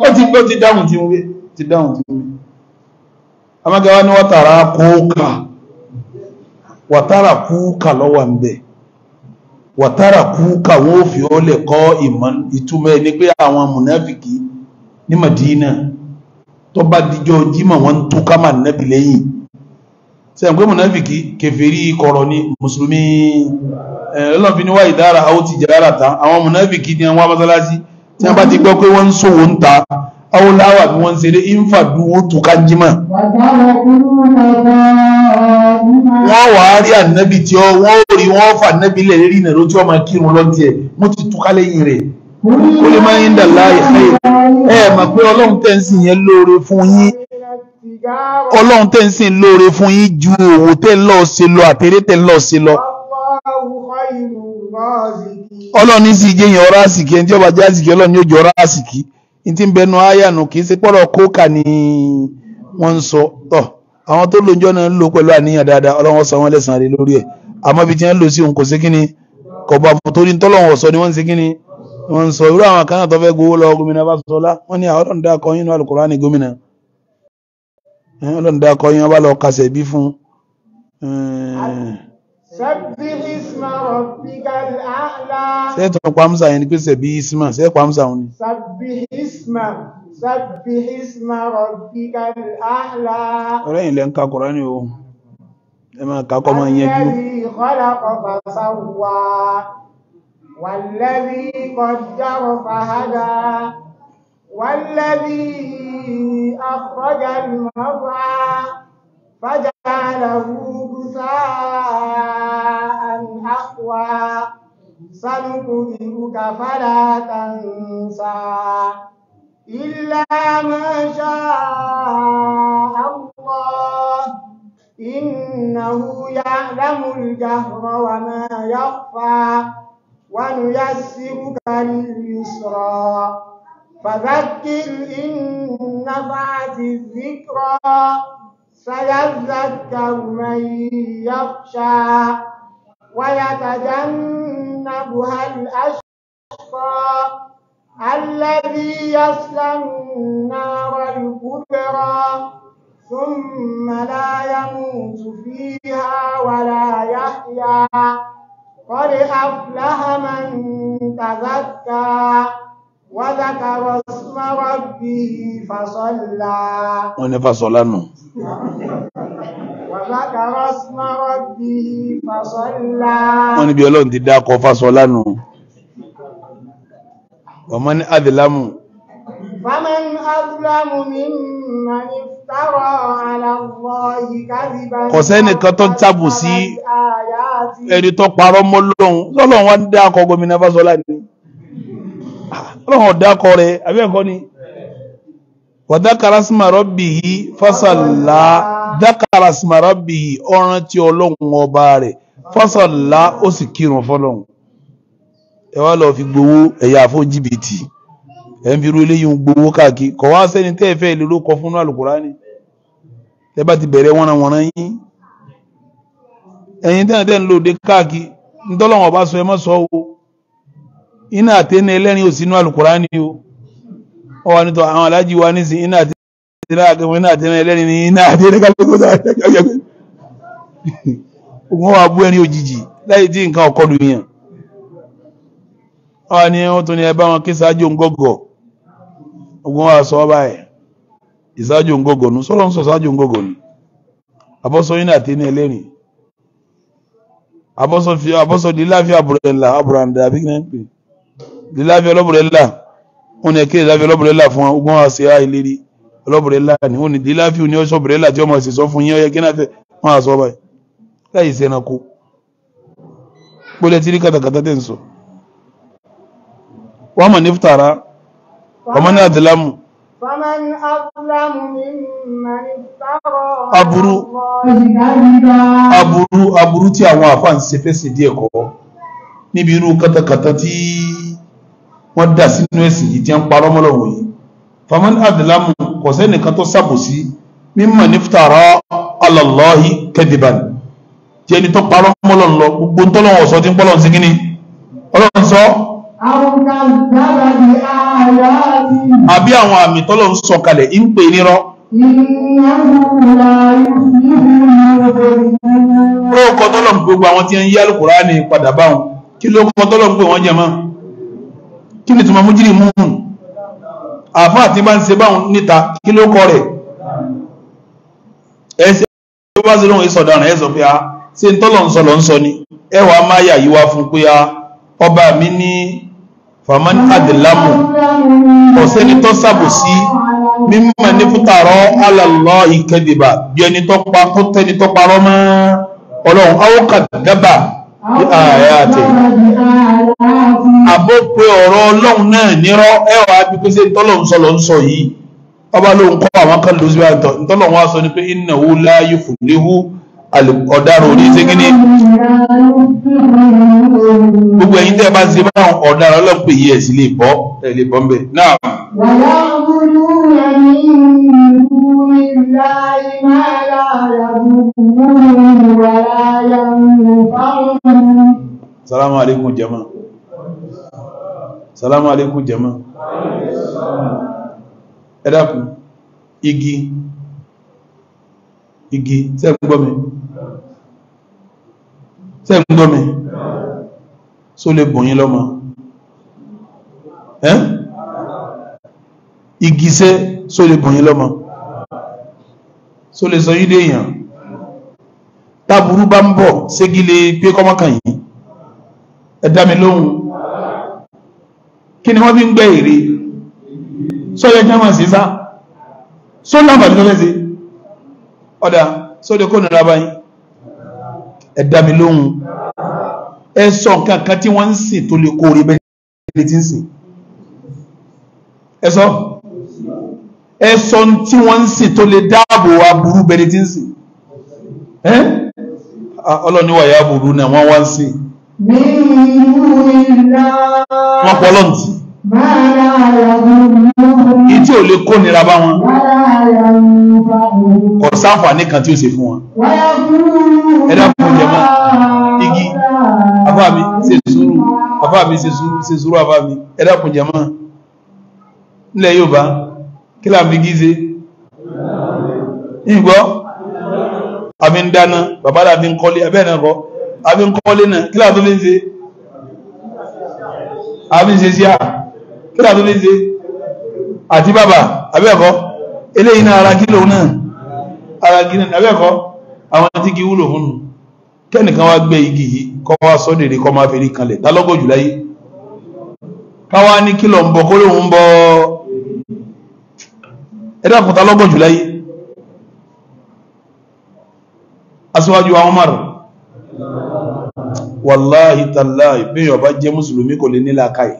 ó ti amágáwá ní wátàrà kóókà wàtàrà kúùkà lọ́wà ń bẹ̀ wàtàrà kúùkà wọ́n ò fi ọ́lẹ̀ kọ́ ìmọ̀ ìtumọ̀ ní pé àwọn mùnáfìkì ní Madina tó bá dijọ́ jímọ̀ wọ́n ń túká mà nẹ́bì lẹ́yìn tí a ń pè mùnáfìkì kèfèrí kọ̀rọ̀ ní mùsùlùmí ẹ̀lọ́fin ní wà ìdára àwọn tìjára ta àwọn mùnáfìkì ní àwọn abátálásí tí a bá ti gbọ́ pé wọ́n ń sòwò ń ta awolawa bí wọ́n ń ṣeré ìfà dúró tó ká jímà wọ́n wà á rí ànábì tí ó wọ́n rí wọ́n fà ànábì lẹ̀ rí ìnà ló tí ó máa kírun lọ́tí ẹ̀ wọ́n ti túká lẹ́yìn rẹ̀ kó lè máa ń dà ẹ ẹ mà pé ọlọ́run tẹ̀ ń sìn yẹn lóore fún yín ọlọ́run tẹ̀ ń sìn lóore fún yín ju òwò tẹ̀ ń lọ ṣe lọ àtẹ̀rẹ́ tẹ̀ ń lọ ṣe lọ ọlọ́run ní sì jẹ́yìn ọ̀rọ̀ àsìkí ẹni tí ọba jẹ́ àsìkí ọlọ́run ní ó jẹ́ àsìkí n ti bẹnu ayanu kì í ṣe pọ́rọ̀ kóka ni wọ́n ń sọ ọ àwọn tó lójọ́ náà ń lò pẹ̀lú àníyàn dáadáa ọlọ́wọ́n sọ wọ́n lẹ́sàn-án rẹ lórí ẹ̀ àmọ́ ibi tí wọ́n lò sí òun kò sí kíni kò bá mu torí tọ́lọ́wọ́n sọ ni wọ́n ń ṣe kíni wọ́n ń sọ irú àwọn kan náà tó fẹ́ gbowó lọ gómìnà bá sọ lá wọ́n ní àwọn ọlọ́run dáa kọ́ sẹ́ẹ̀tọ̀ pàmùsà yẹn ni pé sẹ̀bí isma sẹ́ẹ̀ pàmùsà òun ni ọ̀rẹ́ ìlẹ̀ ń ka Kùránì o ẹ máa kakọ́ máa yẹn jú والذي قدر فهدى والذي أخرج المرعى فجعله جعله غثاء أخوى سنقرئك فلا تنسى إلا ما شاء الله إنه يعلم الجهر وما يخفى ونيسرك لليسرى فذكر إن نفعت الذكرى سيذكر من يخشى ويتجنبها الأشقى الذي يصلى النار الكبرى ثم لا يموت فيها ولا يحيا قد أفلح من تذكر wádàkàrọ̀ súnmọ́rọ̀ bí i fàṣọ́lá wọ́n ní fàṣọ́lá nù wádàkàrọ̀ súnmọ́rọ̀ bí i fàṣọ́lá wọ́n ní bí ọlọ́run ti dákọ fàṣọ́lá nù wọ́n ní adìlámù فمن أظلم ممن افترى على الله كذبا kò sẹ́nìkan tó tábù sí ẹni tó parọ́ mọ́ Ọlọ́run lọ́lọ́run wá ń dá gómìnà Fáṣọlá ni ọlọ́run ọ̀dákọ rẹ̀ abẹ́ẹ̀kọ́ ni wàdákarasímà rọ́bì yìí ọ̀ràn tí ọlọ́run ọba rẹ̀ fásàlá ó sì kírun fọlọ́run ẹ wá fi gbowó ẹ̀yà fún jìbìtì ẹ̀ ń fi ru eléyìí gbowó káàkiri kọ̀ wá sẹ́ni tẹ́ ẹ fẹ́ lè ló kọ ẹ sọ Ị na ẹlẹ́rin ò sínú àlùkùránì o ọ wà nítorí àwọn wa ní sin iná àtẹ́nà àkẹ́mọ̀ iná àtẹ́nà ẹlẹ́rin na iná na kálukú bú òjijì tí nǹkan yẹn ọ ni wọn tún ní ẹ wọn kí sáájú ngọgọ ogun wa sọ báyìí ìsáájú ngọgọ sọlọ ń sọ sáájú ngọgọ abọ́sọ abọ́sọ fi abọ́sọ àbí kí lílàfi ọlọ́bùrẹ́ là wọn ni ẹ̀kẹ́ lílàfi ọlọ́bùrẹ́ là fún ọgbọ́n àṣẹ àìlérí ọlọ́bùrẹ́ là ni wọn ni lílàfi ní ọṣọ́bùrẹ́ là tí ọmọ sì sọ fún yín ọyẹ kí náà fẹ́ wọn àṣọ báyìí láyé ìṣẹ́ranko gbọ́dẹ̀ tí rí kàtàkàtà tẹ̀ ń sọ. wọ́n mọ̀ ní fìtàrà ọmọ náà dìlámù. aburu, aburu, aburu tí àwọn àfáà ń ṣe fẹ́ sí díẹ̀ kọ́ níbi irú kàtàkàtà tí wọ́n dà sínú ẹ̀sìn yìí tí wọ́n parọ́ mọ́lọ́wọ́ yìí faman adlamu kò sẹ́nìkan tó sàbòsí mímọ̀ nífitàrọ́ alàlọ́hí kẹ́dìbàn tí ẹni tó parọ́ mọ́lọ́n lọ gbogbo ntọ́lọ́wọ́ sọ ti ń pọ́lọ́n sí kíní ọlọ́run sọ. àbí àwọn àmì tọ́lọ́run sọ kalẹ̀ ń pè nírọ́. ó kọ́ tọ́lọ́run gbogbo àwọn tí ń yá Al-Kùránì padà báwọn kí ló kọ́ tọ́lọ́run pé wọ́n jẹ mọ́ kí ni túnmọ̀ mújírì mú àfáà tí bá ń ṣe báhùn níta kí ló kọ rẹ̀ ẹsẹ̀ tó bá sí lóhun ìsọ̀dánà ẹ sọ pé a ah, ṣe ń tọ́lọ̀ ń sọ lọ ń sọ ni ẹwà máyà yìí wá fún pé a ah, ọba mi ní faman adìlámù ọ̀sẹ́ni tó sàbòsí mímọ̀ ní fútàrọ́ alàlọ́ ìkẹdìbà bí ẹni tó pa kó tẹ́ni tó parọ́ mọ́ ọlọ́run áwọ́kà àyàtì àbó pé ọ̀rọ̀ ọlọ́run náà nírọ́ ẹwà agbígbésẹ̀ tọ́lọ̀un sọ lọ ń sọ yìí ọba ló ń kọ́ àwọn kan ló sí àtọ̀ tọ́lọ̀un wá sọ ní pé innahu la yuflihu ọ̀daràn orí ṣe gíní gbogbo ẹ̀yin tẹ́ bá ṣe báwọn ọ̀daràn ọlọ́pẹ̀ yìí ẹ̀ sí lè bọ́ ẹ̀ lè bọ́ ń bẹ̀ náà. ń bú Salamu ما لا Salamu ولا ينفعهم السلام igi igi sẹ́gbọ́mí sẹ́gbọ́mí só lè bùnyí lọ́mọ ẹ́ igi sẹ́ só lè bùnyí lọ́mọ só lè sọ yídé èèyàn táburú bá ń bọ̀ ségílé pé kọ́mọ́kàn yìí ẹ dá mi lóhùn kí ni wọ́n fi ń gbẹ́ èrè sọ́yẹ́ kí wọ́n sì sá só lábàá tó fẹ́sẹ̀ ọ̀dà sóde kó la báyìí ẹ dá mi lóhùn ẹ sọ nǹkan kan tí wọ́n ń sìn tó lè kó orí bẹ́ẹ̀ tí So, ẹsọ tí wọ́n ń sìn tó lè dáàbò aburú bẹni tí ń sìn ah, ọlọ́ni wà yá burú náà wọ́n wá ń sìn wọ́n pọ̀ lọ́ntì ìtí ò lè kó nira bá wọn ọ̀sáǹfààní kan tí ó ṣe fún wọn ẹ̀dá fún jẹ́ igi afá mi ṣe sùúrù afá mi ṣe sùúrù afá mi ẹ̀dá fún jẹ́ máa nílẹ̀ Yorùbá kí là ń fi gí ṣe ìgbọ́ àfi ń dáná bàbá làfi ń kọ́lé abẹ́ náà kọ́ àfi ń kọ́lé náà kí làá tó fi ń ṣe àfi ń ṣe sí à kí làá tó fi ń ṣe àti bàbà abẹ́ẹ̀kọ́ eléyìí náà ara kílò náà ara kílò náà abẹ́ẹ̀kọ́ àwọn tí kí wúlò fún un kẹ́nìkan wá gbé igi yìí kọ́ wá sọ́dèrè kọ́ máa fèrè kanlẹ̀ dálọ́gọ́jù láyé káwá ní kílọ̀ ń bọ̀ kólóhùn ń bọ̀ ọ́ ẹ̀rẹ́ àkùntà lọ́gbọ̀n jù láyé aṣíwájú àwọn Umar wàláhì tàláì bí yọ̀bá jẹ́ mùsùlùmí kò lè nílà káì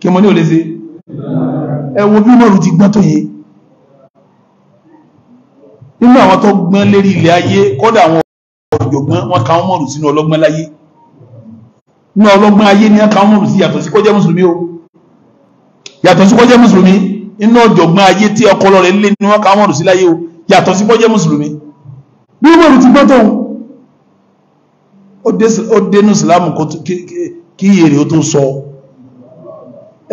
kí mo ní ò lè sí ẹwọ bí Umar ti gbọ́n tó yé nínú àwọn tó gbọ́n lérí ilẹ̀ ayé kódà àwọn ọ̀jọ̀gbọ́n wọn ka Umar sínú ọlọ́gbọ́n láyé ní ọlọ́gbọ́n ayé ní aka Umar sí yàtọ̀ sí yàtọ̀ sí kó jẹ́ nínú ọ̀jọ̀gbọ́n ayé tí ọkọlọ rẹ̀ lé ní wọ́n ká mọ̀rù sí láyé o yàtọ̀ sí pọ́jẹ́ mùsùlùmí bí mọ̀rù ti gbọ́ tóun ó dénú ìsìlámù kí iye rẹ̀ ó tó sọ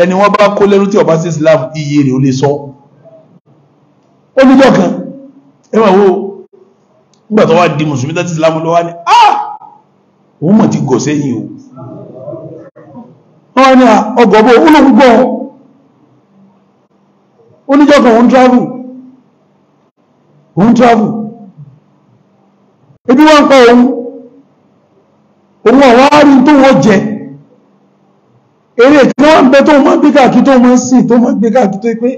ẹni wọ́n bá kó lẹ́rú tí ọba sí ìsìlámù iye rẹ̀ ó lè sọ ó níjọ́ kan ẹwà wo nígbà tó wá di mùsùlùmí tó ti ìsìlámù lọ́wọ́ ni ah òun mọ̀ ti gọ̀ sẹ́yìn o wọ́n ní ah, ọgọ̀ bó olóògbọ́n oníjọ́kan òun travel òun travel ebi wọ́n ń kọ́ òun òun tó wọ́n jẹ eré tí wọ́n bẹ tó mọ́ gbé káàkiri tó mọ́ sí tó mọ́ gbé káàkiri tó pé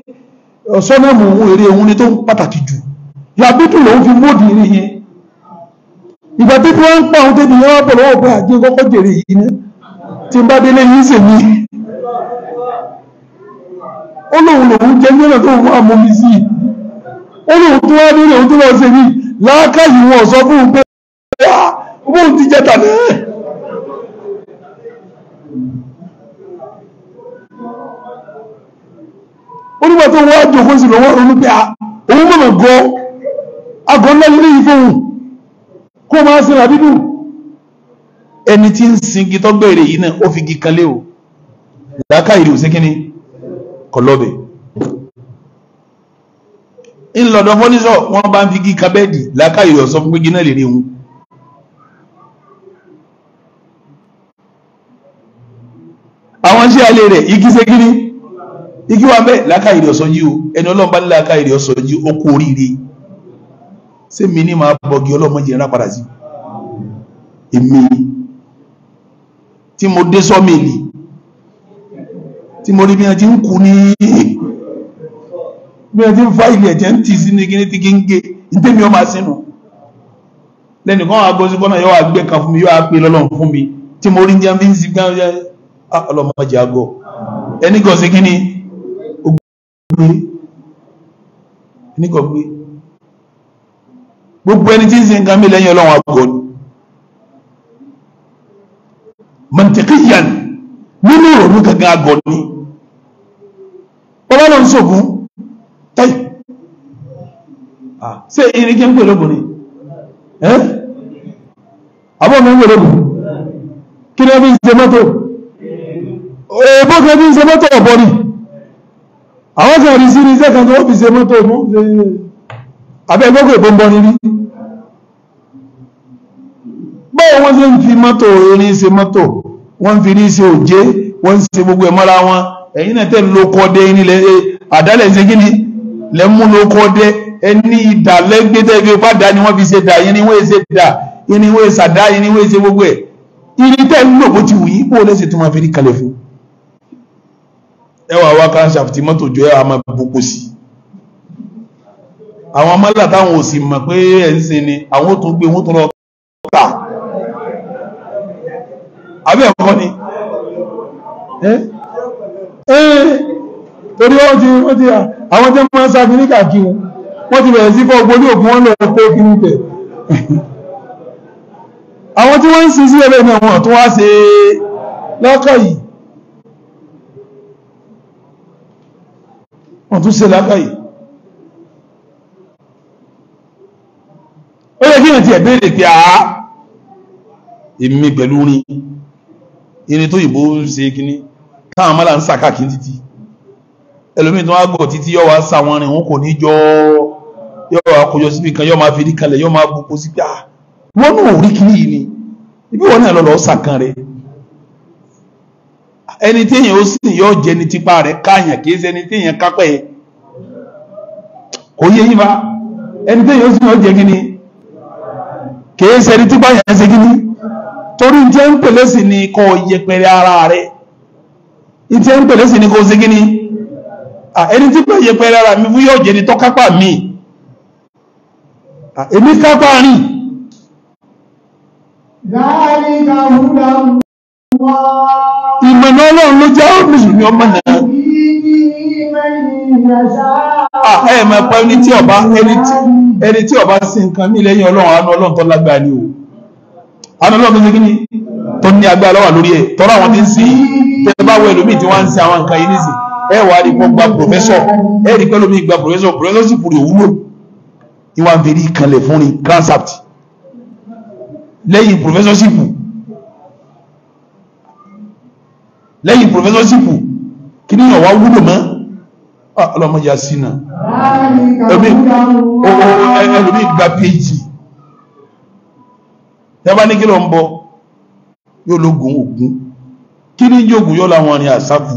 ọ̀sọ́nà mọ̀ eré òun ni tó ń pàtàkì jù yàbítù lòun fi móòdì rí yẹn ìgbà tí wọ́n ń pa òun tẹ́bi yẹn wọ́n pọ̀ lọ́wọ́ pé àjẹ́ kọ́kọ́ jèrè yìí ní tí n bá délé yìí sì ní ó lóun lòun jẹ nílẹ̀ tó wọ́n àmómi sí ó lóun tó wá nílẹ̀ òun tó lọ sí ní láákàyè wọn sọ fún un pé wọ́n ti jẹ tàbí onígbà tó wọ́n àjò fún ìsìnkú wọ́n ronú pé òun mọ̀mọ̀ gọ́ agọ́ ńlá nílé ìfòhùn kó máa sí ra dídù ẹni tí ń sin gitọ́gbẹ̀rẹ̀ yìí náà ó fi gí kalé o láákàyè ò sí kíní kọlọ́bẹ ńlọdọ fọ́nísọ̀ wọ́n bá ń fi gí kábẹ́ẹ̀dì lákàyè ọ̀sọ́ fún gbégi náà lè rí wọn àwọn iṣẹ́ alẹ́ rẹ̀ igi ṣegiri igi wa bẹ́ẹ̀ lákàyè ọ̀sọ́ yìí o ẹni ọlọ́run bá ní lákàyè ọ̀sọ́ yìí ó kú oríire ṣé mi ní máa bọ̀gì ọlọ́mọdé yẹn rápadà sí èmi tí mo dé sọ́mìlì. So tí mo rí bí wọn ti ń kú ní bí wọn ti ń fa ilẹ̀ ẹ̀jẹ̀ ń tì sí ní kíní ti gíńgé ìtẹ́mi ọmọ àṣínú lẹ́nu kan àgọ́ sí kọ́nà yóò àgbẹ̀ kan fún mi yóò àpè lọ́lọ́run fún mi tí mo rí jẹ́ ń sí gán ọlọ́mọdé àgọ́ ẹni kan sí kíní ogbe ẹni kan gbé gbogbo ẹni tí ń sin nǹkan lẹ́yìn ọlọ́run àgọ́ ni mọ̀ntẹ́kìyàn nínú ìrònú gangan agọ̀ ni bọ́bá lọ ń ṣògùn tẹ́yì ṣe irin kí ń pè lóbùn ni ẹ́ àbọ̀ mi ń pè lóbùn kí ni ẹbí ń ṣe mọ́tò ẹbọ́ kan bí ń ṣe mọ́tò ọ̀bọ ni àwọn kan rí sí ní iṣẹ́ kan tó wọ́n fi ṣe mọ́tò mú àbẹ́ ẹgbẹ́gbẹ́ ìbọnbọn ni rí báwo wọ́n ṣe ń fi mọ́tò irin mọ́tò wọ́n fi ní ṣe òjé wọ́n ṣe gbogbo ẹ̀mọ́ra wọn ẹ̀yìn náà tẹ́ ló kọ́ dé ní àdálẹ̀ ṣe kí ni lẹ́mú ló kọ́ dé ẹni ìdà lẹ́gbẹ́ tẹ́ fi pàdá ni wọ́n fi ṣe dà yín ni wọ́n ṣe da, yín ni wọ́n da, yín ni wọ́n ṣe gbogbo ẹ̀ irin tẹ́ ló bó ti wù yí kó lẹ́sẹ̀ tó máa fi rí kalẹ̀ fún. ẹwà wa kan ṣàfùtì mọ́tò jọ ẹwà máa boko sí i àwọn mọ́lá táwọn ò sì mọ̀ pé ẹ̀ ń ṣe ni àwọn tó gbé wọn tó lọ àbí ẹ̀kọ́ ni torí wọ́n ti wọ́n ti àwọn tẹ́ mọ́ sáfi ní kàkiri wọ́n ti bẹ̀rẹ̀ sí fọ́ gbolí òkun wọ́n lọ kó kí ní bẹ̀ àwọn tí wọ́n ń sin sí ẹlẹ́ ní àwọn tó wá ṣe lákà yìí wọ́n tún ṣe lákà yìí ó yẹ kí èèyàn ti ẹ̀ pẹ̀lú rin eré tó yìnbó se kíní káwọn mọ́là ń sàkàkì títí ẹlòmíì tó wá gọ̀ títí yọ wá wọn rìn wọn kò ní jọ yọ wá kójọ síbi kan yọ máa fi rí kalẹ̀ yọ máa gbogbo sí pé ah, wọn ibi wọn náà lọ lọ sàkàn rẹ ẹni tí èèyàn ó sì yọ jẹ ní tipa rẹ káàyàn kì í ṣe ẹni tí èèyàn kápẹ́ yẹ kò yé yín ẹni tí èèyàn ó torí jẹ́ ń pèlé sí ni kò yẹpẹrẹ ara rẹ̀ ìjẹ́ ń pèlé sí ni kò sí gíní ẹni tí pẹ̀ yẹpẹrẹ ara mi fún yóò jẹ́ ni tó kápá mi èmi kápá rìn ìmọ̀nà ọlọ́run ló jẹ́ mùsùlùmí ọmọ náà ẹ̀mọ̀ pẹ́ ẹni tí ọba sí nǹkan mí lẹ́yìn ọlọ́run àánú ọlọ́run tó lágbàá ni o àwọn ọlọ́run tó ṣe kíni tó ní agbára lọ́wọ́ lórí ẹ̀ tọ́rọ àwọn tí ń sin tẹ́ bá wọ ẹlòmíì tí wọ́n ń sin àwọn nǹkan yìí nìsín ẹ wà á rí pọ́ gba pòfẹ́sọ̀ ẹ rí pẹ́lú mi gba pòfẹ́sọ̀ pòfẹ́sọ̀ sì kúrò òwúlò ìwà ń fèrè ìkànlẹ̀ fún ni concept lẹ́yìn pòfẹ́sọ̀ṣìpù lẹ́yìn pòfẹ́sọ̀ṣìpù kí ni ọ̀wá wúlò mọ́ ah, ọlọ́mọ yà sí náà ẹlòmíì gba phd yaba ní kí ló ń bọ yóò lógun ògún kí ní yóògùn yóò láwọn arìn àsáfù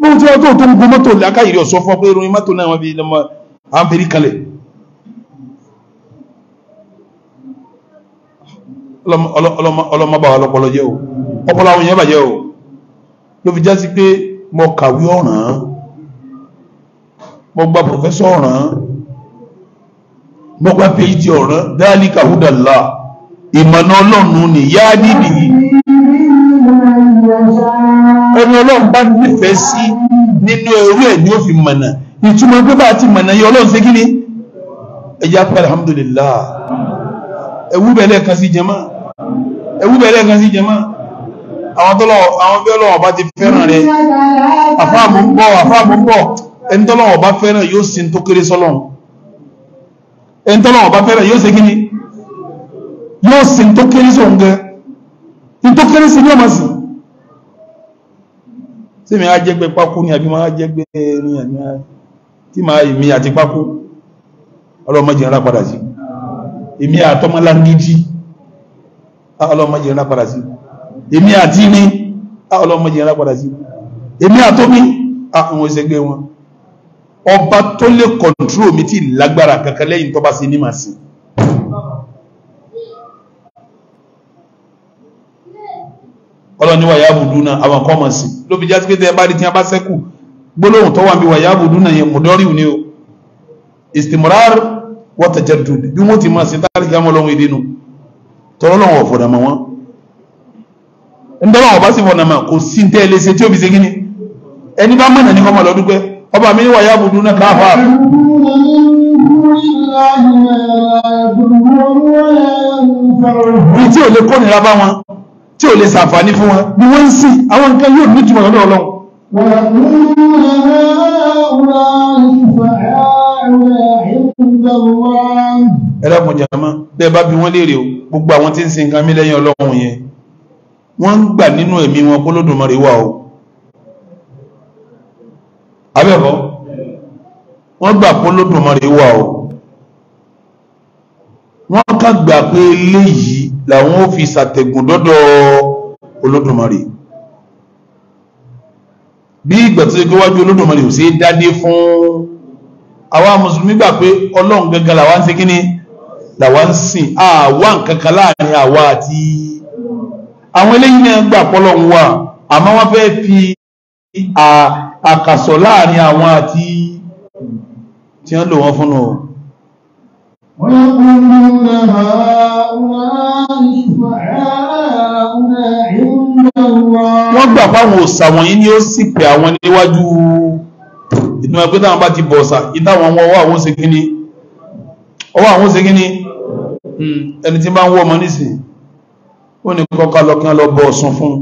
bó ti wá tó tó ń gun mọ́tò lákàyèrè ọ̀sọ́ fún ọ pé ìròyìn mọ́tò náà wọ́n fi lọ́mọ à ń ferí kalẹ̀ ọlọ́mọba ọlọ́pọlọ jẹ́ o ọpọlọ àwọn èèyàn bàjẹ́ o ló fi já sí pé mo kàwé ọ̀ràn mo gba pòfẹ́sọ̀ ọ̀ràn mo gba phd ọ̀ràn dáálì kàhúdà láà ìmọ̀nà ọlọ́run ni yá níbi ẹni ọlọ́run bá nífẹ̀ẹ́ sí nínú ẹrú ẹ̀ ni ó fi mọ̀nà ìtumọ̀ pé bá ti mọ̀nà yẹ ọlọ́run ṣe kí ni ẹja pẹ́ alhamdulillah ẹwú bẹ̀rẹ̀ kan sí jẹmọ́ ẹwú bẹ̀rẹ̀ kan sí jẹmọ́ àwọn tọ́lọ́wọ̀ bá ti fẹ́ràn rẹ̀ àfáàmù ń bọ̀ àfáàmù ń bọ̀ ẹni tọ́lọ́wọ̀ bá fẹ́ràn yóò sin tó kéré sọ́lọ́run ẹni tọ́lọ́wọ̀ bá fẹ́ràn yóò ṣe kí ni yóò sì tó kéré sí òǹgẹ́ ní tó kéré sí ní ni sí sí mi á jẹ́ pé pákó ní àbí máa jẹ́ pé ní àmì tí máa ìmí àti pákó ọlọ́mọdé ńlá padà sí èmi àtọ́mọ́lá gidi ọlọ́mọdé ńlá padà sí èmi àti ní ọlọ́mọdé ńlá padà sí èmi àtọ́mí àwọn òṣègbè wọn ọba tó lè kọ̀ntró mi tí lágbára kankan lẹ́yìn tó bá sí ní màá sí ọlọ́ni wàyábùdú náà àwọn kan mọ̀ sí ló fi jásí pé tẹ́ ẹ bá rí tí wọ́n bá sẹ́kù gbólóhùn tó wà ní wàyábùdú náà yẹn mọ̀dọ́rìw ni o istimrar wa tajaddud bí wọ́n ti máa ṣe táàlì gámọ́ lọ́wọ́ ìdí nu tọ́lọ́ lọ́wọ́ ọ̀fọ̀dà mọ́ wọn. ń dọ́lọ́ ọ̀bá sì fọ̀nà mà kò sí tẹ́ ẹ lé tí ó fi ṣe kíni ẹni bá mọ̀nà ní kọ́mọ lọ́dún ò lè kó nira bá wọn tí ò lè ṣàǹfààní fún wọn bí wọ́n ń sìn àwọn nǹkan yóò ní ìtumọ̀ lọ́dọ̀ ọlọ́run. ẹ̀rọ mọ̀jàmá bẹ́ẹ̀ bá bí wọ́n léèrè o gbogbo àwọn tí ń sin nǹkan mi lẹ́yìn ọlọ́run yẹn wọ́n ń gbà nínú ẹ̀mí wọn kó lódùmarè wà o abẹ́bọ̀ wọ́n gbà kó lódùmarè wà o wọ́n kàn gbà pé eléyìí làwọn ó fi ṣàtẹ̀gùn dọ́dọ̀ olódùmarè bí ìgbà tó ṣe pé wájú olódùmarè ò sí dádé fún àwa mùsùlùmí gbà pé ọlọ́run gangan làwa ń ṣe kí ni làwa ń sìn àwa nǹkan kan láàrin àwa àti àwọn eléyìí náà gbà pọ́lọ́ ń wà àmọ́ wọ́n fẹ́ fi àkàsọ̀ láàrin àwọn àti tí wọ́n lò wọ́n fún un ويقولون هؤلاء شفعاؤنا عند الله wọ́n gbà fáwọn òòsà wọ̀nyí ni ó sì pè àwọn níwájú ìtumọ̀ pé táwọn bá ti bọ̀ ọ̀sà ìtàwọn ọwọ́ àwọn ó ṣe kíní ọwọ́ àwọn ó ṣe kíní hmm, ẹni tí bá ń wọ́ ọmọ nísìn ó ní kọ́kọ́ lọ lọ bọ Ọ̀ṣun fún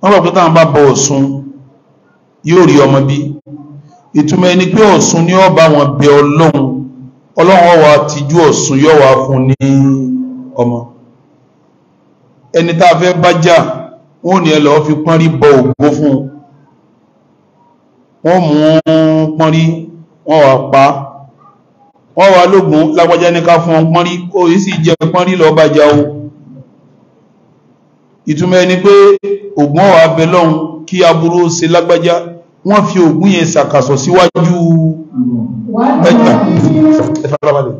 wọ́n gbà pé táwọn bá bọ Ọ̀ṣun yóò rí ọmọ bí ìtumọ̀ ẹni pé Ọ̀ṣun ni ó wọn bẹ Ọlọ́run ọlọ́run wa tìjú ọ̀sùn yọ́ wa fún ní ọmọ ẹni tá a fẹ́ bá jà wọ́n ní ẹlọ́ fi pọ́nrí bọ ògbó fún wọ́n mú pọ́nrí wọ́n wà pa wọ́n wà lógun lágbájá ní ká fún pọ́nrí ó yìí sì jẹ pọ́nrí lọ bá jà o ìtumọ̀ ẹni pé ògùn ọ̀wà abẹ lọ́hun kí aburú ṣe lágbájá wọ́n fi ògùn yẹn ṣàkàsọ̀ síwájú ọ̀hún mẹ́ta ẹ farabalẹ̀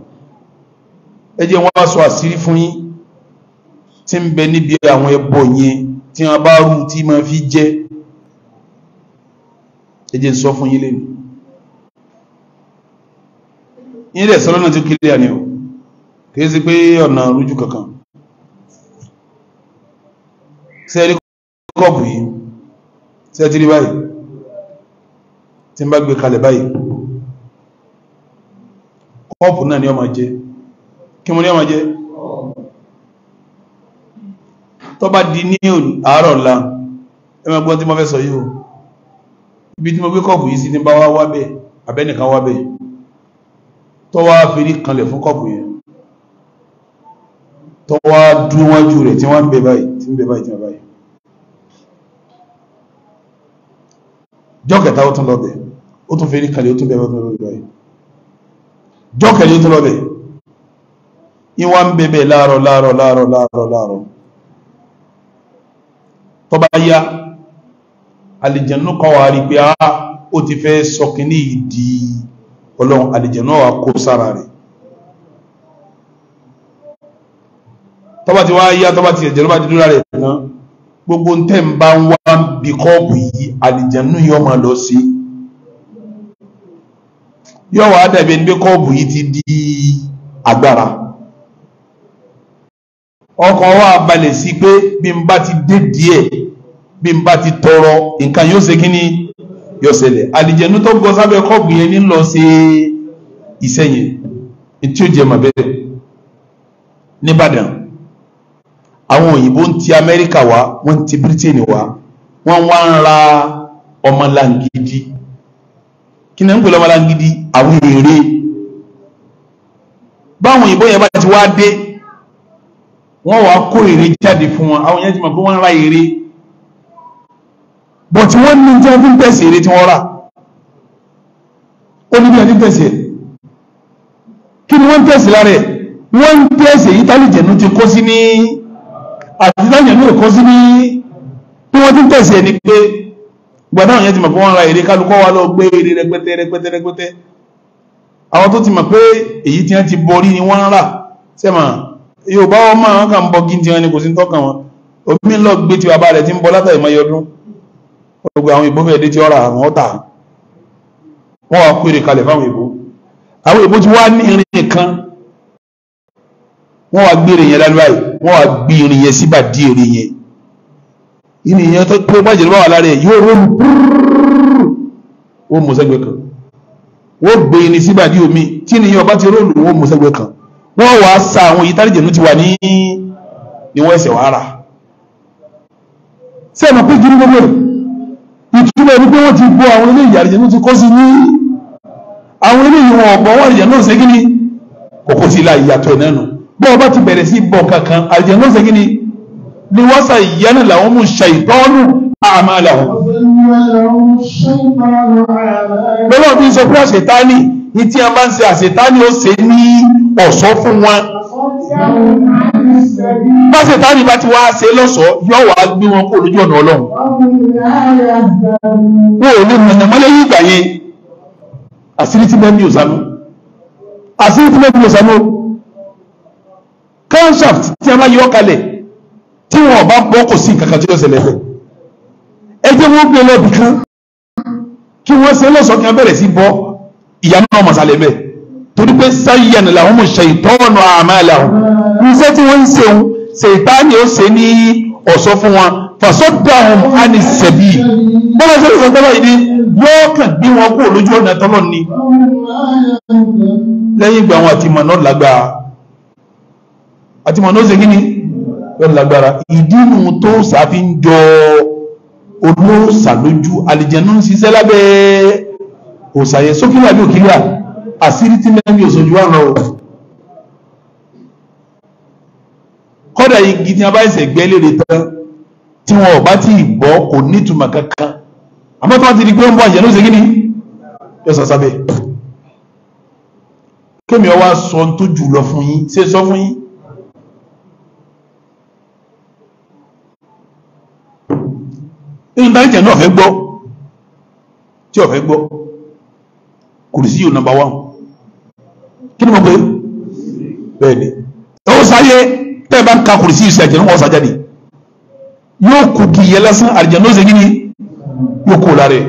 ẹ jẹ́ wọ́n á sọ àṣírí fún yín tí ń bẹ níbi àwọn ẹbọ yẹn tí wọ́n bá rú tí máa fi jẹ́ ẹ jẹ́ sọ fún yín lẹ́nu yín lẹ̀ sọ́lọ́nà tí ó kílẹ̀ àní o kìí sí pé ọ̀nà rújú kankan sẹ́ẹ̀rí kọ́ọ̀bù yìí sẹ́ẹ̀tì rí ń bá gbé kalẹ̀ báyìí ọ̀pù náà ni ó máa jẹ́ di ní àárọ̀ la ẹmọ tí mo fẹ́ sọ o ibi tí mo gbé kọ́ọ̀pù yìí sí ní bá wá wá wá fèrí fún kọ́ọ̀pù yẹn tó wá dúró wájú rẹ tí wọ́n bẹ báyìí tí bẹ báyìí tí báyìí ó jọ́kẹ̀lẹ́ tó lọ́bẹ̀ ìwà ń bẹ̀bẹ̀ láàrọ̀ láàrọ̀ láàrọ̀ láàrọ̀ láàrọ̀ tó bá yá alìjẹ̀nú kan wà rí pé á ó ti fẹ́ sọkíní ìdí ọlọ́run alìjẹ̀nú wà kó sára rẹ̀ tó bá ti wá yá tó bá ti ẹ̀jẹ̀ ló bá ti dúrà rẹ̀ tán gbogbo ń tẹ̀ ń bá ń wá bí kọ́ọ̀bù yìí alìjẹ̀nú yọ máa lọ sí i yóò wá dàbí ẹni kọ́ọ̀bù yìí ti di agbára ọkàn wa balẹ̀ sí pé bí n bá ti dé díẹ̀ bí n bá ti tọrọ nǹkan yóò ṣe kíni yóò ṣẹlẹ̀ àlìjẹ̀nu tó gbọ́ sábẹ́ kọ́ọ̀bù yẹn ní lọ ṣe iṣẹ́ yẹn tí ó jẹ mọ̀ bẹ́ẹ̀ nìbàdàn àwọn òyìnbó ń ti amẹ́ríkà wá wọ́n ń ti britain wá wọ́n wá ń ra ọmọlàngídí kí náà ń pè lọ́mọlá gidi àwọn èrè báwọn òyìnbó yẹn bá ti wá dé wọ́n wá kó èrè jáde fún wọn àwọn yẹn ti mọ̀ pé wọ́n ń ra èrè bọ̀ tí wọ́n ní tí wọ́n fi ń tẹ̀sí èrè tí wọ́n rà ó ní bí wọ́n ti ń tẹ̀sí ẹ̀ kí ni wọ́n ń tẹ̀sí lára wọ́n ń tẹ̀sí èyí tálíjẹ̀nu ti kó sí ní àti tálíjẹ̀nu ò kó sí ní bí wọ́n ti tẹ̀sí ẹ̀ ni pé gbọ́dọ̀ yẹn ti mọ̀ pé wọ́n ra èrè kálukọ́ wa lọ gbé èrè rẹpẹtẹ rẹpẹtẹ rẹpẹtẹ àwọn tó ti mọ̀ pé èyí tí wọ́n ti borí ni wọ́n ń rà sẹ́mọ̀ yóò bá wọn máa kà ń bọ gíntì wọn ni kò sí ń tọ́kàn wọn omi lọ gbé tí bàbá rẹ̀ ti ń bọ látàrí mọ́ yọdún gbogbo àwọn ìbò fẹ́ẹ̀dé tí ọ̀rà àwọn ọ̀tà wọ́n wá pèrè kalẹ̀ fáwọn ìbò àwọn ìbò ti wá ní irin kan wọ́n wá gbé irin yẹn lálẹ́ báyìí wọ́n wá gbé irin yẹn síbà dí irin yẹn ènìyàn tó pé májèlé bá wà lára ẹ̀ yóò rólù púrúrú ó mú sẹ́gbẹ̀ẹ́ kan wọ́n gbé ní síbàdí omi tí ènìyàn ọba ti rólù ó mú sẹ́gbẹ̀ẹ́ kan wọ́n wà á sa àwọn yìí tálíjẹ̀nu ti wà ní ni wọ́n ẹsẹ̀ wàá rà sí ẹ̀mọ̀ pé gírí gbogbo ìtumọ̀ ẹni pé wọ́n ti bọ́ àwọn ilé ìyàrìjẹ̀nu ti kọ́ sí ní àwọn ilé ìwọ̀n ọ̀bọ̀ wọn àrìjẹ̀nu ṣe kí ni kòkó sí ilá ìyàtọ̀ ẹ̀ náà nù bọ́ọ̀ bá ti bẹ̀rẹ̀ sí bọ̀ kankan àrìjẹ̀nu ṣe kí ni ni wọ́n sà yẹn làwọn mú ṣàìtọ́nù àmàlàwọ̀. Bọ́lá bí sọ pé àṣetáni, ìtí a máa ń ṣe àṣetáni ó ṣe ní ọ̀ṣọ́ fún wọn. Báṣetáni bá ti wá ṣe lọ́ṣọ̀ọ́, yóò wá gbé wọn kó lójú ọ̀nà Ọlọ́run. Wọ́n ò ní mọ̀nà mọ́lẹ́ yìí gbà yẹn. Àṣírí ti mẹ́bí òsánú. Àṣírí ti mẹ́bí òsánú. Concept tí a máa yọ kalẹ̀ tí wọn bá bọ́ kò sí nǹkan kan tí yóò ṣẹlẹ̀ bẹ́ẹ̀ ẹ jẹ́ wọ́n gbé lọ́bì kan kí wọ́n ṣe lọ́sọ̀ọ́ kí wọ́n bẹ̀rẹ̀ sí bọ́ ìyá náà mọ̀sálẹ̀ bẹ́ẹ̀ torí pé sáyẹn làwọn mọ̀ ṣe ìtọ́nà àmà làwọn iṣẹ́ tí wọ́n ń ṣe ń ṣe ìtaàní ó ṣe ní ọ̀ṣọ́ fún wọn fàṣọ́dáhùn àní ṣẹ̀bí bọ́lá ṣe lọ́sọ̀ọ́ tọ́lá yìí ni yóò kàn gbé wọn kúrò yóò lágbára ìdínú tó sàfi ń jọ olóòsà lójú àlìjẹ̀nú ń ṣiṣẹ́ lábẹ́ òsàyẹ sókílẹ̀ àbí òkílẹ̀ àṣírí tí mẹ́rin òṣòjú wà náà kọ́dà igi tí a bá ẹsẹ̀ gbẹ́ lérè tán tí wọn ò bá tí ì bọ́ kò nítumọ̀ kankan àmọ́ tí wọ́n ti di pé ó ń bọ́ àjẹ́ ló ṣe kí ni yóò sàṣàbẹ̀ kémi ọwá sọ tó jù lọ fún yín ṣe sọ fún yín ìntánẹ́tì náà fẹ́ gbọ́ tí ó fẹ́ gbọ́ kùrìsí yóò nọmba wá kí ni mo pé bẹ́ẹ̀ ni ó sáyé tẹ́ bá ń ka kùrìsí yìí sí àjẹnú wọn sájáde yóò kù kì í yẹ lásán àjẹnú ó segin ni yóò kú lára ẹ̀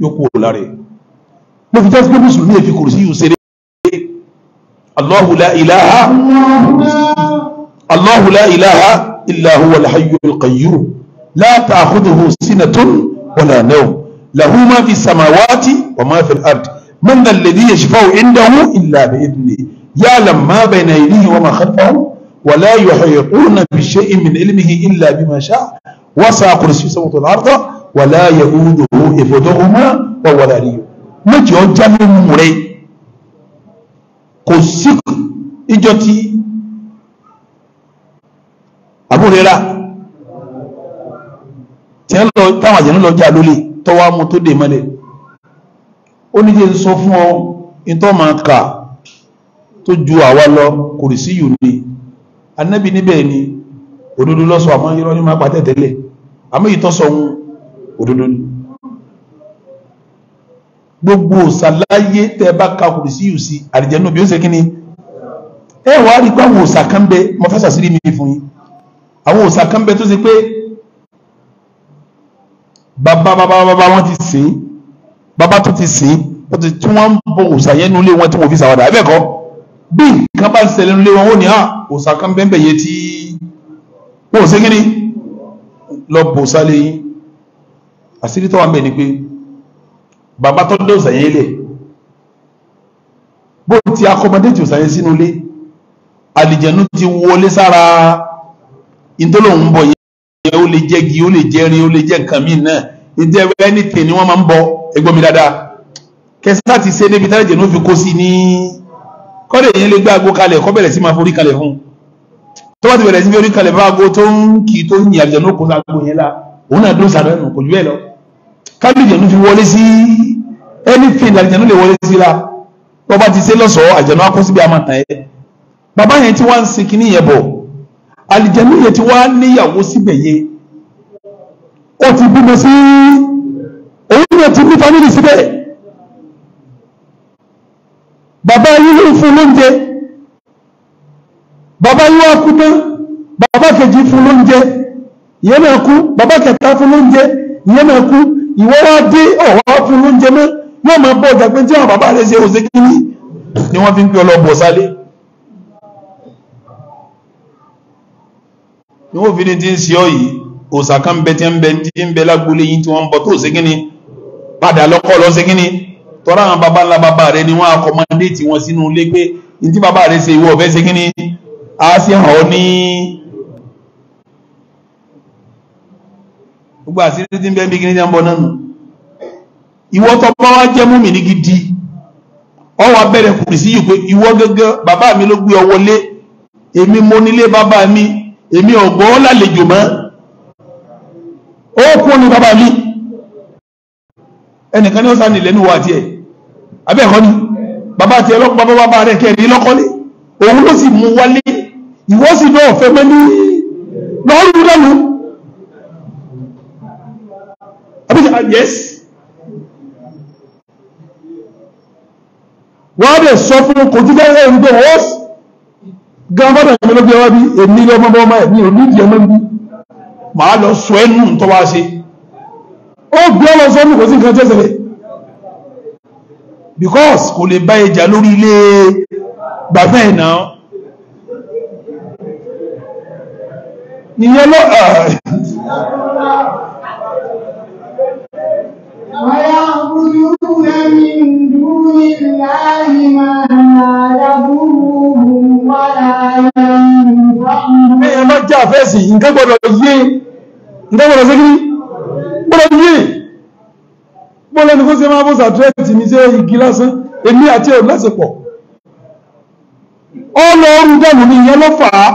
yóò kú lára ẹ̀ mo fi jẹ́ pé mùsùlùmí èfi kùrìsí yìí ṣeré Allahu la ilaha Allahu la ilaha illa huwa al لا تأخذه سنة ولا نوم له ما في السماوات وما في الأرض من ذا الذي يشفع عنده إلا بإذنه يعلم ما بين يديه وما خلفه ولا يحيطون بشيء من علمه إلا بما شاء وسع كرسي سموات الأرض ولا يؤوده حفظهما وهو العلي méjì ọjà mímú rẹ kò sí ìjọ tí wọ́n lọ táwọn àjẹ́ náà lọ já lólè tọ́wọ́ mú tó dè mọ́lẹ̀ ó ní jẹ́ sọ fún ọ ìtọ́ máa kà tó ju àwa lọ kò rí sí yù ní anábì níbẹ̀ ni òdodo lọ́sọ àmọ́ irọ́ ní máa pàtẹ́ tẹ́lẹ̀ àmọ́ ìtọ́sọ ohun òdodo ni gbogbo òsàláyé tẹ bá ka kò rí sí yù sí àlìjẹ́nú bí ó ṣe kíni ẹ wàá rí pé àwọn òsà kan bẹ mo fẹ́ sàṣírí mi fún yín àwọn òsà kan bẹ tó ṣe pé bàbá bàbá bàbá wọn ti sè é bàbá tó ti sè é wọ́n ti tí wọ́n ń bọ òòṣà yẹn nulẹ̀ wọn tí wọ́n fi ṣàwádà ẹ̀ bẹ́ẹ̀ kọ́ bí nǹkan bá ń ṣẹlẹ̀ nulẹ̀ wọn ó ní à ah, òòṣà kan bẹ́ẹ̀ bẹ́ẹ̀ yẹ ti wọ́n ò ṣe kí lọ bọ òòṣà lẹ́yìn àṣírí tó wà ń ni pé bàbá tó dé òòṣà yẹn lẹ̀ bó ti akọmọdéjì òòṣà yẹn sínú ilé àlìjẹ̀nu ti wọlé sára ìdólóhùn bọ̀ yẹn yẹn ó lè jẹ́ gi ó lè jẹ́ rin ó lè jẹ́ nǹkan míì náà ìjẹ́ anything ni wọ́n máa ń bọ ẹgbọ́n mi dáadáa kẹsàn-án ti ṣe débi táyà jẹ̀nu fi kó sí ní kọ́dẹ̀ yẹn lè gbé aago kalẹ̀ kọ́ bẹ̀rẹ̀ sí máa forí kalẹ̀ fún tó bá ti bẹ̀rẹ̀ sí fi orí kalẹ̀ bá aago tó ń kì í tó ń yìn àjẹ̀nu kó sago yẹn la òun náà dó sàrẹ́ nù kò jù bẹ́ẹ̀ lọ kábíyì jẹ̀nu fi wọlé sí anything àjẹ̀nu lè wọlé sí la tó bá ti ṣe lọ́sọ̀ọ́ àjẹ̀nu akọ́síbi àmàtà yẹn bàbá yẹn tí wọ́n ń sin kinní bọ̀ àlìjẹ̀nú yẹ ti wá níyàwó síbẹ̀ yẹ ó ti bímọ sí òun yẹ ti ní fámílì síbẹ̀ bàbá yìí ló ń fún lóúnjẹ bàbá yìí wá kú tán bàbá kejì fún lóúnjẹ ìyẹn náà kú bàbá kẹta fún lóúnjẹ ìyẹn náà kú ìwọ wá dé ọ̀wá fún lóúnjẹ mọ́ yóò máa bọ́ ọjà pé tí wọn bàbá rẹ̀ ṣe òṣèkí ni wọ́n fi ń pè ọlọ́bọ̀ sálé ni wọ́n fi ní ti ń sí ọ yìí òòsà kan bẹ tí ń bẹ tí ń bẹ lágbólé yìí tí wọ́n ń bọ tó ṣe padà lọ́kọ́ lọ ṣe tọ́ra àwọn baba ńlá baba rẹ ni wọ́n akọmọdé tí wọ́n sínú ilé pé ní tí baba rẹ ṣe ìwọ ọ̀fẹ́ ṣe kíni á sì hàn ọ́ ní. gbogbo àṣírí tí ń bẹ ń bí kíní tí ń bọ náà nù ìwọ tó bá wá jẹ́ múmi ní gidi ọwọ́ abẹ́rẹ́ kùrìsí yìí pé ìwọ gẹ́gẹ́ bàbá mi ló gbé ọ wọlé èmi mo nílé bàbá mi èmi ọ̀gbọ́n lálejò mọ́ ó kún ní bàbá mi ẹnìkan ní ó sáà nílẹ̀ níwọ̀ àti ẹ̀ abẹ́ẹ̀kọ́ ni bàbá àti ẹlọ́pàá bàbá bàbá rẹ̀ kẹrin lọ́kọ́lé òun ló sì mú wálé ìwọ sì náà fẹ́ mọ́ lọ́rùn lọ́nu ah, yes wọ́n á dẹ̀ sọ fún kojú bẹ́ẹ̀ ń gbé wọ́ọ̀sì gan fọ́dọ̀ ló bí ọwọ́ bí èmi lọ́mọ bọ́ ọmọ ẹ̀mí òní ìdí ọmọ bí màá lọ sọ ẹnu tó wá ṣe ó gbé ọ lọ sọ ní kò sí nǹkan tẹ́sẹ̀lẹ̀ because kò lè bá ìjà lórí ilé gbàfẹ́ ìná ìyẹn lọ ويعبدون Ẹ̀yẹ má já fẹ́sì, nǹkan gbọ́dọ̀ yé, nǹkan gbọ́dọ̀ sí kí gbọ́dọ̀ yé. Bọ́lá ni kó sí máa bó sàtúrẹ́tì ní sí igi lásán, èmi àti ẹ̀rù lásìpọ̀. Ọlọ́run dẹ̀mù ni ìyẹn ló fà á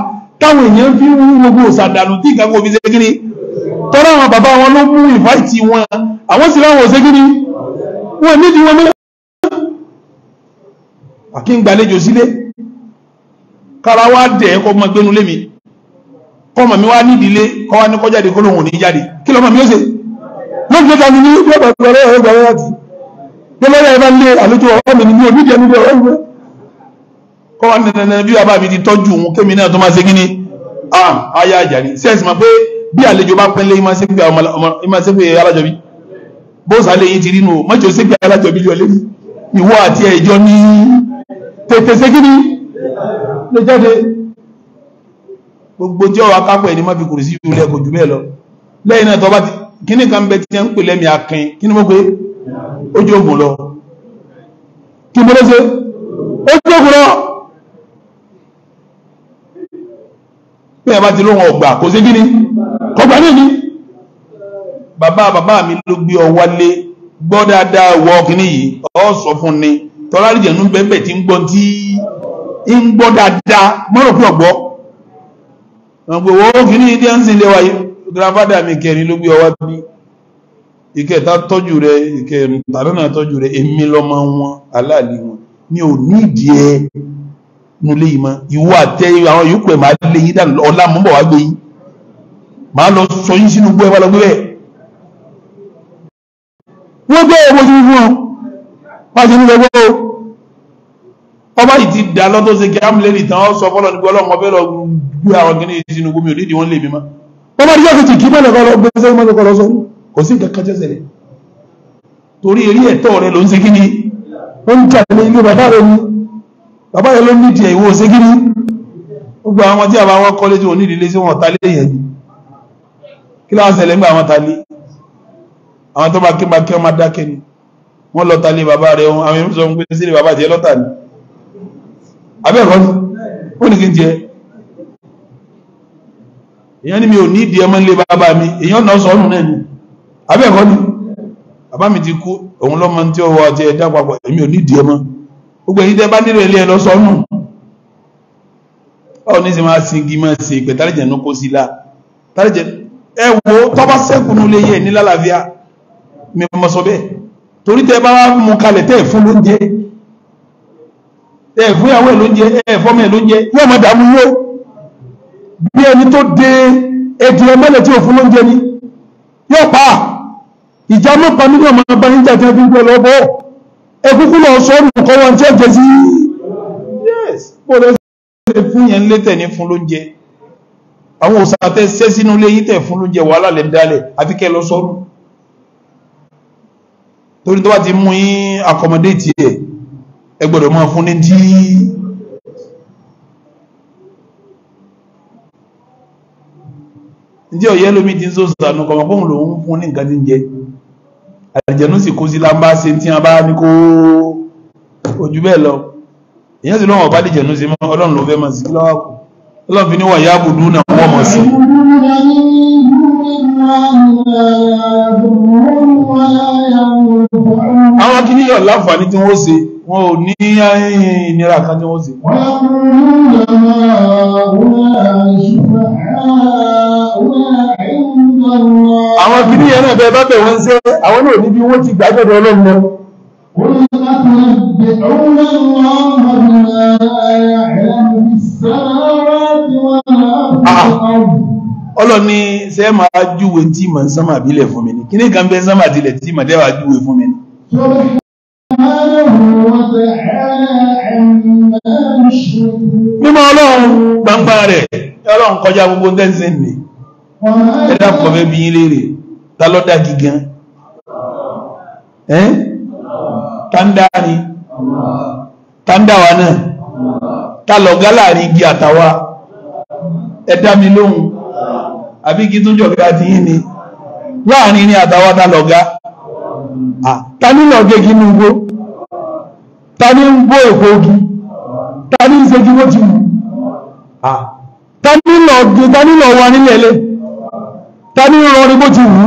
táwọn èèyàn fi ń gbogbo òsàdàlù tí ìkàkó fi ṣe kiri. Tọ́lá àwọn bàbá wọn ló mú ìfáìtì wọn, àwọn sì láwọn òṣè kiri. Wọ́n nídìí wọn mẹ́lẹ̀. Àkíngbàlejò sílé kára wá dẹ̀ ẹ́ kọ́ mọ gbénu lémi kọ́ mọ̀ mi wá nídìílé kọ́ wá ní kọjáde kó lóhùn ní jáde kí lọ́mọ mi ó ṣe lóògbé ta ni ní gbẹgbẹgbẹrẹ ẹgbẹrẹ láti gbẹgbẹrẹ ẹ bá lé àlejò ọ̀rọ̀ mi ní mi ò nídìí ẹnu bẹ ọ̀rọ̀ kọ́ wá nẹ̀nẹ̀ bí bàbá mi ti tọ́jú òun kémi náà tó máa ṣe kíní ah ayé àjàre sẹ́ẹ̀sì máa pé bí àlejò bá pẹ́ lé ìmọ̀ sẹ́gbẹ̀ ìmọ̀ sẹ́gbẹ̀ alájọbí bóòsà lè yí ti rí nù mọ́jọ́ sẹ́gbẹ̀ alájọbí yọ lé lè jáde gbogbo jẹ́ ọwà kápẹ̀ ní máa fi kùrù sí ilẹ̀ kò jù bẹ́ẹ̀ lọ lẹ́yìn náà tọ́bá ti kí ní kan bẹ tí a ń pè lẹ́mì akin kí ní mọ́ pé ó jẹ́ lọ kí mọ́ lọ́sẹ́ ó jẹ́ lọ pé àbá ti lóhun ọgbà kò sí gíní kọgbà ní ní bàbá bàbá mi ló gbé ọ wálé gbọ́ dáadáa wọ ọkùnrin yìí ọ sọ fún ni tọ́lá ìjẹ̀nú bẹ́ẹ̀ tí ń gbọ́ tí ń gbọ́ dáadáa mọ́rọ̀ pé ọ̀gbọ́ wọn pé wọ́n kì ní ilé ń sin ilé wa yìí grandfather mi kẹrin ló gbé ọwá bí ìkẹta tọ́jú rẹ ìkẹrin tàbí náà tọ́jú rẹ èmi lọ́mọ wọn aláàlì wọn mi ò ní ìdí ẹ nulé yìí mọ́ ìwọ àtẹ àwọn yòókù ẹ̀ máa lé yín dànù ọ̀la mọ́ bọ̀ wá gbé yín máa lọ sọ yín sínú gbọ́ ẹ wá lọ gbé bẹ́ẹ̀ wọ́n gbé owó ọba yìí ti dà lọ́tọ́ ṣe kí amúlẹ́rì tán ọ sọ fọlọ́ nígbà ọlọ́mọ fẹ́ lọ gbé àwọn kìíní sínú gómìnà nídìí wọn lè mi mọ́ ọba yìí yàtọ̀ kí mọ́lẹ̀ kọ́ lọ gbé sẹ́yìn mọ́tò kọ́ lọ sọ́nù kò sí nǹkan kẹ́jẹ́ sẹ́lẹ̀ torí eré ẹ̀tọ́ rẹ ló ń ṣe kíni ó ń jà ní ilé bàbá rẹ ni bàbá rẹ ló ń nídìí ẹ̀wọ̀ ṣe kíni gbogbo àwọn tí àbá wọn kọ́lé tí wọn nídìí lé sí wọn ta lé yẹn kí láwọn ṣẹlẹ̀ ń gbà abẹ́ ẹ̀kọ́ ni ó ní kí n jẹ èyàn ni mi ò ní ìdí ẹmọ ilé bàbá mi èyàn náà sọ ọ́nù náà ni abẹ́ ẹ̀kọ́ ni bàbá mi ti kú òun lọ́mọ tí ó wọ àti ẹ̀dá papọ̀ èmi ò ní ìdí ẹmọ gbogbo èyí tẹ́ bá nílò ilé ẹ lọ sọ ọ́nù báwo ní sì máa sin igi máa sin ìpè tálẹ̀jẹ̀ ní kó sí la tálẹ̀jẹ̀ ẹ wo tọ́ba sẹ́kùnú lè yẹ ní lálàáfíà mi mọ̀ sọ bẹ́ẹ̀ torí tẹ́ bá mú kalẹ̀ tẹ́ fún lóúnjẹ ẹ̀fún ìyàwó ìlóúnjẹ ẹ̀fọ́mọ̀ ìlóúnjẹ yóò mọ̀ dàmú yó bí ẹni tó dé ẹ̀dìyàn mẹ́lẹ̀ tí ò fún lóúnjẹ ni yóò pa ìjà mọ́pa nínú ọmọ ọba níjà tí a fi ń gbé lọ́bọ̀ ẹkúkú lọ sọ́ọ̀rù kọ́ wọn tí ó jẹ sí fún yẹn lé tẹ̀ ní fún lóúnjẹ àwọn òsàtẹ́ sẹ́ sínú ilé yìí tẹ̀ fún lóúnjẹ wàhálà lẹ́ dálẹ̀ àfi kẹ́ lọ sọ́ọ̀rù torí tó bá ti mú yín accommodate tiẹ̀ ẹ gbọ́dọ̀ máa fún ní tí tí ọ̀yẹ́ lómi ti ń sọ sànù kọ̀mọ̀ fóun lòun fún ní nǹkan tí ń jẹ àjẹ̀nú sì kó sí lámbá ṣe tí a bá ní kó ojú bẹ́ẹ̀ lọ èyàn sì lọ́wọ́ bá dìjẹ̀nú sí mọ́ ọlọ́run ló fẹ́ mọ̀ sí lọ́wọ́ ọlọ́run fi ní wọ̀nyá àbùdú náà wọ́n mọ̀ sí. àwọn kìnìyàn láǹfààní tí wọ́n ṣe wọn ò ní eh, ìnira kan tí wọ́n sì mọ́ àwọn kìí yẹn náà bẹ́ẹ̀ bá bẹ̀ wọ́n ṣe àwọn náà níbi wọ́n ti gbàgbọ́dọ̀ ọlọ́run lọ ọlọ́ni ṣe máa júwe tí màá sánmà bílẹ̀ fún mi ní kí ní kan bẹ́ sánmà tilẹ̀ tí màá dẹ́wà júwe fún mi ní mímọ́ ọlọ́run gbangba rẹ̀ ọlọ́run kọjá gbogbo dẹ́sìn ni ẹ̀dá kọ̀ bí léèrè ta lọ́dá gígan ẹ́n ni wa náà ta lọ̀gá láàrin igi àtàwà ẹ̀dá mi lóhun àbí igi tó jọ̀gá ti yín ni láàrin tani lọ gẹ́gí ní ugbó tani ń gbó èkó ogi tani ń ṣe kí wó ti mú tani lọ wà nílẹ̀ lé tani ń rọrí bó ti wù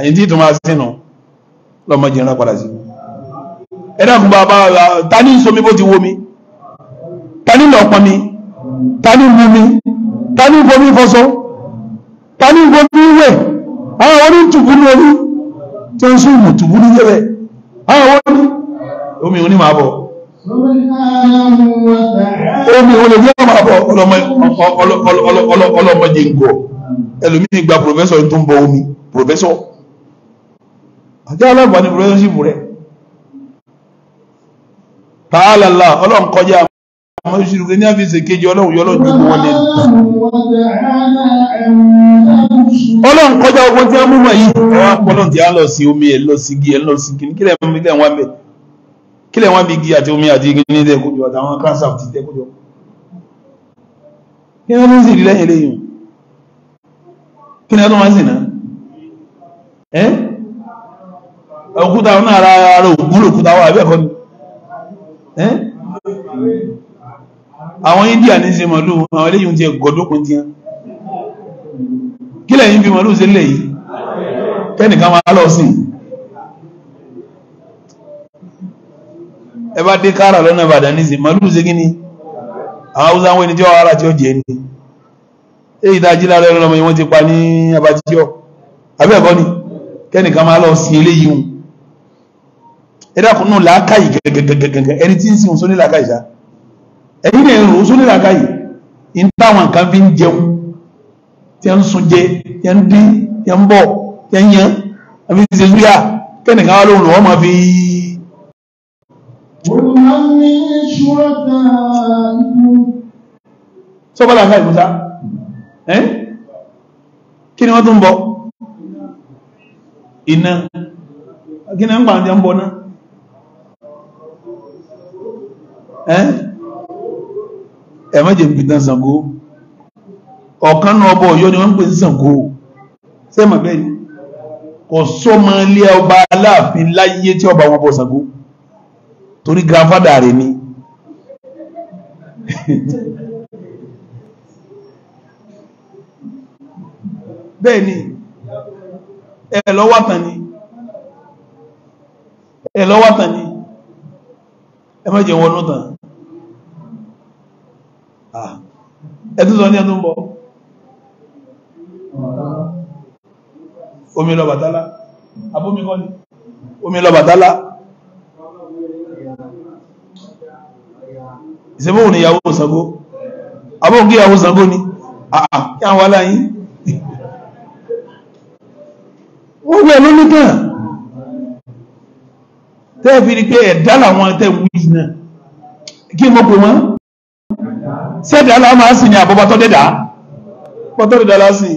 ẹ̀yìn tí ìtùmá sínú lọ́mọ jìnrán padà sí ẹ̀dàkùn bàbá tani ń somi bó ti wó mi tani lọ pọn mi tani mú mi tani ń fomi fọṣọ tani ń fomi wẹ̀ àwọn oní tùkú ní orí tí ó ń sún ìmùtù wúrí yẹ́rẹ̀ àwọn ní omi òní máa bọ̀ omi òní yẹ́ máa bọ̀ ọlọ́mọdé nǹkọ̀ ẹlòmíì gba pòfẹ́sọ̀ tó ń bọ omi pòfẹ́sọ̀ àjẹ́ alágbà ní pòfẹ́sọ̀ṣìpù rẹ̀ tààlàlà ọlọ́nkọjá àwọn ìṣirùkẹ́ ní àfihàn kejì ọlọ́run yọ́lọ́ Ọlọ kọjá ogun tí wọ́n mú mọ̀ yìí ẹwà pọ́lọ́n tí a lọ sí omi ẹ̀ lọ sí igi ẹ̀ lọ sí igi kílẹ̀ àti omi àti igi ní ilẹ̀ kójọ àtàwọn cancer ti tẹ́ kí wọ́n lẹ́yìn lẹ́yìn kí ni náà ẹ́ òkúta ara ara òkúta wà abẹ́ẹ̀kọ́ ni ẹ́ àwọn India ní àwọn kí lẹ́yìn bí wọn ló ṣe lè yìí kẹ́nìkan máa lọ sí ẹ bá dé kára lọ́nà Ìbàdàn ní sí màálù ṣe kí ni àwọn Haúsá ń wé ní tí wọ́n ara tí ó jẹ ni èyí tá a jí lára ẹran ọmọ yìí wọ́n ti pa ní abatíjọ́ abẹ́ẹ̀kọ́ ni kẹ́nìkan máa lọ sí eléyìí hùn ẹ dákun náà làákàyè gẹ̀gẹ̀gẹ̀gẹ̀gẹ̀ ẹni tí ń sin òun sóní làákàyè ẹ̀yìn ẹ̀rùn òun sóní làákàyè nǹkan fi ń jẹun tí a ń sun jẹ tí a ń dín tí a ń bọ̀ tí a ń yan àfi ti ṣèlúyà kẹ́nìkan wá lóhùn wọ́n máa fi. sọ́bọ́lá ká ìmúta kí ni wọ́n tún bọ̀ iná kí ni wọ́n gbà ń jẹ́ ń bọ̀ náà. ẹ má jẹ́ pìtàn ọ̀kan náà ọba ọ̀yọ́ ni wọ́n ń pè ní Ṣàngó sẹ́mọ̀ bẹ́ẹ̀ ni kò sọ́mọ ilé ọba aláàfin láyé tí ọba wọn bọ Ṣàngó torí grandfather rẹ̀ ni bẹ́ẹ̀ ni ẹ lọ́wọ́ tán ni ẹ lọ́wọ́ tán ni ẹ mọ́jẹ̀ wọnú tán ah. ẹ tó sọ ní ẹnu bọ́ omi lọ bàtálá abómi kọ́ ni omi lọ bàtálá ìsẹ́bóhùn ni ìyàwó Ṣàngó abóhùn kí ìyàwó Ṣàngó ni àà kí àwọn aláyín ó wẹ́ lónìí náà tẹ́ẹ̀fì ni pé ẹ̀dá làwọn tẹ́ wíjì náà kí mọ́ pè wọ́n sẹ́dá ni máa sì ní àbọ́bátọ́dẹ́dá pọ́tọ́dẹ́dá lásìí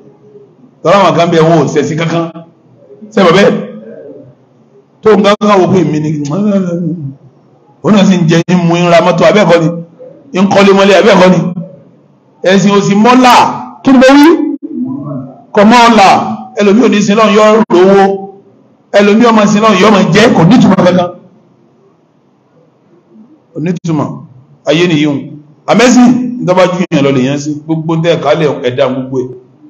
tọ́lá àwọn kan bí ẹ̀wọ̀n ò sẹ̀sí kankan sẹ́bọ̀ bẹ́ẹ̀ tó ń kankan wò pé mi ni òun náà sì ń jẹ ń mú ń ra mọ́tò abẹ́ẹ̀kọ́ ni ń kọ́lé mọ́lé abẹ́ẹ̀kọ́ ni ẹ̀sìn òsì mọ́là kí ni mo wí kọ́mọ́ọ̀là ẹlòmí òní sinlọ́ yọ lówó ẹlòmí ọmọ sinlọ́ yọ ọmọ jẹ́ kò nítumọ̀ kankan onítùmọ̀ ayé nìyíhun àmẹ́sìn ìdọ́bájú yẹn lọ lè yẹn sí gbogbo tẹ́ẹ̀kálẹ̀ ẹ̀dá gbogbo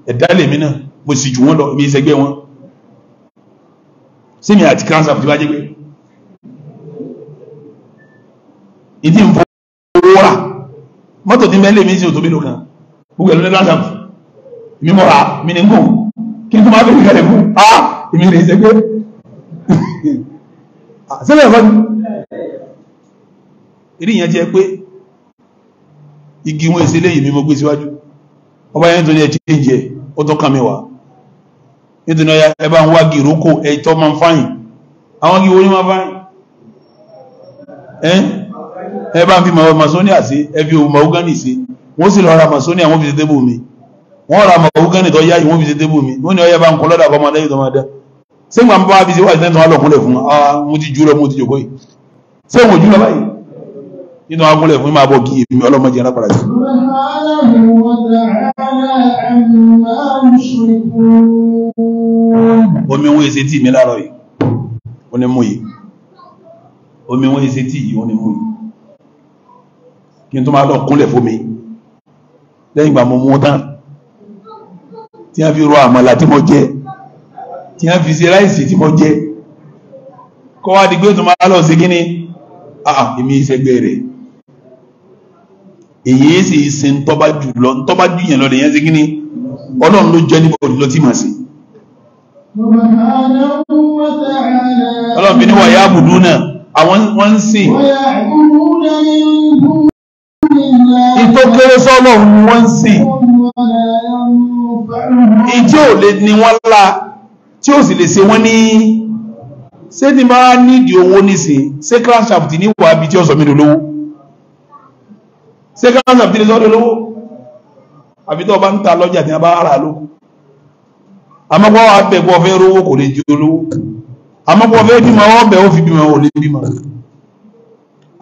ẹ̀dá lèmi náà mo sì jù wọ́n lọ ibi ìṣẹ́gbẹ́ wọn sí mi àti cancer ti bá jẹ́ pé ìdí ìfowóra mọ́tò tí mẹ́lẹ̀ mi sí òtò mélòó kan gbogbo ẹ̀lú ní cancer mi mọ́ra mi ní gùn kí n tó máa bẹ̀rẹ̀ kẹlẹ̀ fún ah èmi rẹ̀ ìṣẹ́gbẹ́ sílẹ̀ ẹ̀fọ́ ìrí ìyẹn jẹ́ pé igi wọn èsì lẹ́yìn mi mo gbé síwájú ọba yẹn tó ní ẹ̀ tí ń jẹ ó tó kàn mí wàá nítorí ọya ẹbá ń wá gìrókò ẹ̀tọ́ ma ń fáyìn àwọn gíwó ní ma fáyìn ẹ́n ẹbá ń fi masonia sí ẹbí ohun mahogany sí wọ́n sì lọ ra masonia wọ́n fi ṣe tébù mi wọ́n ra mahogany tó yá ìwọ́n fi ṣe tébù mi wọ́n ni ọya bá ń kọ́ lọ́dà bọ́ máa lẹ́yìn tó máa dá sẹ́gbà ń bá fi ṣe wà ìṣẹ́ tó wà lọ́kúnlẹ̀ ah, mo ti jù lọ mo ti jòkó yìí sẹ́wọ̀n jù lọ báyìí nínú agúnlẹ̀ fún ìmọ̀ àbọ̀gí èmi ọlọ́mọdé alápàdà sí. omi wọ́n èsẹ́ tí mi láàrọ̀ yìí ó ní mú yìí omi wọ́n èsẹ́ tí yìí ó ní mú yìí kí n tó máa lọ kúnlẹ̀ fún mi lẹ́yìn ìgbà mo mú tán tí a fi rọ àmàlà tí mo jẹ tí a fi ṣe ráìsì tí mo jẹ kọ́wàá dìgbé tó máa lọ sí kíní àà èmi ìṣẹ́gbẹ́ rẹ̀ èyí sì ṣe ń tọ́ba jù lọ ń tọ́ba jù yẹn lọ lè yẹn ṣe kí ni ọlọ́run ló jẹ́ níbo òdìlọ tí mà sí. ọlọ́run fi ní wàyà àbùdú náà àwọn wọ́n ń sìn. ìtò kéré sọ́lọ́run ni wọ́n ń sìn. ìjọ ò lè ní wọ́n la tí ó sì lè ṣe wọ́n ní ṣé ti máa nídìí owó nísìn ṣé crash shaft ní wàá bí tí ó sọ mí dolówó ṣé káwọn àbílẹ̀ sọ́dọ̀ lówó àbí tó bá ń ta lọ́jà tí wọ́n bá rà lóko àmọ́pọ̀ wà bẹ̀ bọ́ fẹ́ rówó kò lè di olówó àmọ́pọ̀ fẹ́ bímọ wọ́n bẹ̀ ó fi bímọ ò lè bímọ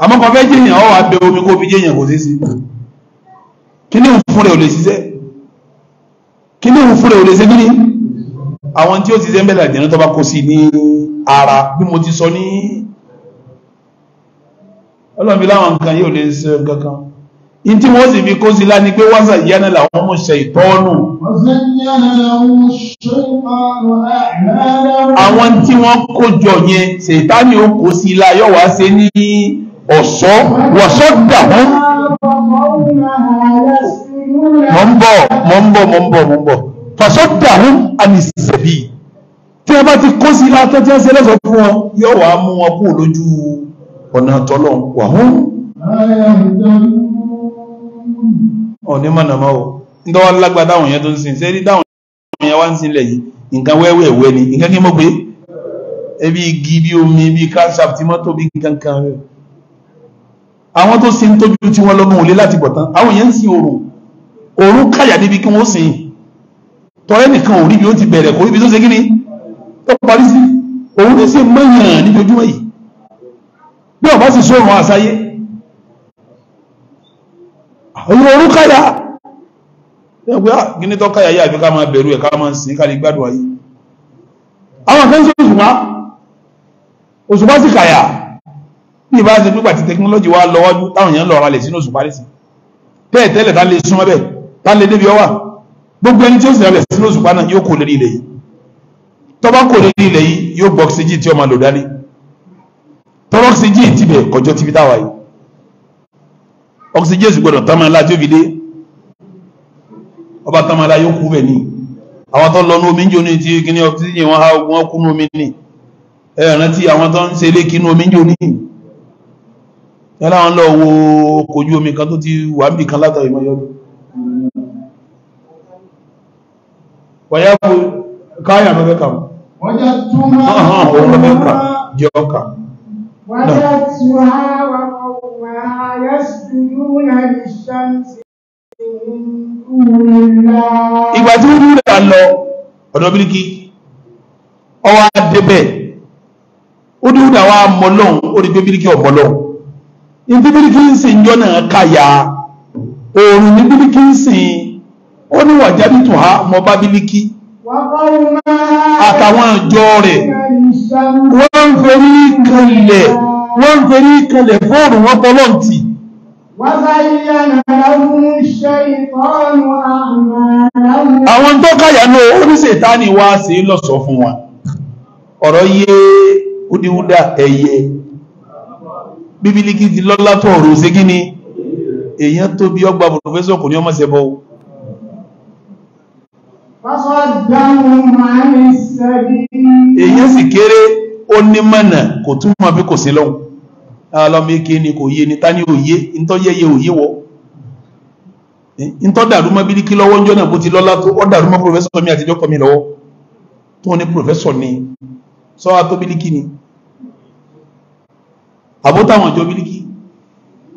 àmọ́pọ̀ fẹ́ jẹyàn wọ́n wà bẹ̀ omi kó fi jẹyàn kò sí kí ní òfin rẹ̀ ò lè ṣiṣẹ́ kí ní òfin rẹ̀ ò lè ṣe kíní àwọn tí ó ṣiṣẹ́ mẹ́ta ìdẹ̀rẹ́ tó bá kó sí ní ara bí mo ti sọ ní ọlọ́mi láwọn nǹkan yìí ò lè ṣe kankan in tí wọ́n sì fi kó sí láni pé wọ́n sàyẹ́ náà làwọn mú ṣe ìtọ́nù àwọn tí wọ́n kó jọ yẹn ṣètánì ó kó sí ilá yóò wá ṣe ní ọ̀ṣọ́ wọ̀ṣọ́ dà wọ́n mọ̀ ń bọ̀ mọ̀ ń bọ̀ mọ̀ ń bọ̀ mọ̀ ń bọ̀ fọ̀ṣọ́ dà wọ́n àmì ìṣẹ̀bí tí wọ́n bá ti kó sí ilá tó lọ́sọ̀ fún wọn yóò wá mú wọn kú lójú ọ̀nà tọ́lọ́ wà hún ọ̀ní mọ̀nàmọ́ o ńdọ́wọ́ lágbà dáwọn yẹn tó ń sin ṣé rí dáwọn yẹn wá ń sinlẹ̀ yìí nǹkan wẹ́wẹ́ ìwẹ́ ni nǹkan kí mo pé ẹbí igi bí omi bí káṣáp tí mọ́tò bí kankan rẹ̀ àwọn tó sin tójú tí wọ́n lọ́gbọ̀n òlé láti bọ̀ àwọn yẹn ń sin òrùn òrùn káyà débi kí wọ́n sin tọ́rẹ́ nìkan ò rí ó ti bẹ̀rẹ̀ kò rí tó ṣe kí ni tó parí sí òun ní sí mọ́yàn ní ojúmọ́ yìí bí ọ̀bá sì sọ̀rọ̀ àsáyé òun orúkàyà ẹgbẹ́ gíní tó káyà yà àbíká máa bẹ̀rù ẹ̀ ká máa sìn ká lè gbádùn ayé àwọn kan sí òṣùpá òṣùpá sì kàyà bí ìbá ṣe pípa ti tẹkinọ́lọ́jì wa lọ́wọ́jú táwọn èèyàn lọ́ra lè sínú òṣùpá lè sí tẹ́ẹ̀ tẹ́lẹ̀ tá lè súnmọ́ bẹ́ẹ̀ tá lè débi ọwà gbogbo ẹni tí ó sì rẹ̀ sínú òṣùpá náà yóò kó lórí ilẹ̀ yìí tó bá kó lórí ilẹ̀ yìí yóò bọ́ oxygen tí ó lò dání tọ́lọ́síjì tibẹ̀ kọjọ́ tibí táwa oxygen sì gbọdọ̀ tánmà láti òfin dé ọba tánmà láyé ó kú bẹ̀ ní àwọn tó lọ́nú omi jò ní ti kíní oxygen wọn wọ́n kú ní omi ní ẹ̀rán tí àwọn tó ń ṣe lé kínú omi jò ní ẹláwọn lọ wo kojú omi kan tó ti wà níbi kan látàrí mọ́ yọ́dún wọ́yá kú káyà lọ́fẹ́ kà wọ́n jẹ́ tún máa wọ́n lọ́fẹ́ kà jẹ́ ọkà wọ́n jẹ́ tún máa ìgbà tí wọ́n múlẹ̀ lọ ọ̀dọ̀ bíríkì ọwọ́ adébẹ̀ ó dé wúdà wá mọ́lọ́un ó rí pé bíríkì ọ̀mọ́lọ́un in tí bíríkì ń sin jọ náà káyà oòrùn ní bíríkì ń sin ó ní wàjá bí tùn á mọ́ bá bíríkì àtàwọn ìjọ rẹ̀ wọ́n ń ferí kalẹ̀ fóòrùn wọn bọ́lọ́ntì àwọn tó káyà ní oníṣẹ́ta ni wá sí lọ́sọ̀ fún wa ọ̀rọ̀ yé údíúdá ẹ̀yẹ bíbílì kí ti lọ́lá tó ọ̀rọ̀ sí kí ni èyàn tó bí ọgbà pòfẹ́sọ̀ kò ní ọmọ sẹ́bọ̀ èyàn sì kéré ó ní mọ̀nà kò túnmọ̀ bí kò sí lọ́hùn ọlọ́mọ ike ni kò yé ni ta ní òye ntọ́ yẹyẹ òye wọ ntọ́ dàrú mọ́ bíríkì lọ́wọ́ ń jọ́nà bó ti lọ́lá tó ọ́ dàrú mọ́ pòfẹ́sọ̀ mi àtijọ́ kọ́ mi lọ́wọ́ tó ní pòfẹ́sọ̀ ni sọ́wọ́ tó bíríkì ni àbó táwọn àjọ bíríkì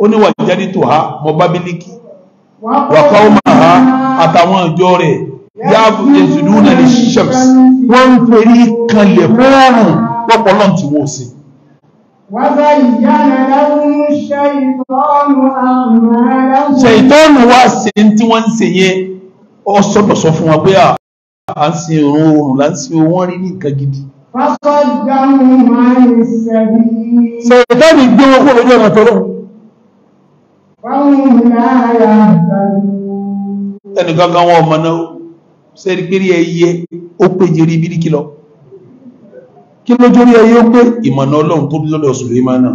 ó ní wàá jáde tó ha mọ́ bá bíríkì wàkọ́ ó máa ha àtàwọn àjọ rẹ̀ yáàbù yẹtùdú ní ṣíṣẹ́ms wọ́n ń perí kanlẹ̀ fún ọ̀rùn ṣètọ́nù wá ṣe tí wọ́n ń ṣe yẹn ọ sọ́dọ̀sọ́ fún wa pé à ń sin òun oòrùn láti wọ́n rí ní nǹkan gidi. ṣètọ́nù gbé wọn kúrò lójú ọ̀nà tọ́lọ́. ẹnì kankan wọn ọmọ náà ṣe é rí pé rí ẹyẹ ó péjì rí bíríkì lọ kí ló jórí ẹyẹ pé ìmọ̀nà ọlọ́run tó lọ́dọ̀ Sùlẹ́mánà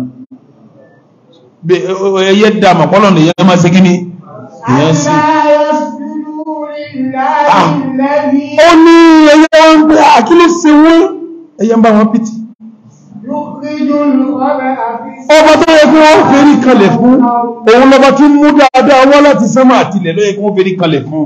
ẹyẹ dàmà pọ́lọ̀ ní ẹyẹ máa ṣe kí ni ìyẹn sí ah, ó ní ẹyẹ wọn pé àkílẹ̀ sí wọ́n ẹyẹ ń bá wọn pìtì ọba tó yẹ kí wọ́n fèrí kalẹ̀ fún òun lọba tí mú dáadáa wọ́n láti sánmà àtìlẹ̀ ló kí wọ́n fèrí kalẹ̀ fún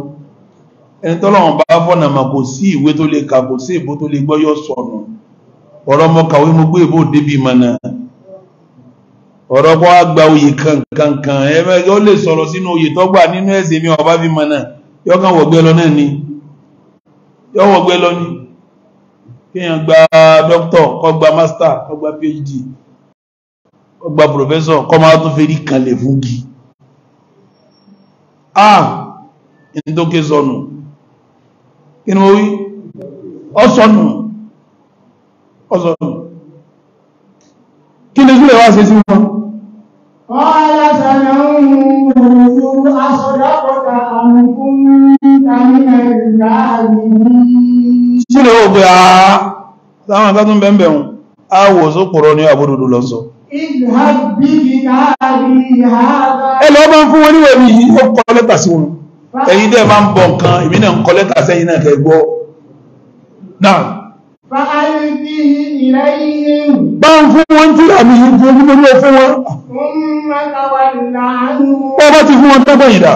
ẹni tọ́lọ́wọ́n bá fọ́nà mà kò sí ìwé tó lè kà kò sí ìbò tó lè gbọ́ yọ sọ̀nà ọ̀rọ̀ mọ́ kàwé mo gbé ìbò débi mọ̀nà ọ̀rọ̀ bọ́ àgbà oyè kankankan ẹ̀mẹ́ yóò lè sọ̀rọ̀ sínú oyè tọ́gbà nínú ẹ̀sìn mi ọba fi mọ̀nà yọkàn wọ̀gbẹ́ lọ náà ni yọ wọ̀gbẹ́ lọ ni kéèyàn gba dókítọ̀ kó gba mástà kó gba phd kó gba pòfẹ́sọ̀ kó máa tún fẹ́ rí kanlẹ̀ fún gi ah ní tó ké sọnù inú orí ọ̀sọ̀nù ọ̀sọ̀nù kí ni súnlẹ̀ wá sí sí wọn Sílẹ̀ ó pé àá sáwọn akátún bẹ̀m̀bẹ̀ wọn, a wò só pọ̀rọ̀ ní àbúrúdú lọ sọ. Ẹ lọ bá ń fún wọn níwẹ̀ bí i, ó kọ́ lẹ́tà sí wọn ẹ̀yin dẹ́ máa ń bọ̀ nǹkan èmi náà ń kọ lẹ́tà sẹ́yìn náà kẹ́ gbọ́ náà. fàáyìntì ìrẹ́ yìí. bá ń fún wọn tí àmì yìí fún omi lórí ọfún wọn. ó ti fún wọn tọ́gbọ̀ yìí dà.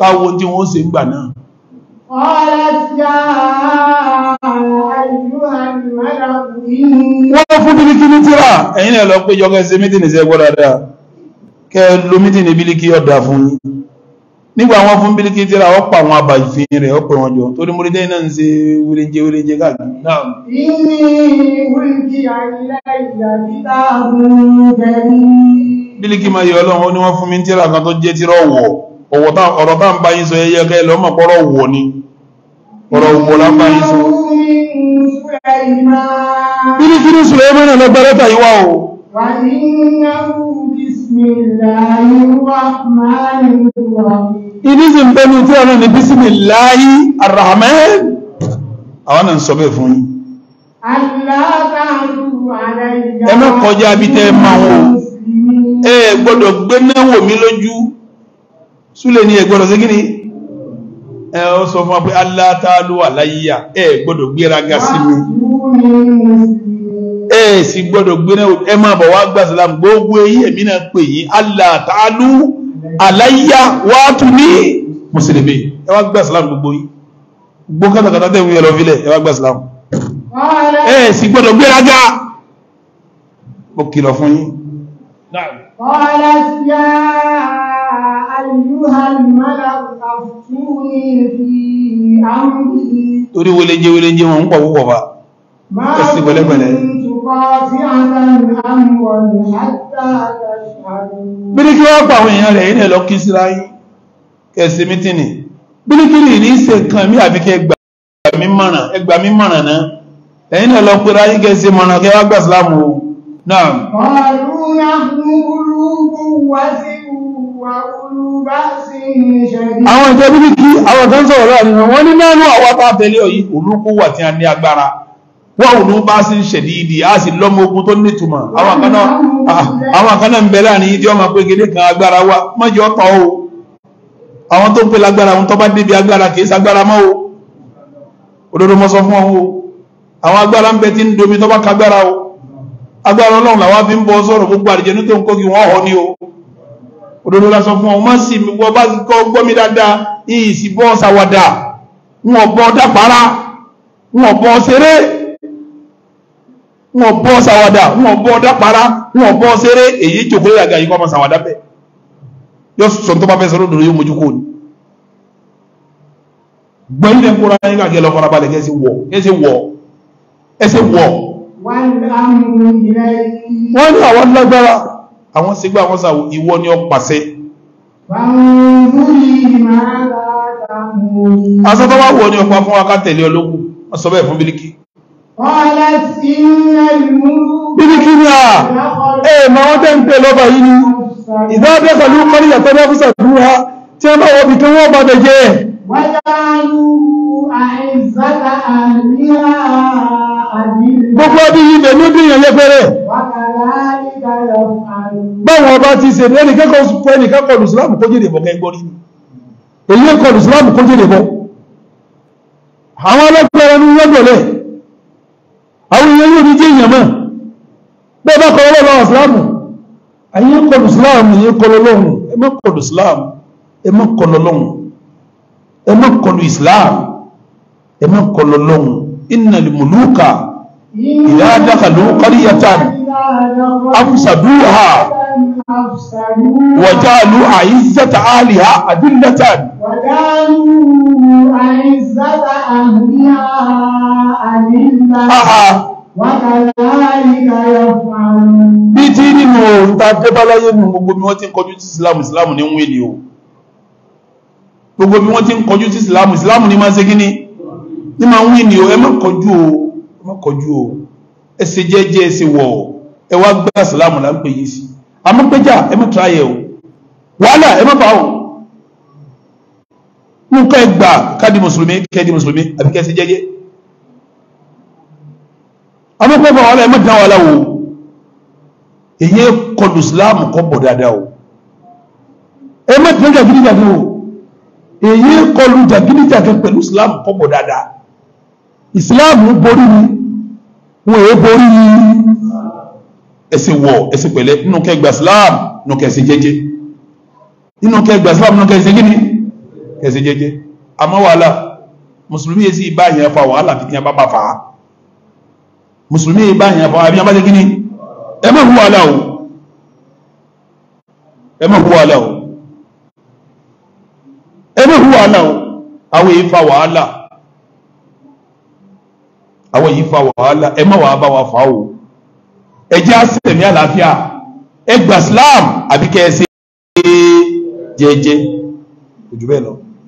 káwo tí wọ́n ṣe ń gbà náà. Wọ́n fún kìnnìkìnnì tíra, ẹ̀yin náà lọ pé jọ́gẹ́ ṣe mítìnì sí ẹgbọ́ dáadáa kẹ lomítì ní bílíkì ọ̀dà fún yín nígbà wọn fún bílíkì tíra ọ̀pọ̀ àwọn àbàfin rẹ̀ ọ̀pọ̀ wọn jọ torí mo rí dẹ́yìn náà ń ṣe wíléńjẹ wíléńjẹ káàkiri bílíkì ní wọ́n lọ gbẹ́rẹ́ta yìí o. wà nínú ibi sì ń bẹnu tí ọ̀nà ní bisimilahi arahman àwọn náà ń sọ bẹ́ẹ̀ fún yín ẹ má kọjá bí tẹ́ máa wọn ẹ gbọ́dọ̀ gbé náwó mi lójú súlẹ̀ ní ẹ gbọ́dọ̀ sí kíni ẹ ó sọ fún wa pé Allah ta'ala aláyíyà ẹ gbọ́dọ̀ gbéraga sí mi ẹ sì gbọ́dọ̀ gbéná ẹ máa bọ̀ wá gba Islam gbogbo eyín èmi náà pè yín Allah ta'alu aláyá wá tún ní mùsùlùmí ẹ wá gba Islam gbogbo yín gbogbo kátàkátà tẹ̀ wíyẹ lọ fílẹ̀ ẹ wá gba Islam ẹ sì gbọ́dọ̀ gbéraga ó kìlọ̀ fún yín. قالت يا أيها الملأ أفتوني في أمري. torí wọlé jẹ́ wọlé jẹ́ wọn ń pọ̀ púpọ̀ bá. ẹ̀sìn pẹ̀lẹ́pẹ̀lẹ́ bíríkí wọ́n pa àwọn èèyàn rẹ̀ ilẹ̀ lọ kí síra yí kẹsì mítìnì bíríkí lè ní ṣe kan mí àbí kẹ ẹgbà mí mọ̀ràn náà ẹ̀yìn lọ pẹ̀lú ayé kẹsì mọ̀ràn kẹwàá gbà sílámù o náà àwọn ìjọ bíríkí àwọn ìjọ sọ̀rọ̀ rẹ̀ wọ́n ní mẹ́rún àwọn wọ́n ló bá sí ṣẹ̀dí ìdí a sì lọ́mọ ogun tó nítumọ̀ àwọn àkánà ah, ń bẹ láàrin ìdí ọmọ pé gẹ́lẹ́ kan agbára wa mọ́jọ ọ̀tọ̀ o àwọn tó ń pè lágbára wọn tó bá débi agbára kìí sagbára mọ́ o òdodo mọ́ sọ fún ọ̀hún o àwọn agbára ń bẹ tí ń domi tó bá kagbára o agbára ọlọ́run làwọn fi ń bọ́ sọ̀rọ̀ gbogbo àdìjẹ́ ní tó ń kó kí wọ́n họ ni o òdodo la sọ fún ọ̀hún má sì wọ́n bá gbọ́ mi dáadáa ìyìn sì bọ́ ṣàwàdà wọn bọ́ dàpárá wọn bọ́ ṣeré wọn bọ́ sàwádà wọn bọ́ dápara wọn bọ́ sẹ́rẹ́ èyí jòkó lórí àga yìí kọ́ ọmọ sàwádà bẹ́ẹ̀ yóò sọ tó bá fẹ́ sọ lódò yóò mójú kó ni gbẹ̀yìn lẹ́ kóra yín kàkẹ́ lọ fara balẹ̀ kẹ́sì wọ̀ kẹ́sì wọ̀ ẹsẹ̀ wọ̀. wọ́n ní àwọn lágbára àwọn sígbà àwọn sàwọ̀ ìwọ ni ó pàṣẹ. asọ́tọ́wá wọ̀ ni ọ̀pá fún wa ká tẹ̀lé ológun wọ́n sọ bẹ́ẹ̀ fún bíríkì bíbíkíríà ẹ̀ ma wọ́n tẹ́ ń pè lọ́bà ni ìdábẹ́ pẹ̀lú kọ́níyà tó dáfú sàdúrà tí a bá wọ́n bìkan wọ́n bá bẹ̀jẹ́ gbogbo ọdún yìí lè ní bíyàn lẹ́fẹ́rẹ́ báwọn ọba ti ṣe ní ẹnìkẹ́kọ̀ọ́ fún ẹnìkẹ́kọ̀ọ́ lùsùlámù kó jèrè bọ̀ rí èyí ẹ̀kọ́ kó jèrè àwọn ọlọ́pàá ẹnu àwọn èèyàn yóò ní jẹ́ èèyàn mọ́ bẹ́ẹ̀ bá kọ́ lọ́wọ́ ìsìláàmù àyíyàn kọlù ìsìláàmù yìí kọlù lọ́hùn ẹ má kọlù ìsìláàmù ẹ má kọlù lọ́hùn ẹ má kọlù ìsìláàmù ẹ má kọlù lọ́hùn innal muluka idha عزة أهلها أذلة وكذلك يفعلون bí tí nínú òun ta débá láyé nù gbogbo bí wọ́n ti ń kọjú sí islam islam ní ń wé ni o gbogbo bí wọ́n ti ń kọjú sí islam islam ní máa ṣe kí ni ní máa ń wé ni o ẹ má kọjú o ẹ má kọjú o ẹ ṣe jẹ́jẹ́ ẹ ṣe wọ̀ ẹ wá gbé islam là ń pè yìí sí àmọ́ péjà ẹ má tíráyẹ̀ o wàhálà ẹ má fà o nǹkan ẹgbà káàdì mùsùlùmí kẹ́ẹ̀dì mùsùlùmí àbí kẹ́ẹ̀sì jẹ́jẹ́ amúpẹ́pẹ́ wàhálà ẹ̀mọ́ ìdáwà aláwò èyí kọlù islam kọ́ bọ̀ dáadáa o ẹ̀mọ́ ìdáwà jàgídíjàgí o èyí kọlù jàgídíjàgí pẹ̀lú islam kọ́ bọ̀ dáadáa islam borí ni wọn èyí borí ni ẹ̀sìn wọ̀ ẹ̀sìn pẹ̀lẹ́ nínú kẹgbà islam nínú kẹsì jẹ́jẹ́ nínú kẹgbà islam nínú kẹsì jẹ́jẹ́ ẹsẹ̀ jẹ́jẹ́ àmọ́ wàhálà mùsùlùmí yìí sí ibá yẹn fa wàhálà fi tiẹ̀ bábà fà á mùsùlùmí yìí bá yẹn fa àbí abájẹ́ kí ni ẹ má hu wàhálà o ẹ má hu wàhálà o ẹ má hu wàhálà o àwọn èyí fa wàhálà àwọn èyí fa wàhálà ẹ má wàá bá wa fà á o ẹ jẹ́ àṣẹ̀mí àlàáfíà ẹ gbà Islam àbíkẹ́ ẹ ṣe jẹ́jẹ́ ojú bẹ́ẹ̀ lọ.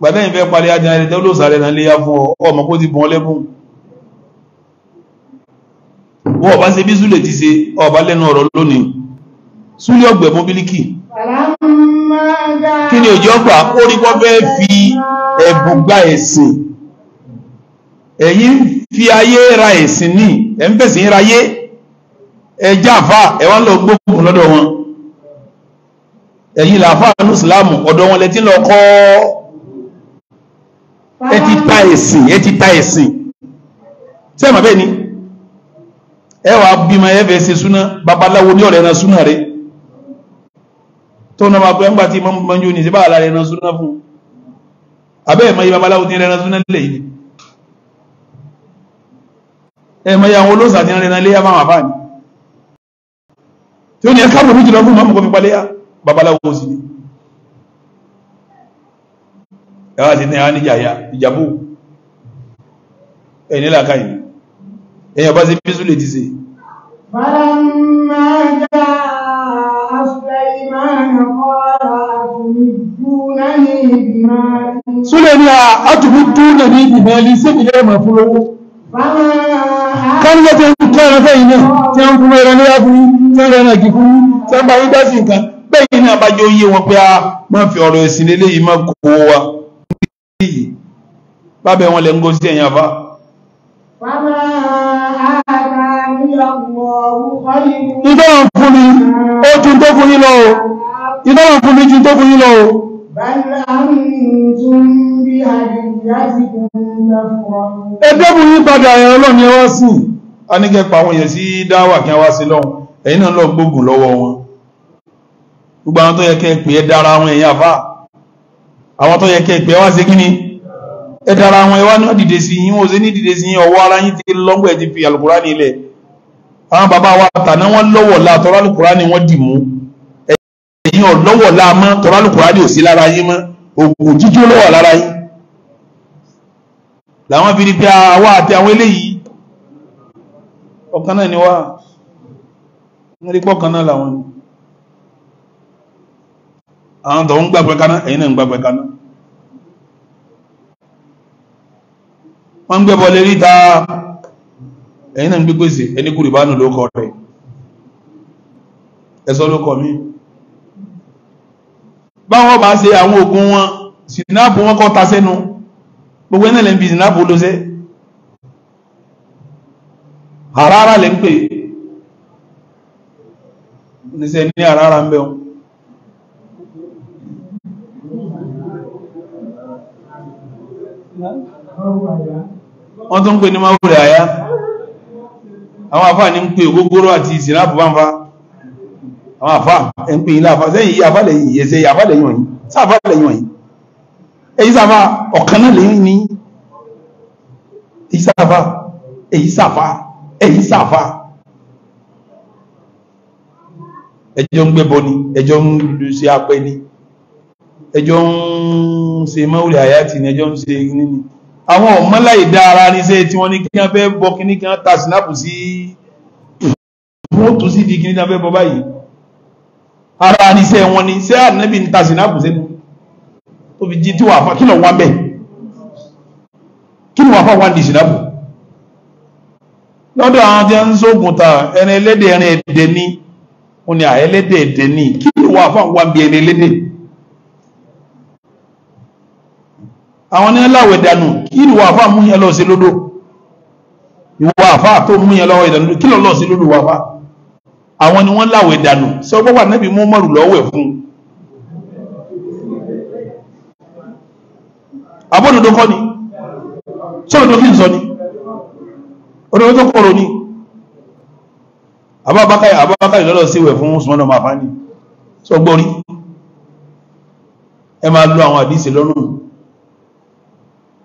gbàtẹ́ ìfẹ́ parí ajá ẹni tẹ́lú sàárẹ̀ náà léyà fún ọ ọmọ kó ti bọ́n lẹ́bùn wọ́n ọba ṣe bí súlè ti ṣe ọba lẹ́nu ọ̀rọ̀ lónìí súlè ọgbẹ̀ mú bílíkì kí ni òjò ọgbà ó rí kọ́ fẹ́ fi ẹ̀bùn gba ẹ̀sìn ẹ̀yin fi ayé ra ẹ̀sìn ní ẹ̀ ń fẹ̀sìn ra ayé ẹjá àfà ẹ̀wà ń lọ gbógun lọ́dọ̀ wọn ẹ̀yin làáfà nù ìsìlámù ọ̀dọ̀ wọn lẹ́tí lọ kọ́ ọ́ ẹ ti ta ẹ̀sìn ẹ ti ta ẹ̀sìn tí ẹ mọ̀ bẹ́ẹ̀ ni ẹ wàá bímọ ẹ fẹ́ ṣe súná babaláwo ní ọ̀rẹ́ ẹran súná rẹ tó náà máa pẹ́ ńgbà tí mọ́ mọ́ yóò ní sí báàlá rẹ ẹran súná fún abẹ́ ẹ̀ mọ́ yí babaláwo ti rẹ ẹran súná lè yìí ẹ mọ́ yí àwọn olóòsàn ti rẹ ẹran léyà fáwọn àfáàní tí ó ní ẹ káàbọ̀ méjìlá fún mọ́mọ́ kó fi paléyà babaláwo sì ni ẹwà ti ní àwọn níjàyà ìjàbú ẹni láàká yìí èyàn bá sí bísù lè ti se súlẹ̀ ní àtùkú túnlẹ̀ ní ìbẹ̀lì sí ìlẹ̀ ẹ̀mà fún owó kánilẹ́ tí ó kọ́ ẹ̀rẹ́fẹ́ yìí náà tí ó ń fún ẹ̀rẹ́ níwá fún tí ó rẹ̀ náà kì fún tí ó ń bá yí dá sí nǹkan bẹ́ẹ̀ ni àbájọ yé wọn pé a máa fi ọ̀rọ̀ ẹ̀sìn lélẹ́yìí máa kó wa yìí bábẹ̀ wọn lẹ ń gó sí ẹ̀yàn fa ìdọ́rùn fún mi ó jù tó fún yín lọ o ìdọ́rùn fún mi jù tó fún yín lọ o ẹgbẹ́bùn yí padà ẹ̀rọ lọ́ni ẹwà sí a ní kẹ́ pa àwọn yẹ̀ sí dáwà kí a wá sí lọ́hun ẹ̀yin náà lọ gbógun lọ́wọ́ wọn gbogbo àwọn tó yẹ kẹ́ pè é dára àwọn èèyàn fáà àwọn tó yẹ kẹ́ ẹgbẹ́ wá sí kíní ẹ dára àwọn ẹwà ní dìde sí yín wọ́n sí ní dìde sí yín ọwọ́ ara yín ti lọ́gbọ̀ ẹ̀ ti fi alukurani ilẹ̀ àwọn bàbá wa tàná wọn lọ́wọ́ la tọ́rọ alukurani wọn dì mú ẹ̀yìn ni pé àwa àti àwọn eléyìí àwọn tó ń gbàgbẹ́ kaná ẹ̀yin náà ń gbàgbẹ́ kaná wọ́n ń gbẹ́bọ̀ lè ríta ẹ̀yin náà ń gbígbèsè ẹni kúrì bá nù ló kọ rẹ̀ ẹ̀sọ́ ló kọ mí báwọn bá ṣe àwọn ògùn wọn sinapu wọn kọ́ ta sẹ́nu gbogbo ẹ̀nà lè ń fi sinapu ló sẹ́ àrárá lè ń pè níṣẹ́ ní àrárá ń bẹ́ẹ̀ wọ́n tó ń pè ní máwùrẹ̀ àyá àwọn àfá ní ń pè ògógóró àti ìsìnláàbù bánfà àwọn àfá ẹ̀ ń pè ilá àfá sẹ́yìn àfálẹ̀ yìí ẹ̀sẹ̀ àfálẹ̀ yìí wọ̀nyí sáàfálẹ̀ yìí wọ̀nyí èyí sáàfá ọ̀kan náà lẹ́yìn ní èyí sáàfá èyí sáàfá èyí sáàfá ẹjọ́ ń gbẹ́bọ ni ẹjọ́ ń ṣe apẹ ni ẹjọ́ ń ṣe mọ́wùlẹ̀ àyàtì ní ẹjọ́ ń ṣe nínú àwọn ọmọlá ìdá ara ní ṣe tí wọ́n ní kí wọ́n fẹ́ bọ́ kí ní kí wọ́n ta sinapu sí mọ́tò sí di kí ní wọ́n fẹ́ bọ́ báyìí ara ní ṣe wọ́n ní ṣe ànábì ń ta sinapu sínú tó fi jí tí wọ́n àfa kí lọ wá bẹ́ẹ̀ kí ni wọ́n àfa wá di sinapu lọ́dọ̀ àwọn tí ń sógun ta ẹni ẹlẹ́dẹ̀ ẹ̀dẹ̀ ní wọ́n ni àwọn ní láwẹ̀ dànù kí ìwà àfá mú yẹn lọ sí lódò ìwà àfá tó mú yẹn lọ́wọ́ ìdànù kí lọ lọ sí lódò wàfá àwọn ni wọ́n láwẹ̀ dànù sí ọgbọ́ wà nẹ́bí mú mọ́rù lọ́wẹ̀ fún abọ́dọ̀dọ́ kọ́ ni sọ́dọ̀dọ́ kí n sọ ni ọdọ́dọ́ tó kọ̀rọ̀ ni abábákàyè lọ́lọ́ sí wẹ̀ fún Usman ọmọ àfáàní sọgbọ́rí ẹ máa lo àwọn àdíṣe lọ́rùn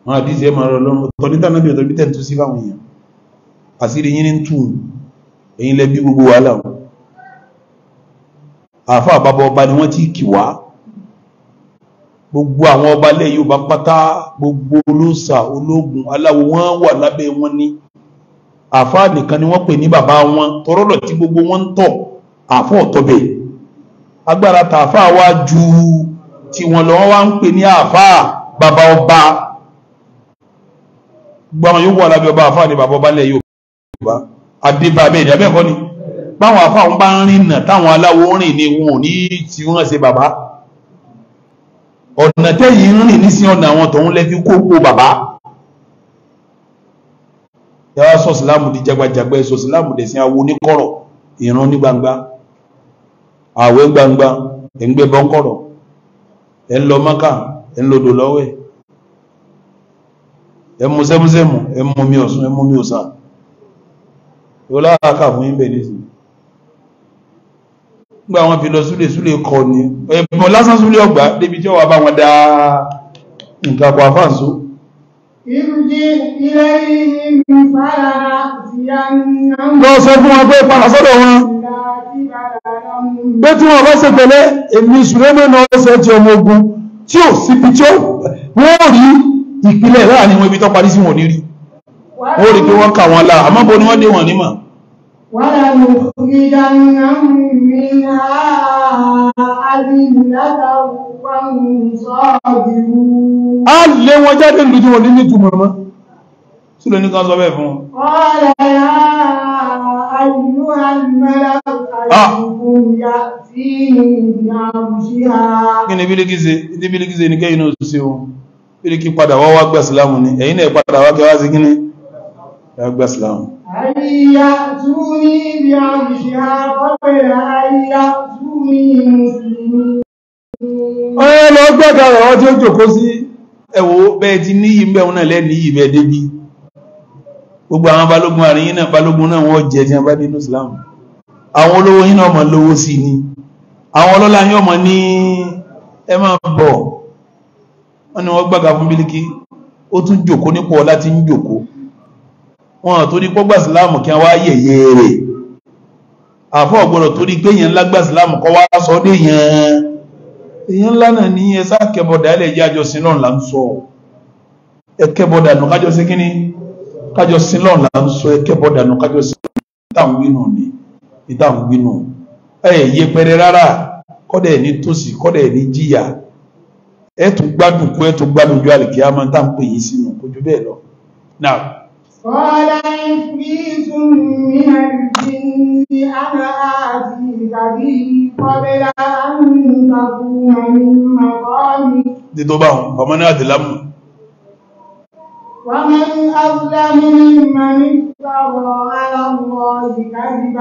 wọn àdísì ẹ máa rọ lọ́rùn ọ̀tọ̀ ní tànàbí ọ̀tọ̀ bítẹ̀ tó sí fáwọn èèyàn àṣírí yín ní tù ẹ̀yin lẹ́bí gbogbo wàhálà wọn àfà àbábọ̀ ọba ni wọ́n ti kì wá gbogbo àwọn ọba ilẹ̀ Yorùbá pátá gbogbo olóòṣà ológun aláwo wọn wà lábẹ́ wọn ní àfà nìkan ni wọ́n pè ní bàbá wọn tọrọ́lọ̀ tí gbogbo wọn ń tọ̀ àfà ọ̀tọ̀bẹ̀ agbára tàfà wá ju tí wọn lọ wọn wá ń pè ní àfà bàbá ọba gbọ́n yóò wà lábẹ́ ọba àfáà ní bàbá balẹ̀ Yorùbá àdébà bẹ́ẹ̀ ìdábẹ́ kọ́ ni báwọn àfáà ń bá ń rìn táwọn aláwo rìn ni wọn ò ní tí wọ́n ṣe bàbá ọ̀nà tẹ́yìn ń rìn nísìn ọ̀nà àwọn tòun lẹ́fi kókó bàbá yàrá sọ sílámù di jagbajàgbẹ sọ sílámù dẹ̀ sí awo oníkọ̀rọ̀ ìran ní gbangba àwẹ̀ gbangba ẹ̀ ń gbẹ bọ́ńkọ̀rọ̀ ẹ̀ ń lọ Mákà ẹ̀ ń lodò lọ́wẹ̀ ẹmú sẹ́músẹ́mù ẹmú mi ọ̀sán ẹmú mi ọ̀sá ó láàkà fún ìbẹ̀ nìsìn gbà wọn fi lọ súlè súlè kọ ní ẹ̀bùn lásán súlè ọgbà débi tí ó wà bá wọn dá nǹkan kọ àfáàsó lọ tí wọn bá ṣe pẹ̀lẹ́ èmi ìṣúrẹ́mẹ́nà ọ̀sẹ̀ tí ọmọ ogun tí ò síbi tí wọ́n rí ìpínlẹ̀ láà ní wọn ibi tó parí sí wọn ní rí wọ́n rí pé wọ́n kà wọn láà àmọ́ bó ni wọ́n dé wọn nímọ̀ a lè wọn jáde lù tí wọ́n ní nítumọ̀ mọ́ sí lóní kan sọ bẹ́ẹ̀ fún wọn ah! Kí ni bí lè gíze? Ìdí bí lè gíze ní kẹ́yìn náà sí ohun píríkì padà wọ́n wá gbà sílámù ní ẹ̀yin náà padà wá kẹwàá sí kíní wá gbà sílámù ọ̀rẹ́ lọ gbẹ́gbẹ́ rẹ̀ wọ́n tí ó jòkó sí ẹ̀wọ̀ bẹ́ẹ̀ ti níyì mẹ́un náà lẹ́nìyì bẹ́ẹ̀ débí gbogbo àwọn balógun àríyìn náà balógun náà wọ́n jẹ́ tí a bá nínú Islam àwọn olówó yín náà mọ̀ lówó sí ni àwọn ọlọ́lá yín ọmọ ní ẹ wọ́n ní wọ́n gbàgà fún bílíkì ó tún jòkó nípò ọlá tí ń jòkó wọn torí pọ́ gbà síláàmù kí wá yẹ̀yẹ́ rẹ̀ àfọ́ ọ̀gbọ̀rọ̀ torí pé yẹn ńlá gbà síláàmù kọ́ wá sọ dé yẹn èyàn ńlá náà ní ẹsà kẹbọ̀dà ilẹ̀ ìyá àjọ sí náà là ń sọ ẹkẹbọ̀dà nù kájọ sí kíní kájọ ni ìtàwọn kọ́dẹ̀ ní tòsí kọ́dẹ̀ ní jìyà ẹ tún gbádùn kún ẹ tún gbádùn ju àlìkíyàmá tá ń pè yìí sínú kò bẹ́ẹ̀ lọ now قال إفريت من الجن أنا آتيك به قبل أن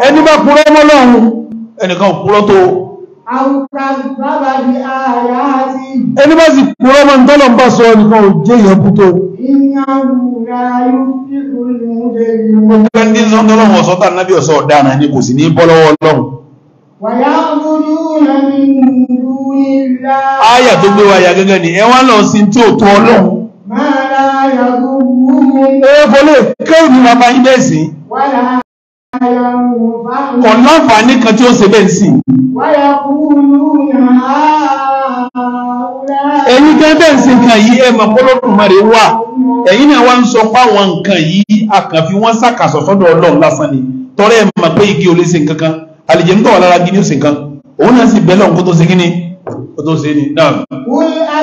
ẹni bá kúrọ́ mọ́ lọ́hùn ẹnìkan kúrọ́ tó ẹni bá sì pòrọ mọ́ tọ́lọ̀ bá sọ nìkan ò jẹ́ èèyàn pútó ẹni tọ́lọ̀ wọ́n sọ́tà nábí ọ̀sọ́ ọ̀dára ní kò sí ní bọ́lọ́wọ́ ọlọ́run áyà tó gbé wa ya gẹ́gẹ́ ni ẹwà lọ sí tí ò tó ọlọ́run ẹ fọ́lẹ̀ kẹ́ kò láǹfààní kan tí ó ṣe bẹ́ẹ̀ sí ẹ̀yin tẹ́ bẹ́ẹ̀ sí nǹkan yìí ẹ mọ̀ pọ́lọ́dùmarè wà ẹ̀yin náà wá ń sọ páwọn nǹkan yìí àkànfi wọ́n sàkàsọ̀ sọ́dọ̀ ọlọ́run lásán ni tọ́rẹ́ ẹ̀ mọ̀ pé igi ò lè ṣe nǹkan kan ń tọ̀ lára gíní ó nǹkan òun náà sì bẹ́ẹ̀ lọ́nkó tó ṣe kíní ó tó ṣe ní náà. wọ́n á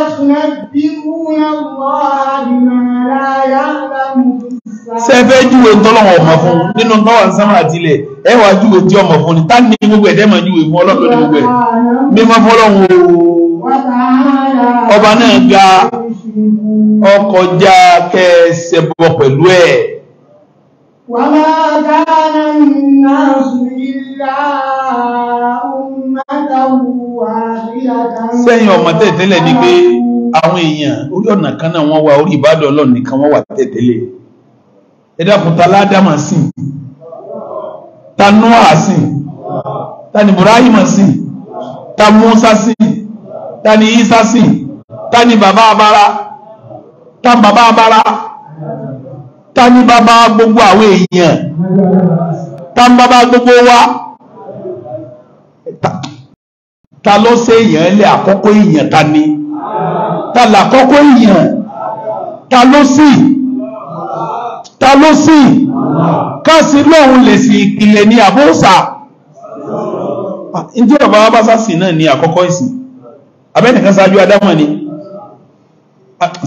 sẹ́fẹ́ júwe tọ́lọ́wọ̀ ọmọ fún nínú tọ́wọ̀ sánmà àtìlẹ̀ ẹ wá júwe tí ọmọ fún ni tá ní gbogbo ẹ̀ dẹ́mọ̀ júwe fún ọlọ́run ní gbogbo ẹ̀ mímọ́ fọlọ́run o ọba náà ga ọkọjá kẹsẹ̀ bọ̀ pẹ̀lú ẹ̀. wàhálà dáná iná ìlà sẹ́yìn ọmọ tẹ̀tẹ̀lẹ̀ ni pé àwọn èèyàn orí ọ̀nà kan náà wọ́n wà orí ìbádọ́ ọlọ́run nìkan wọ́n wà tẹ̀tẹ̀lẹ̀ ẹ̀dàkùn ta ládàmà sí ta Noah sí ta ni Ibrahim sí ta Musa sí ta ni Isa sí ta ni bàbá abara ta bàbá abara ta ni bàbá gbogbo àwọn èèyàn ta ń bàbá gbogbo wa ta ló ṣe èèyàn lé àkọ́kọ́ èèyàn ta ni ta làkọ́kọ́ èèyàn ta ló sì. Si ta ló sì káàsì lóhun lè sí ilẹ̀ ní àbóòsà ní tí bàbá wa bá sásì náà ní àkọ́kọ́ ìsìn abẹ́nìkan ṣáájú adámọ̀ ni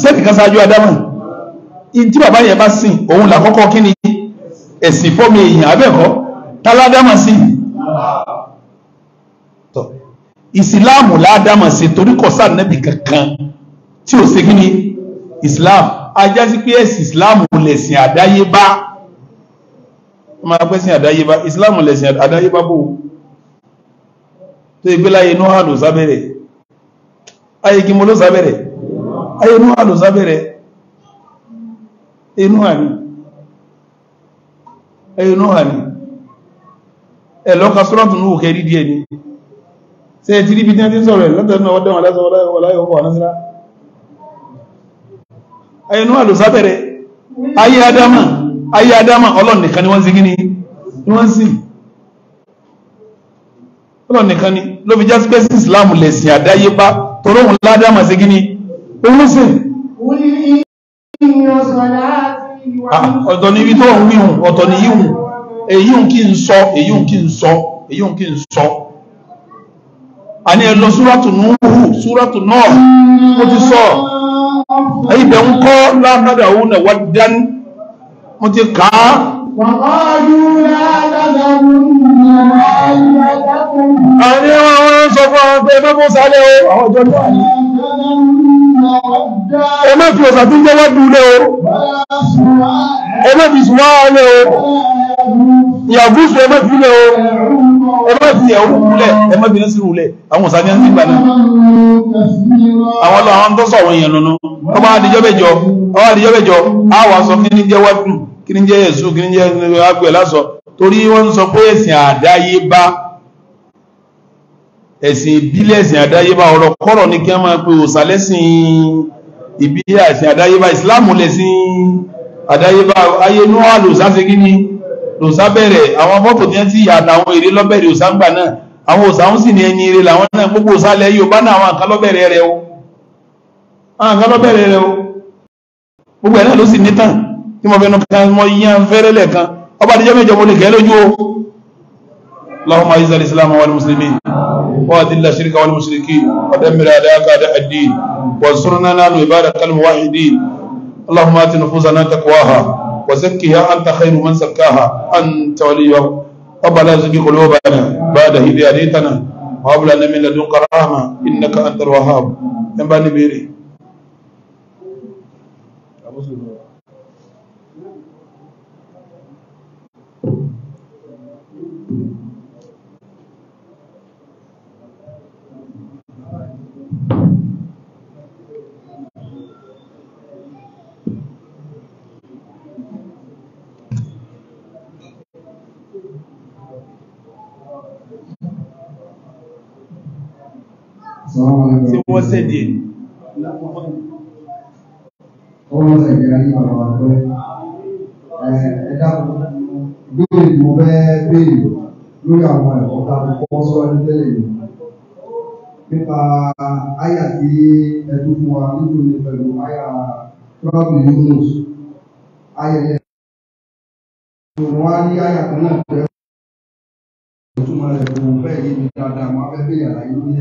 sẹ́nìkan ṣáájú adámọ̀ ní tí bàbá yẹn bá sìn òun làkọ́kọ́ kí ni ẹ̀sìn fọ́mi èèyàn abẹ́ẹ̀kọ́ táládámọ̀ sí ìsìláàmù ládámọ̀ sí torí kò sáà nẹ́bì kankan tí ò ṣe kí ni ìsìláàmù ajásí pé ẹ̀sì ìsìláàmù lẹ̀sìn àdáyébá máa pẹ́sìn àdáyébá ìsìláàmù lẹ̀sìn àdáyébá bò tó ìgbé láyé inú àlò sábẹ̀rẹ̀ ayé kí mo ló sábẹ̀rẹ̀ ayé inú àlò sábẹ̀rẹ̀ inú àní ayé inú àní ẹ̀lọ́ka sọ́rọ̀tún ní òkè rí díẹ̀ ni ṣe ti rí bí tí wọ́n ti sọ̀rọ̀ ẹ̀ lọ́tẹ̀ẹ́nà ẹnu àlùsábẹ̀rẹ̀ ayé adama ayé adama ọlọ́run nìkan ni wọ́n sí gíní ni wọ́n sí ọlọ́run nìkan ni ló fi jásí pé sí islam lẹ̀sìn àdáyébá tọrọ òun ládàmà sí gíní òun sì ah, ọ̀tọ̀ ni ibi tó ń wíhùn ọ̀tọ̀ ni yíhùn èyí ń kí n sọ èyí ń kí n sọ èyí ń kí n sọ a ẹ lọ súrátù núhù súrátù náà ó ti sọ ibẹ̀ ń kọ́ lánàdà òun náà wọ́dán wọ́n ti ká àwọn ọmọ sọ fún àwọn pé mẹ́bùn sálẹ̀ o àwọn ọjọ́ náà ẹ má fi ọ̀sà tí ń jẹ́wọ́ dùn lé o ẹ má fi sùn wáá lé o ìyàwó sùn ẹ má fi lé o ẹ má fi ìyàwó lẹ̀ ẹ má fi ní sírù lẹ̀ àwọn ọ̀sà ní ẹni gbà náà àwọn lọ àwọn tó àwọn èèyàn nínú ọba àdìjọ́ ọba àdìjọ́ bẹ̀jọ àwọn aṣọ kí ni jẹ́wọ́ dùn kí ni jẹ́ Jésù kí ni jẹ́ àgbẹ̀ lásọ torí wọ́n ń sọ pé Esi ìbílẹ̀ ẹ̀sìn àdáyébá ọ̀rọ̀ kọ́rọ̀ ní kí wọ́n máa pe òòṣà lẹ́sìn ìbílẹ̀ ẹ̀sìn àdáyébá ìsìláàmù lẹ́sìn àdáyébá ayénú àlòsá ṣe kí ni bẹ̀rẹ̀ àwọn tí wọ́n ti yà àtàwọn èrè lọ́bẹ̀rẹ̀ òòṣà ń gbà náà àwọn òòṣà ń sì ní ẹni làwọn náà gbogbo òòṣà lẹ́ Yorùbá náà àwọn o o اللهم اعز الاسلام والمسلمين واذل الشرك والمشركين ودمر اعداءك الدين وانصرنا نال عبادك الموحدين اللهم ات نفوسنا تقواها وزكها انت خير من زكاها انت وليها ربنا زكي قلوبنا بعد هديتنا وهب لنا من لدنك رحمه انك انت الوهاب ينبغي بيري se você sẹ́dì ẹ̀ ọwọ́ sẹ̀dì ayé bàbá pẹ́ ẹ̀dá béèrè mo fẹ́ béèrè lórí àwọn ẹ̀kọ́ tá a kọ́ sọ́wọ́ ní tẹ́lẹ̀ yìí nípa àyà tí ẹ̀dú fún wa nítorí pẹ̀lú àyà tọ́lábì Yunus ayẹyẹ wọ́n á ní àyà kan náà pẹ̀lú ìtumọ̀ rẹ̀ kò fẹ́ yé mi dáadáa wọ́n fẹ́ béèrè àlàyé lórí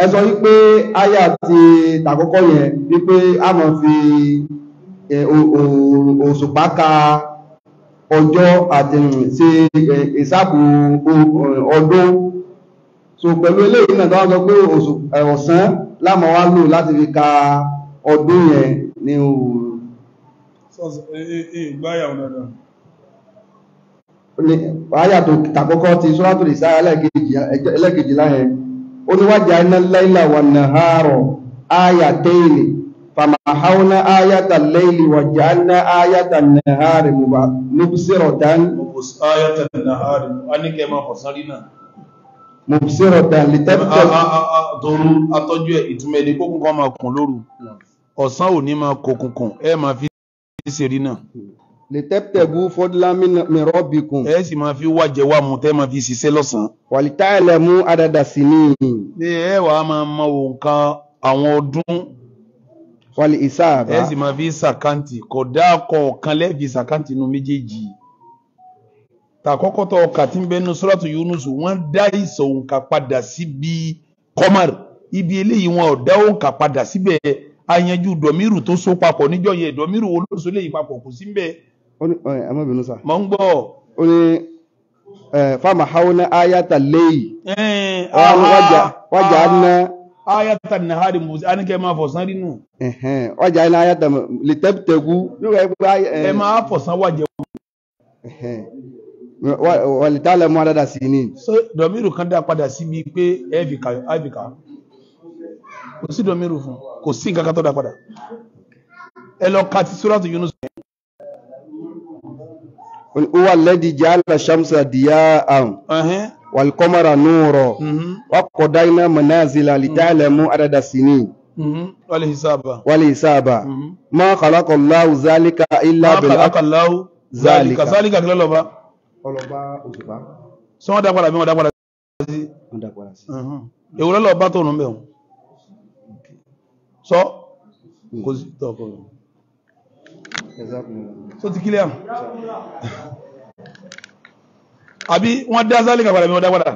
ẹ sọ wípé aya àti tàkọ́kọ́ yẹn wípé a mọ̀ fi òṣùpá ka ọjọ́ àti ṣe ìsáàbù ọdún so pẹ̀lú eléyìí náà tọ́wọ́n sọ pé ọ̀sán lámọ̀ wá lò láti fi ka ọdún yẹn ní òòrùn ìgbáyà ọ̀nàdàn Aya tó tàkọ́kọ́ ti Suratul Isra ẹlẹ́kejì láyẹn oníwájàna láìlà wà nàhárọ̀ áyàtẹ́ìlì fàmàháúná áyàtà láìlì wà jàánà áyàtà nàhárì mú bá mubsiratan mubsiratan lítẹ́pẹ́ torú atọ́jú ẹ̀ ìtumẹ̀ ní kókùnkọ́ máa kùn lóru hmm. ọ̀sán ò ní máa kòkùnkùn ẹ máa fi ṣe rí náà Le tẹ́tẹ̀gù fọ́dúnlámì mìíràn bí kun. ẹ sì máa fi wájẹ wá mu tẹ́ máa fi ṣiṣẹ́ lọ́sàn-án. wàlítà ẹlẹ mú ni. ní ẹ wàá máa mọ òǹkà àwọn ọdún. wàlí ìsáàbà. ẹ sì máa fi ṣàkáǹtì kódà kọ̀ọ̀kan lẹ́ẹ̀fi ṣàkáǹtì inú méjèèjì. tàkọ́kọ́ tó ọkà tí ń bẹ nínú sọ́ràtù Yunus wọ́n dá ìsọ̀ òǹkà padà síbi kọ́mar ibi eléyìí wọn ò dá òǹkà padà síbẹ̀ ayanju dọ̀míru tó so papọ̀ níjọ́ yẹn dọ̀míru wo ló so léyìí papọ̀ kò sí bẹ́ẹ̀ ẹ má bínú sá. mọ̀ ń gbọ́. ó ní fáàmà haúná ayáta léyìí. ọ̀hún wájà á ná. ayáta nàhárì mùsùlùmí á ní kẹ́ ẹ máa fọ̀sán rínú. wájà á ná ayáta lìtẹ́pùtẹ́gù. ẹ máa fọ̀sán wájẹ wò. wàlí tá a lè mú adada sí ni. dọ̀míìrù kan dá padà síbi pé ẹ fi kà á fi kò sí dọ̀míìrù fún kò sí nǹkan kan tó dá padà ẹ lọ ka ti Suratu Yunus huwa alladhi ja'ala shamsa diya'an wal qamara nuran mhm. wa qadayna manazila lita'lamu adada sinin mhm. wal hisaba wal hisaba mhm. ma khalaqa Allahu zalika illa bil aqallahu zalika zalika kí lọ́lọ́ba ọlọ́ba òṣùpá sọ wọ́n dápadà bí wọ́n dápadà sí ewu lọ́lọ́ba tó nù mẹ́wọ̀n sọ kò sí tọ́kọ̀ọ́ so ti kílẹ̀ àmù àbí wọ́n dá sálíkà padà bí wọ́n dá padà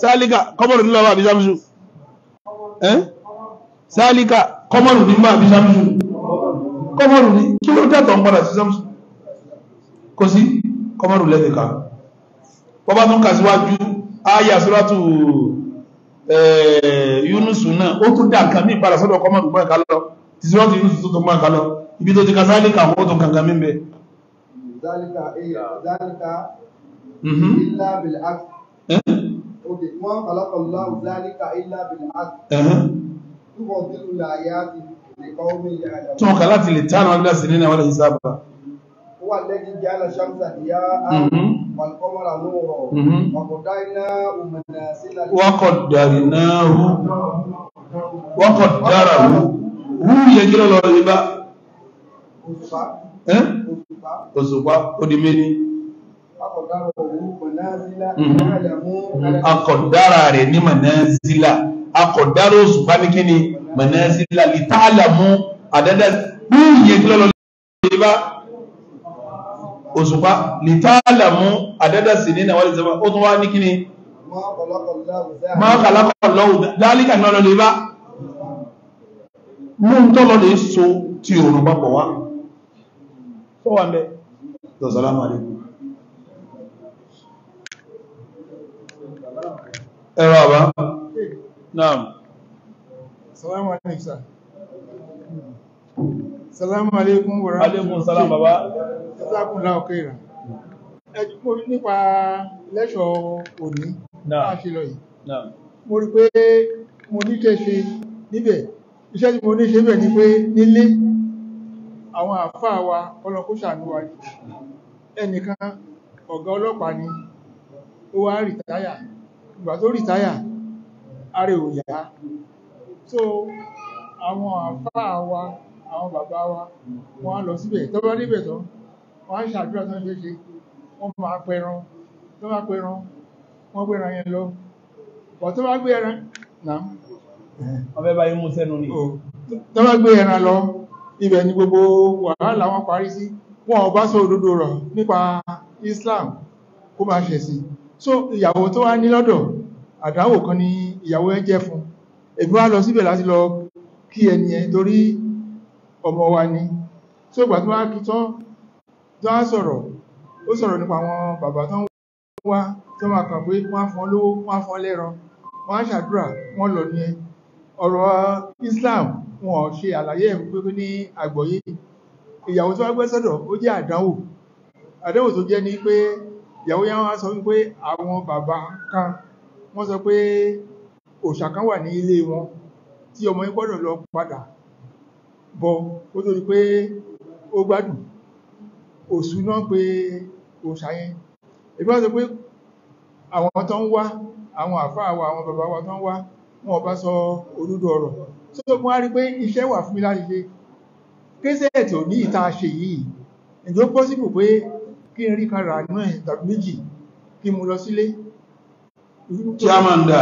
sálíkà kọ́mọ̀rù nílò àbí sàmùsù sálíkà kọ́mọ̀rù nílò àbí sàmùsù kọ́mọ̀rù ní kí ló dàtọ̀ ń padà sí sàmùsù kò sí kọ́mọ̀rù lẹ́fẹ̀ẹ́ kan bọ́bá tún kà síwájú ayà sọ́rọ́tù Yúnúsù náà ó tún dà nǹkan ní ìpadà sọ́dọ̀ kọ́mọ̀rù mọ́ ẹ̀ká lọ tìsíwájú Yúnúsù tó tó mọ́ ẹ̀ká lọ ibi tó ti ka zálíkà wọ́n tó kankan mímbẹ̀ zálíkà zálíkà illa bil aqd eh? ok wọ́n kàlákọ̀lá zálíkà illa bil aqd túbọ̀ dínú láyá ti lè kọ́ omi ìyá ẹ̀dà tó kàlá ti lè tánà ọgbà sí nínú àwọn ìsáàbà wà lẹ́gbẹ̀ẹ́ jẹ́ aláṣàmsà ìyá àrùn والقمر نورا وقدرناه منازل وقدرناه وقدره هو يجرى له òṣùpá odi méní mhm. akọ̀dára rẹ̀ ní manazila akọ̀dára òṣùpá ní kíni manazila lítàlàmú àdẹ́dẹ́ búyẹ̀ kí lọ́lọ́ lè òṣùpá lítàlàmú àdẹ́dẹ́ sí ní nàwàlì zama ó tún wá ní kíni máa kàlákọ̀ lọ́wọ́ dálíkà náà lọ́lọ́ lè bá tó wà eh, naam Salam alaykum sir salamu alaykum baba ẹ̀sàkùn láòkè rà ẹjùmọ́ nípa lẹ́ṣọ̀ òní náà yìí mo rí pé mo ní tẹ́ mo ní ṣe bẹ̀ àwọn àfáà wa ọlọ́kúṣà ní wa ẹnìkan ọ̀gá ọlọ́pàá ni ó wá rìtáyà ìgbà tó rìtáyà ààrẹ òyà so àwọn àfáà wa àwọn bàbá wa wọ́n lọ síbẹ̀ tó bá níbẹ̀ tán wọ́n á ṣàdúrà tán ṣe ṣe wọ́n máa pẹran tó bá pẹran wọ́n gbéra yẹn lọ bọ̀ tó bá gbé ẹran náà ọbẹ̀ báyìí mú sẹ́nu ni oh. tó bá gbé ẹran lọ ibẹ̀ ni gbogbo wàhálà wọn parí sí wọn ò bá sọ òdodo rọ̀ nípa Islam kó máa ṣẹ̀sìn so ìyàwó tó wá ní lọ́dọ̀ àdánwò kan ni ìyàwó ẹ jẹ́ fún èmi wá lọ síbẹ̀ láti lọ kí ẹni ẹ torí ọmọ wa ni tí ó gbà tó wá kí tán tó á sọ̀rọ̀ ó sọ̀rọ̀ nípa àwọn Islam wọn ṣe àlàyé ẹ̀rù pípé ní àgbọ́yé ìyàwó tó wá gbé sọ́dọ̀ ó jẹ́ àdánwò àdánwò tó jẹ́ ní pé ìyàwó yẹn wá sọ wípé àwọn bàbá kan wọ́n sọ pé òòṣà kan wà ní ilé wọn tí ọmọ yín gbọ́dọ̀ lọ padà bọ̀ ó tó di pé ó gbádùn òṣù náà pé òòṣà yẹn ìfẹ́ sọ pé àwọn tó ń wá àwọn àfáà wa àwọn bàbá wa tó ń wá wọn ò bá sọ òdodo ọ̀rọ̀ tó mú wá rí pé iṣẹ́ wà fún mi láti ṣe kéṣẹ́ẹ̀tì ò ní ìta ṣe yìí ǹjọ́ pọ́síbù pé kí n rí kára nú ẹ̀ tàbí méjì kí mo lọ sílé chamanda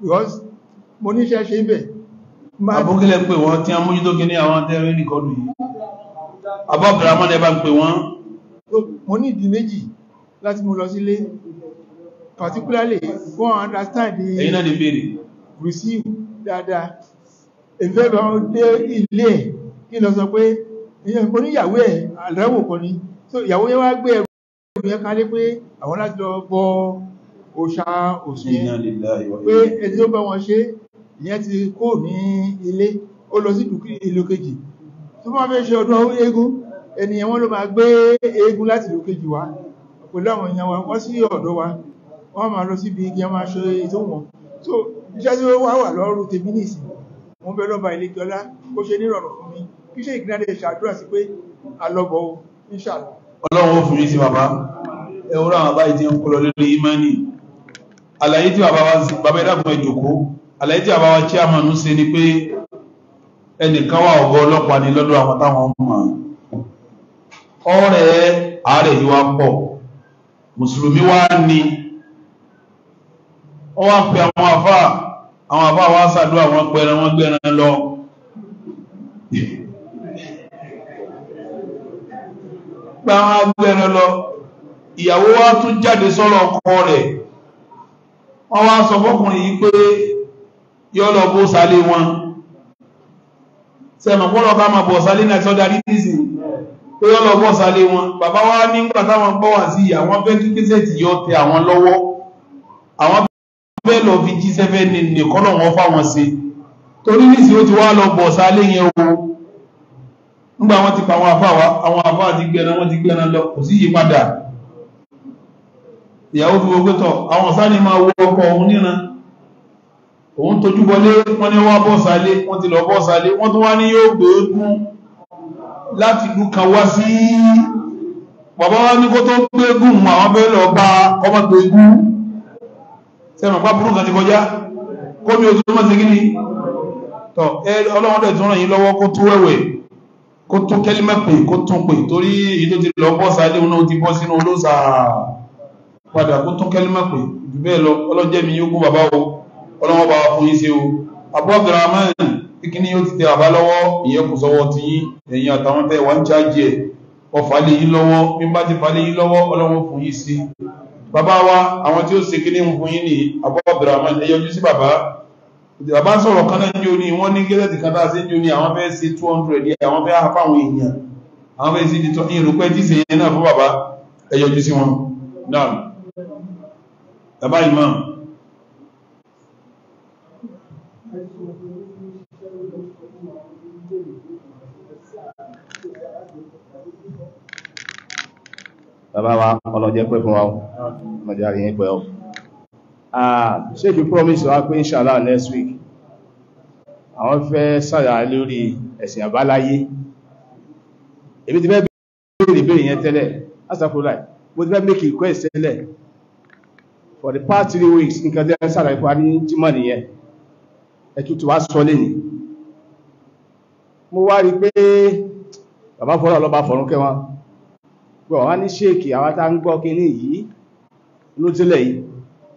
because mo níṣẹ́ ṣe ibẹ̀ àbúkílẹ̀ pé wọ́n láti mo lọ sílé particularly wọ́n understand the receive dada ìfẹ́ lọ dé ilé ẹ̀ kí lọ sọ pé mo ní ìyàwó kan ni so ìyàwó yẹn wá gbé ẹrù ìyẹn kálé pé àwọn láti lọ bọ òṣà òsì pé ẹni tó bá wọn ṣe ìyẹn ti kó ní ilé ó lọ sí ìlú kejì tó bá fẹ́ ṣe ọdún eégún ènìyàn wọn ló máa gbé eégún láti ìlú kejì wá pẹ̀lú àwọn èèyàn wa wọ́n sí ọ̀dọ̀ wa wọ́n máa lọ síbi igi wọ́n máa ṣe ètò wọn so iṣẹ́ tí ó wà wà lọ́rùn tèmi nìsí wọ́n bẹ lọ́ba ilé jọlá ó ṣe nírọ̀rọ̀ fún mi kí ṣe ìgbìnàdé ṣàdúrà sí pé alọ́bọ̀ o imani àlàyé tí bàbá wa bàbá ìdàgbọ̀n ìjòkó àlàyé tí bàbá wa chairman ń ṣe ni pé ẹnìkan wà ọ̀gọ́ ọlọ́pàá ni lọ́dọ̀ àwọn táwọn mọ̀ mùsùlùmí wá ní ọ wá pe àwọn àfáà àwọn àbá wa sàdúrà wọn pẹ̀rẹ̀ wọn gbẹ̀rẹ̀ lọ gba wọn gbẹ̀rẹ̀ lọ ìyàwó wa tún jáde sọ́rọ̀ ọkọ rẹ̀ wọ́n wá sọ fọ́kùnrin yìí pé yọ́ lọ bó sálé wọn sẹ́mọ̀ pọ́lọ̀ bá máa bọ̀ sálé náà sọ́dá rí nìsì pé yọ́ lọ bọ́ sálé wọn bàbá wa nígbà táwọn bọ́ wà sí àwọn fẹ́ kí kí sẹ́ẹ̀tì yọ tẹ àwọn lọ́wọ́ bẹ́ẹ̀ lọ fi jí sẹ́fẹ́ ní nìkan wọn wọ́n fáwọn sí torí nísì ó ti wá lọ bọ̀ sálé yẹn o nígbà ti pa àwọn àfáà àwọn ti gbẹ̀rẹ̀ ti lọ kò sí yí padà ìyàwó fi gbogbo tọ̀ àwọn sáni máa ọkọ òun òun tójú bọlé sálé sẹ́mọ̀ pa burúkú ti kọjá kó mi ò tó mọ́ sí kí ni tọ́ ọlọ́wọ́n dẹ̀ tún ràn yín lọ́wọ́ kó tún wẹ̀wẹ̀ kó tún kẹ́límẹ̀ pè kó tún pè torí èyí tó ti lọ bọ́ sáadé òun náà ti bọ́ sínú olóòsà padà kó tún kẹ́límẹ̀ pè jù bẹ́ẹ̀ lọ ọlọ́jẹ́ bàbá wa àwọn tí ó ṣe kí ní fún yín ní Abu Abdurrahman ẹ yọjú sí bàbá bàbá ń sọ̀rọ̀ kan náà ní òní wọ́n ní gẹ́lẹ́dì kan náà sí ní òní àwọn fẹ́ sí 200 ní àwọn fẹ́ hapa àwọn èèyàn àwọn fẹ́ sí ìdítọ́ ìrùpẹ́ tí sèyẹ náà fún bàbá ẹ yọjú sí wọn náà bàbá imam bàbá wa ọlọ́jẹ́ pẹ́ fún wa ọmọdé yìí pẹ́ ọ ṣe jù promise wa pé inshallah next week àwọn fẹ́ sára lórí ẹ̀sìn àbáláyé èmi ti fẹ́ béèrè ìbéèrè yẹn tẹ́lẹ̀ asàkúrà mo ti fẹ́ make request tẹ́lẹ̀ for the past three weeks nǹkan tẹ́ sára ipa ní jímọ̀ nìyẹn ẹ̀tútù wá sọ lẹ́nìí mo wá rí pé bàbá fọ́rọ̀ ọlọ́ba fọ̀rún kẹwọn gbọ́ ní ṣéèkì àwọn tá ń gbọ́ kíní yìí yìí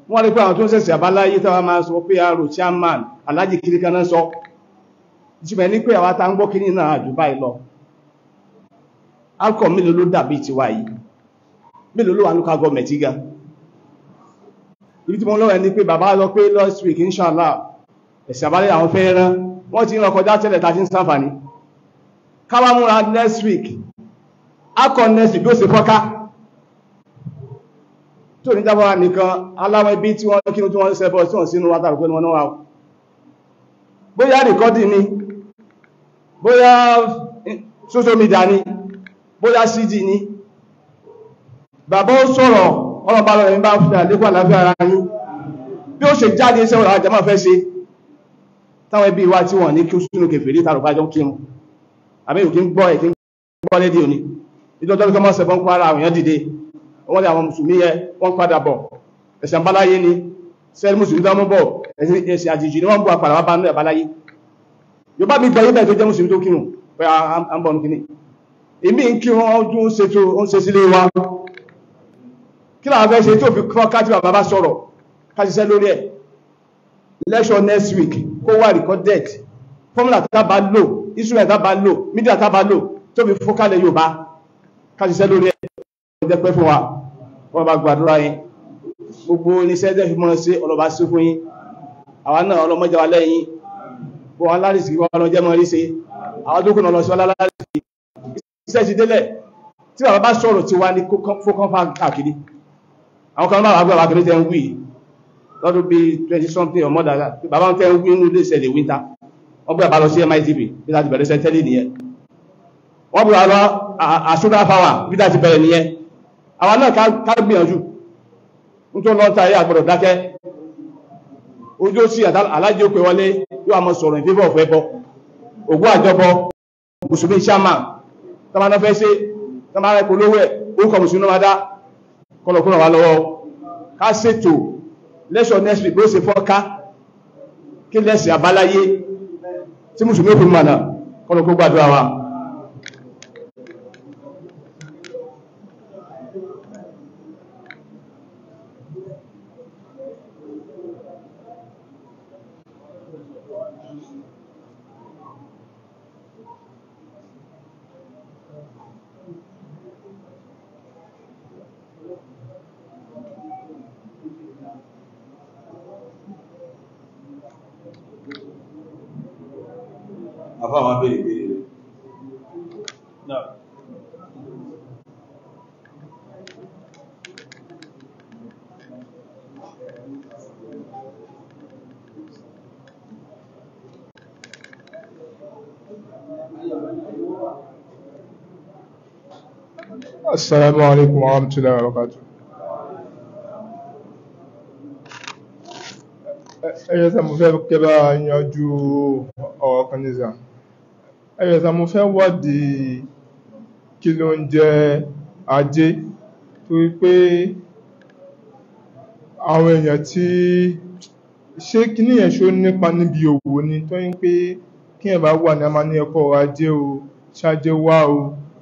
wọ́n rí pé àwọn tó ń sẹ̀sẹ̀ àbáláyé tàwà máa sọ pé àrò chairman alájì sọ jìmẹ̀ ní pé àwọn tá ń gbọ́ kíní náà jù báyìí lọ alcohol mélòó ló dàbí tiwa yìí mélòó ló wà lọ́wọ́ ẹni pé bàbá lọ pé last week inshallah ẹ̀sẹ̀ àbáláyé àwọn rán wọ́n ti ń rọkọjá tẹ́lẹ̀ ní káwá múra next week akọ̀nẹ́sì bí ó ṣe fọ́ká tó ní jábọ́ nìkan aláwọ̀ ibi tí wọ́n kí ní tí wọ́n sẹ́fọ́ sí wọ́n sínú látàrí pé wọ́n náà bóyá rìkọ́dì ni bóyá social media ni bóyá cd ni bàbá ó sọ̀rọ̀ ọlọ́pàá lọ́rẹ̀ ń bá fìdà lékò àlàáfíà ara yín bí ó ṣe jáde iṣẹ́ ọ̀rọ̀ àjẹmọ́ fẹ́ ṣe táwọn ẹbí wa tí wọ́n ní kí ó sínú kèfèrí tàrùpájọ́ kí wọn àbẹ́yìn kí ń gbọ́ ẹ̀ kí ń gbọ́ lédìí òní ìjọjọ́ bí kọmọ́ sẹ̀bọ́n pàrà àwọn èèyàn dìde wọ́n lè àwọn mùsùlùmí yẹ wọ́n padà bọ̀ ẹ̀sẹ̀ àbáláyé ni sẹ́ẹ̀lì mùsùlùmí dámú bọ̀ ẹ̀sẹ̀ àjèjì ni wọ́n bú àpàrà wá bá ní àbáláyé yorùbá mi gbẹ̀yẹ́ bẹ̀ẹ́ tó jẹ́ mùsùlùmí tó kírun pé à ń bọ̀ nìkíní èmi ń kírun ọdún ṣe tó ń ṣe sílé wa kí làwọn fẹ́ ṣe tí òfin kọ́ kájú bàbá bá sọ̀rọ̀ káṣiṣẹ́ lórí ẹ̀ election next week kó wà recorded formula tá bá lò instrument tá bá lò media tá bá lò tó fi fọ́kálẹ̀ yorùbá káṣiṣẹ́ lórí ẹjẹ́ pẹ́ fún wa wọ́n bá gbàdúrà yín gbogbo oníṣẹ́ jẹ́ fímọ́ sí ọlọ́bá sí fún yín àwọn náà ọlọ́mọjá wa lẹ́yìn bó wọn lárísì wọn lọ jẹ́ mọ́ rí sí àwọn tó kùnà lọ sí ọlálárìsì iṣẹ́ ti délẹ̀ tí bàbá bá sọ̀rọ̀ ti wá ní fókàn fà káàkiri àwọn kan bá wà gbọ́dọ̀ àkèrè tẹ́ ń wí lọ́dún bíi twenty something or more than that bàbá ń tẹ́ ń wí nínú ilé iṣẹ́ the winter wọ́n gbọ́dọ̀ bá lọ sí MITV bí láti bẹ̀rẹ̀ iṣẹ́ tẹ́lẹ̀ nìyẹn wọ́n gbọ́dọ̀ a àṣúgá fáwà bídá ti bẹ̀rẹ̀ nìyẹn àwa náà ká gbìyànjú nítorí lọ́n ta ayé àgbọ̀dọ̀ dákẹ́ ojú ó sì alájẹ́ òpè wọlé yóò àmọ́ sọ̀rọ̀ ìfẹ́fẹ́ ọ̀fẹ́ bọ́ ògùn àjọbọ mùsùlùmí sàmà tọ́mọ́ná fẹ́ ṣe tọ́mọ́ná polówó ẹ̀ orúkọ mùsùlùmí máa dá kọlọ̀kúnà wà lọ́wọ́ ká ṣètò lẹ́ṣọ̀ next week bó ṣe fọ́ká kí lẹ́sìn àbáláyé tí mùsùlùmí ó fi mọ̀nà kọlọ̀kún gbàdúrà wa afáwọn abẹ́rẹ̀ ìbéèrè rẹ̀ Assalamu alaikum wa rahmatullahi wa barakatuh. Ẹyẹ sẹ́mu fẹ́ yanjú ọ̀rọ̀ kan ẹ̀yẹ̀sà mo fẹ́ wádìí kí ló ń jẹ́ ajé torí pé àwọn èèyàn tí ṣé kíní yẹn ṣó nípa níbi òwò ni tó ń pé kí yẹn bá wà ní a máa ní ẹ̀kọ́ ọrọ̀ ajé o ṣáájé wá o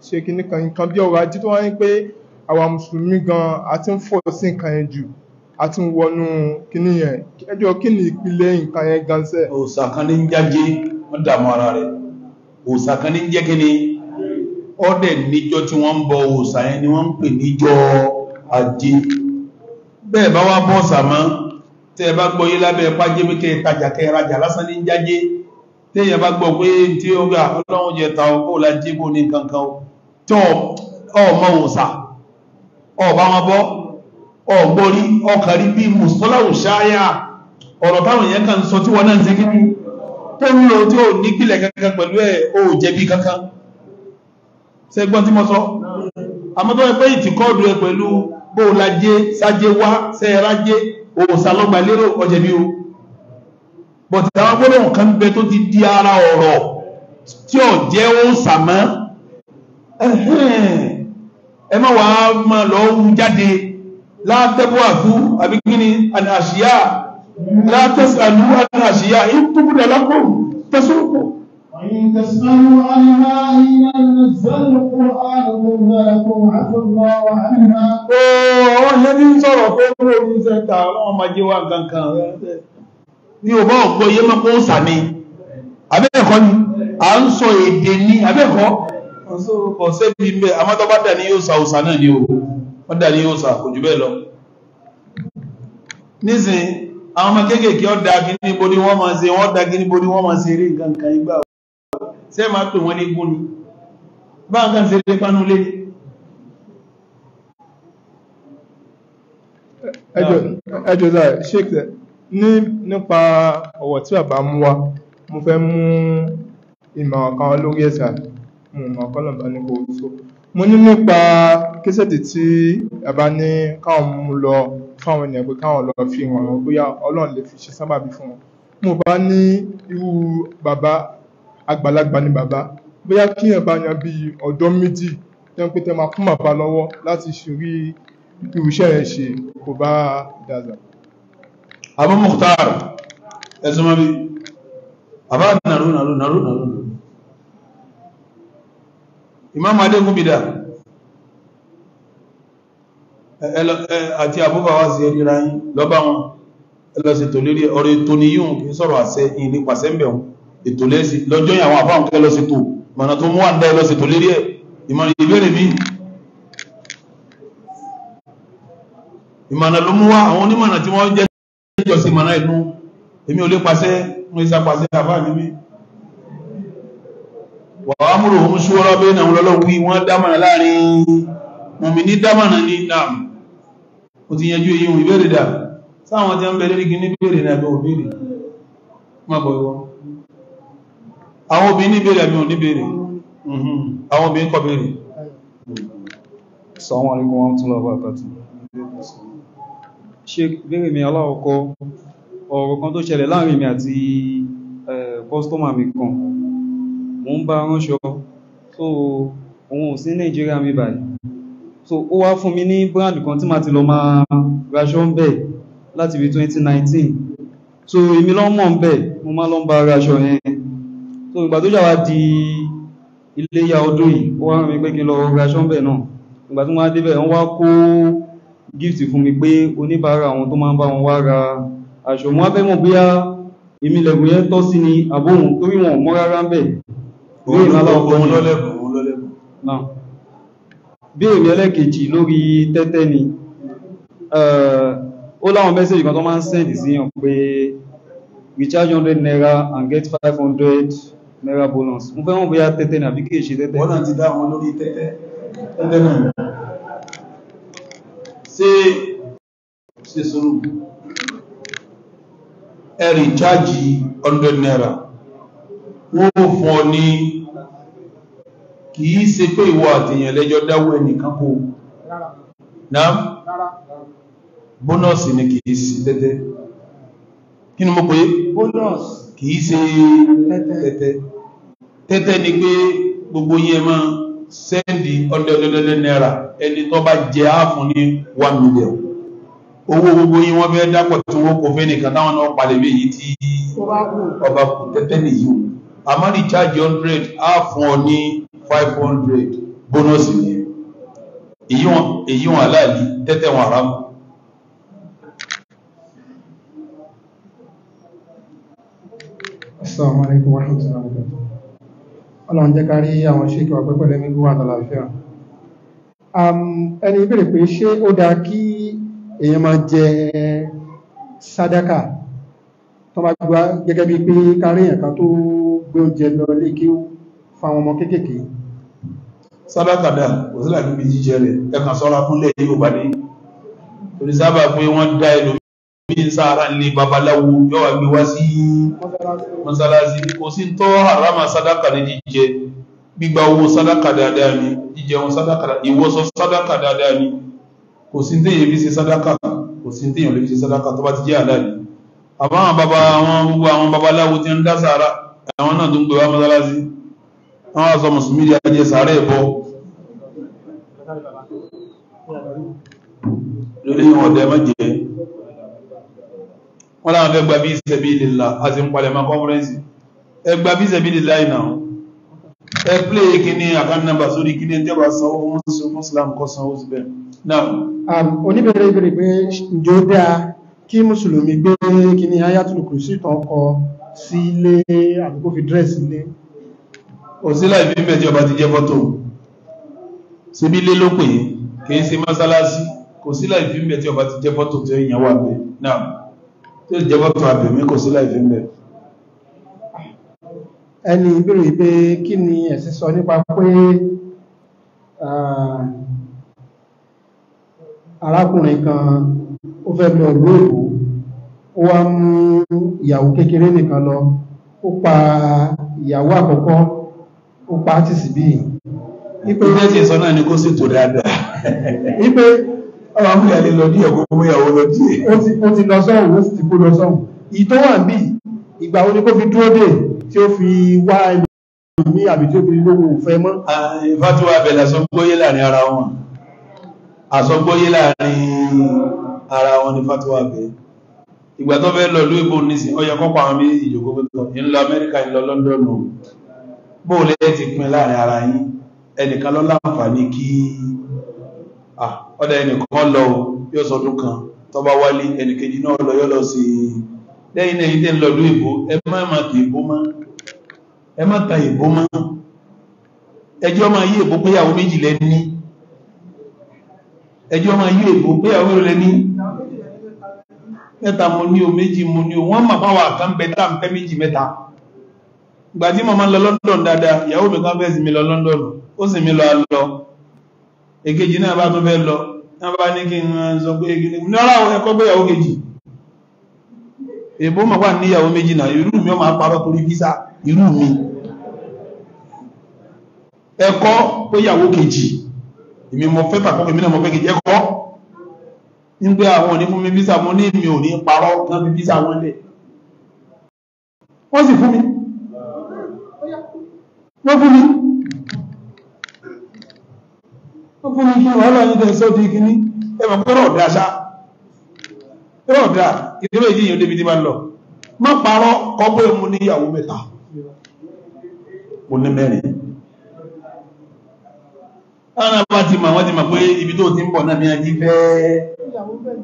ṣe kíní kan nǹkan bí ọrọ̀ ajé tó wá pé àwa mùsùlùmí gan a ń fọ̀ sí nǹkan yẹn jù a ń wọnú kíní yẹn ẹjọ́ kí ni ìpìlẹ̀ nǹkan yẹn gan sẹ́. òòsàn kan ní ń jáde wọ́n dààmú ara rẹ̀ òòsà kan ní jẹ́ kíní ọdẹ níjọ́ tí wọ́n ń bọ òòsà yẹn ni wọ́n ń pè níjọ́ ajé bẹ́ẹ̀ bá wá bọ́ sàmọ́ tẹ́ bá gbọ́ yí lábẹ́ pàjé wíkẹ́ ìtajà kẹrajà lásán ní jájé tẹ́yẹ bá gbọ́ pé tí ó gbà ọlọ́run jẹ ta ọkọ́ lájé bó ní kankan tọ́ ọmọ òsà ọba wọn bọ́ ọgbórí ọkàrí bí mùsọ́láwù ṣáyà ọ̀rọ̀ táwọn èèyàn kan sọ tí wọ́n náà ń ṣe kí tó ń lò tí ó nípìlẹ̀ kankan pẹ̀lú ẹ̀ ó jẹ̀bi kankan sẹ́gbọ́n tí mo sọ àmọ́ tó ẹgbẹ́ ìtìkọ́ọ̀dù ẹ pẹ̀lú bóòlájé sájé wá sẹ́ẹ̀rájé òòsàlọ́gbà lérò ọjẹ̀bí o bọ̀tí àwọn gbọ́nà kan bẹ tó ti di ara ọ̀rọ̀ tí ó jẹ́ ó sàmọ́ ẹ má wàá máa lọ jáde látẹ́bọ̀ àkú àbíkíní àṣìyá لا تسألوا عن أشياء إن تبد لكم تسوكم وإن تسألوا عنها حين نزل القرآن قلنا لكم عفى الله عنها Ọ̀rọ̀ yẹn ní sọ̀rọ̀ pé ó ní sẹ́ta àwọn ọmọ ajé wa kankan rẹ̀. Ní ò bá ọ̀pọ̀ yé máa kó sàmì. Abẹ́ẹ̀kọ́ ni, à ń sọ èdè ní abẹ́ẹ̀kọ́. Kọ̀ sẹ́bi mbẹ́, àmọ́ tó bá dà ní yóò sa o. Wọ́n dà ní yóò sa, kò jù àwọn ọmọ kéékèèké ọ̀dà gíní bo ni wọ́n máa ṣe wọ́n dà gíní bo ni wọ́n máa ṣe eré nǹkan kan igbá ṣe máa pè wọ́n ní gún ni bá nǹkan ṣe lé pánú lé ẹjọ́ sáà sheik ní nípa ọ̀wọ̀ tí bàbá mú wá mo fẹ́ mú ìmọ̀ràn kan lórí ẹ̀sà mo mọ̀ ọ̀kan lọ́nà ní gbogbo mo ní nípa késẹ̀tì tí bàbá ní káwọn mú lọ fáwọn ènìyàn pé káwọn lọ fi hàn wọn bóyá ọlọ́run lè fi ṣe sábàbí fún wọn mo bá ní irú bàbá àgbàlagbà ni bàbá bóyá kíyàn bá yan bíi ọ̀dọ́ méjì tẹ́ ń pé tẹ́ máa fún bàbá lọ́wọ́ láti ṣorí irú iṣẹ́ rẹ̀ ṣe kò bá dàgbà. Abu Mukhtar ẹ̀sùn mọ́ bí àbá nàró nàró nàró nàró Imam Adégúnbidà àti àbúbà wá sí ẹ̀rí ráyín lọ́bá wọn ẹlọ́sì tó lérí ọ̀rọ̀ ètò ni yíò kí sọ̀rọ̀ àṣẹ ìní pàṣẹ mẹ́wọ̀n ètò lẹ́sì lọ́jọ́ ìyàwó àfáà tó ẹlọ́sì tó mọ̀nà tó mú àndá ẹlọ́sì tó ẹ̀ ìmọ̀ràn ìbéèrè mi ìmọ̀nà ló mú náà ní dámọ̀nà o ti yanjú èyí ohun ìbéèrè dà sáwọn tí a ń bẹ lórí gíní béèrè ní abẹ́ òbèrè má bọ̀ ìwọ́n àwọn obìnrin ní béèrè àbí òní béèrè mm-hmm. àwọn obìnrin kọ béèrè sọ́wọ́n aríkún wọn tún lọ́wọ́ àpàtì ṣe béèrè mi aláwọ̀kọ́ ọ̀rọ̀ kan tó ṣẹlẹ̀ eh, bá ránṣọ so òun ò sí Nàìjíríà mi so ó wá fún mi ní brand kan tí màá ti lọ máa raṣọ ń bẹ̀ láti bí 2019 so èmi lọ́ mọ̀ ń bẹ̀ mo máa lọ ń bá yẹn so ìgbà tó ṣàwá di iléyá ọdún yìí ó wá rán mi pé kí n lọ raṣọ ń bẹ̀ náà ìgbà tí wọ́n wá débẹ̀ wọ́n wá kó gift fún mi pé oníbàárà àwọn tó máa ń bá wọn wá ra aṣọ mo wá fẹ́ mọ̀ bóyá èmi lẹ̀bùn yẹn tọ́ sí ni àbóhùn torí wọn mọ́ rárá ń bẹ̀ òun lọ́lẹ́bùn òun lọ́lẹ́bùn béèrè ẹlẹ́kejì lórí tẹ́tẹ́ ni eh, ó láwọn mẹ́sẹ̀jì kan tó máa ń sẹ́ndì sí yàn pé recharge hundred naira and get five hundred naira bonus mo fẹ́ wọ́n bóyá tẹ́tẹ́ ni àbí kìí ṣe tẹ́tẹ́. wọ́n náà ti dá wọn lórí tẹ́tẹ́ tẹ́tẹ́ náà ṣé ṣe sọ́rọ̀ ẹ recharge hundred naira wọ́n fún ní kìí ṣe pé ìwọ àtìyàn lẹ́jọ́ dáwó ẹnìkan kó náà bónọ́sì ni kìí ṣe tẹ́tẹ́ kí ni mo pé bónọ́sì kìí ṣe tẹ́tẹ́ tẹ́tẹ́ ni pé gbogbo yẹn máa sẹ́ndì ọdẹ́ọdẹ́dẹ́ náírà ẹni tó bá jẹ áàfún ní 1 million owó gbogbo yín wọ́n fẹ́ dápọ̀ tí wọ́n kò fẹ́ nìkan táwọn náà palẹ̀ méjì tí ọba kù tẹ́tẹ́ nìyí àmọ́ recharge hundred á fún ọ ní five hundred bónọ́sì ni èyí wọn aláàlí tẹ́tẹ́ wọn àrámù. Assalamu alaikum wa rahmatullahi wa barakatuh. Ọlọ́run jẹ́ kárí àwọn ṣíkì wà pẹ́pẹ́ lẹ́mí gbówà àtàlàáfíà. Ẹni ìbéèrè pé ṣé ó dáa kí èèyàn máa jẹ sádákà tó bá gbá gẹ́gẹ́ bí pé kárí ẹ̀ka tó gbé oúnjẹ lọ lé kí fáwọn ọmọ kéékèèké sábàkàdà òsílà níbi jíjẹ rẹ̀ ẹkàn sọ́ra fúnlẹ̀ yóò bá ní torí sábà pé wọ́n dá ẹlòmí sára ní babaláwo yóò wá gbé wá sí mọ́sálásí kò sí tọ́ àrámà sádákà ní jíjẹ gbígba owó sádákà dáadáa ni jíjẹun sádákà ìwọṣọ sádákà dáadáa ni kò sí téèyàn fi ṣe sádákà kò sí téèyàn lè fi ṣe sádákà tó bá ti jẹ́ àdáni àbáwọn babaláwo ti ń dá sára àwọn náà tó ń gbé wá mọ́sálásí wọ́n wá sọ mùsùlùmí di ajé sàárẹ̀ ẹ̀bọ́ lórí ìwọ̀n ọ̀dẹ́ mẹ́jẹ wọ́n láwọn fẹ́ gbà bí sabilillah àti ń palẹ̀mọ́ kọ́fúrẹ́nsì ẹ gbà bí sabilillah ìnáwó ẹ plé kíní àkáńtì nàmbà sórí kíní ẹ tẹ́wà sanwó mùsùlùmí kọ́ sanwó síbẹ̀ kọ́ sí ilé àbí kó fi dírẹ́sì ilé òsílẹ̀ ìbífẹ́ tí ọba ti jẹ́ fọ́tò síbí lé ló pè é kìí sí mọ́sálásí kò sílẹ̀ ìbífẹ́ tí ọba ti jẹ́ fọ́tò tí èèyàn wà bẹ̀ náà tí ó jẹ́ fọ́tò àbẹ̀mí kò sílẹ̀ ìbífẹ́ ẹni ìbéèrè pé kí ni ẹ̀sìn sọ nípa pé arákùnrin kan ó fẹ́ lọ lóòrùn ó wá mú ìyàwó kékeré nìkan lọ ó pa ìyàwó àkọ́kọ́ ó pa á tìsì bí ipe mẹ́sì sọ náà ni kó sì tó dáadáa ipe ọmọ amúlẹ̀ lè lọ ní ẹ̀kọ́ mú ìyàwó lọ díẹ̀ ó ti lọ sọ́hùn ó sì ti kó lọ sọ́hùn ìtọ́wà bíi ìgbà wo ni kó fi dúró dè tí ó fi wá ẹni ní àbí tí ó fi lóhun òfẹ́ mọ́. ara wọn ni fàtíwà bẹ̀rẹ̀ ìgbà tó fẹ́ lọ lóìbò nísìn ọyọ kọ́pọ̀ àwọn méjì ìjòkó pẹ́tọ̀ ìlọ amẹ́ríkà ìlọ lọ́ndọ̀nù bóòlẹ́ ti pín láàrin ara yín ẹnìkan lọ láǹfààní kí ọdẹ ẹnìkan lọ yóò sọdún kan tó bá wálé ẹnìkejì náà lọ yóò lọ sí lẹ́yìn èyí tẹ́ lọ mẹ́ta mo ní o méjì mo ní o wọ́n mà báwa kan bẹ tá à ń fẹ́ méjì mẹ́ta ìgbà tí máa lọ London dada, ìyàwó mi kan fẹ́ sì mi lọ London ó sì lọ alọ èkejì náà bá tún fẹ́ lọ náà bá ní kí n sọ pé ní ọ̀rọ̀ àwọn ẹ̀kọ́ gbé kejì èbó màá wà mkpa méjì náà irú mi ó máa torí irú mi ẹ̀kọ́ ń gbé àwọn òní fún mi visa mo ní mi ò ní parọ́ náà fi visa wọn lè wọ́n sì fún mi wọ́n fún mi wọ́n fún mi kí wọ́n lọ nílẹ̀ sọ́ di kìíní ẹmọ̀ pé rọ̀dá ṣá rọ̀dá ìdíbẹ̀ ìdíyàn olè bìdí máa lọ má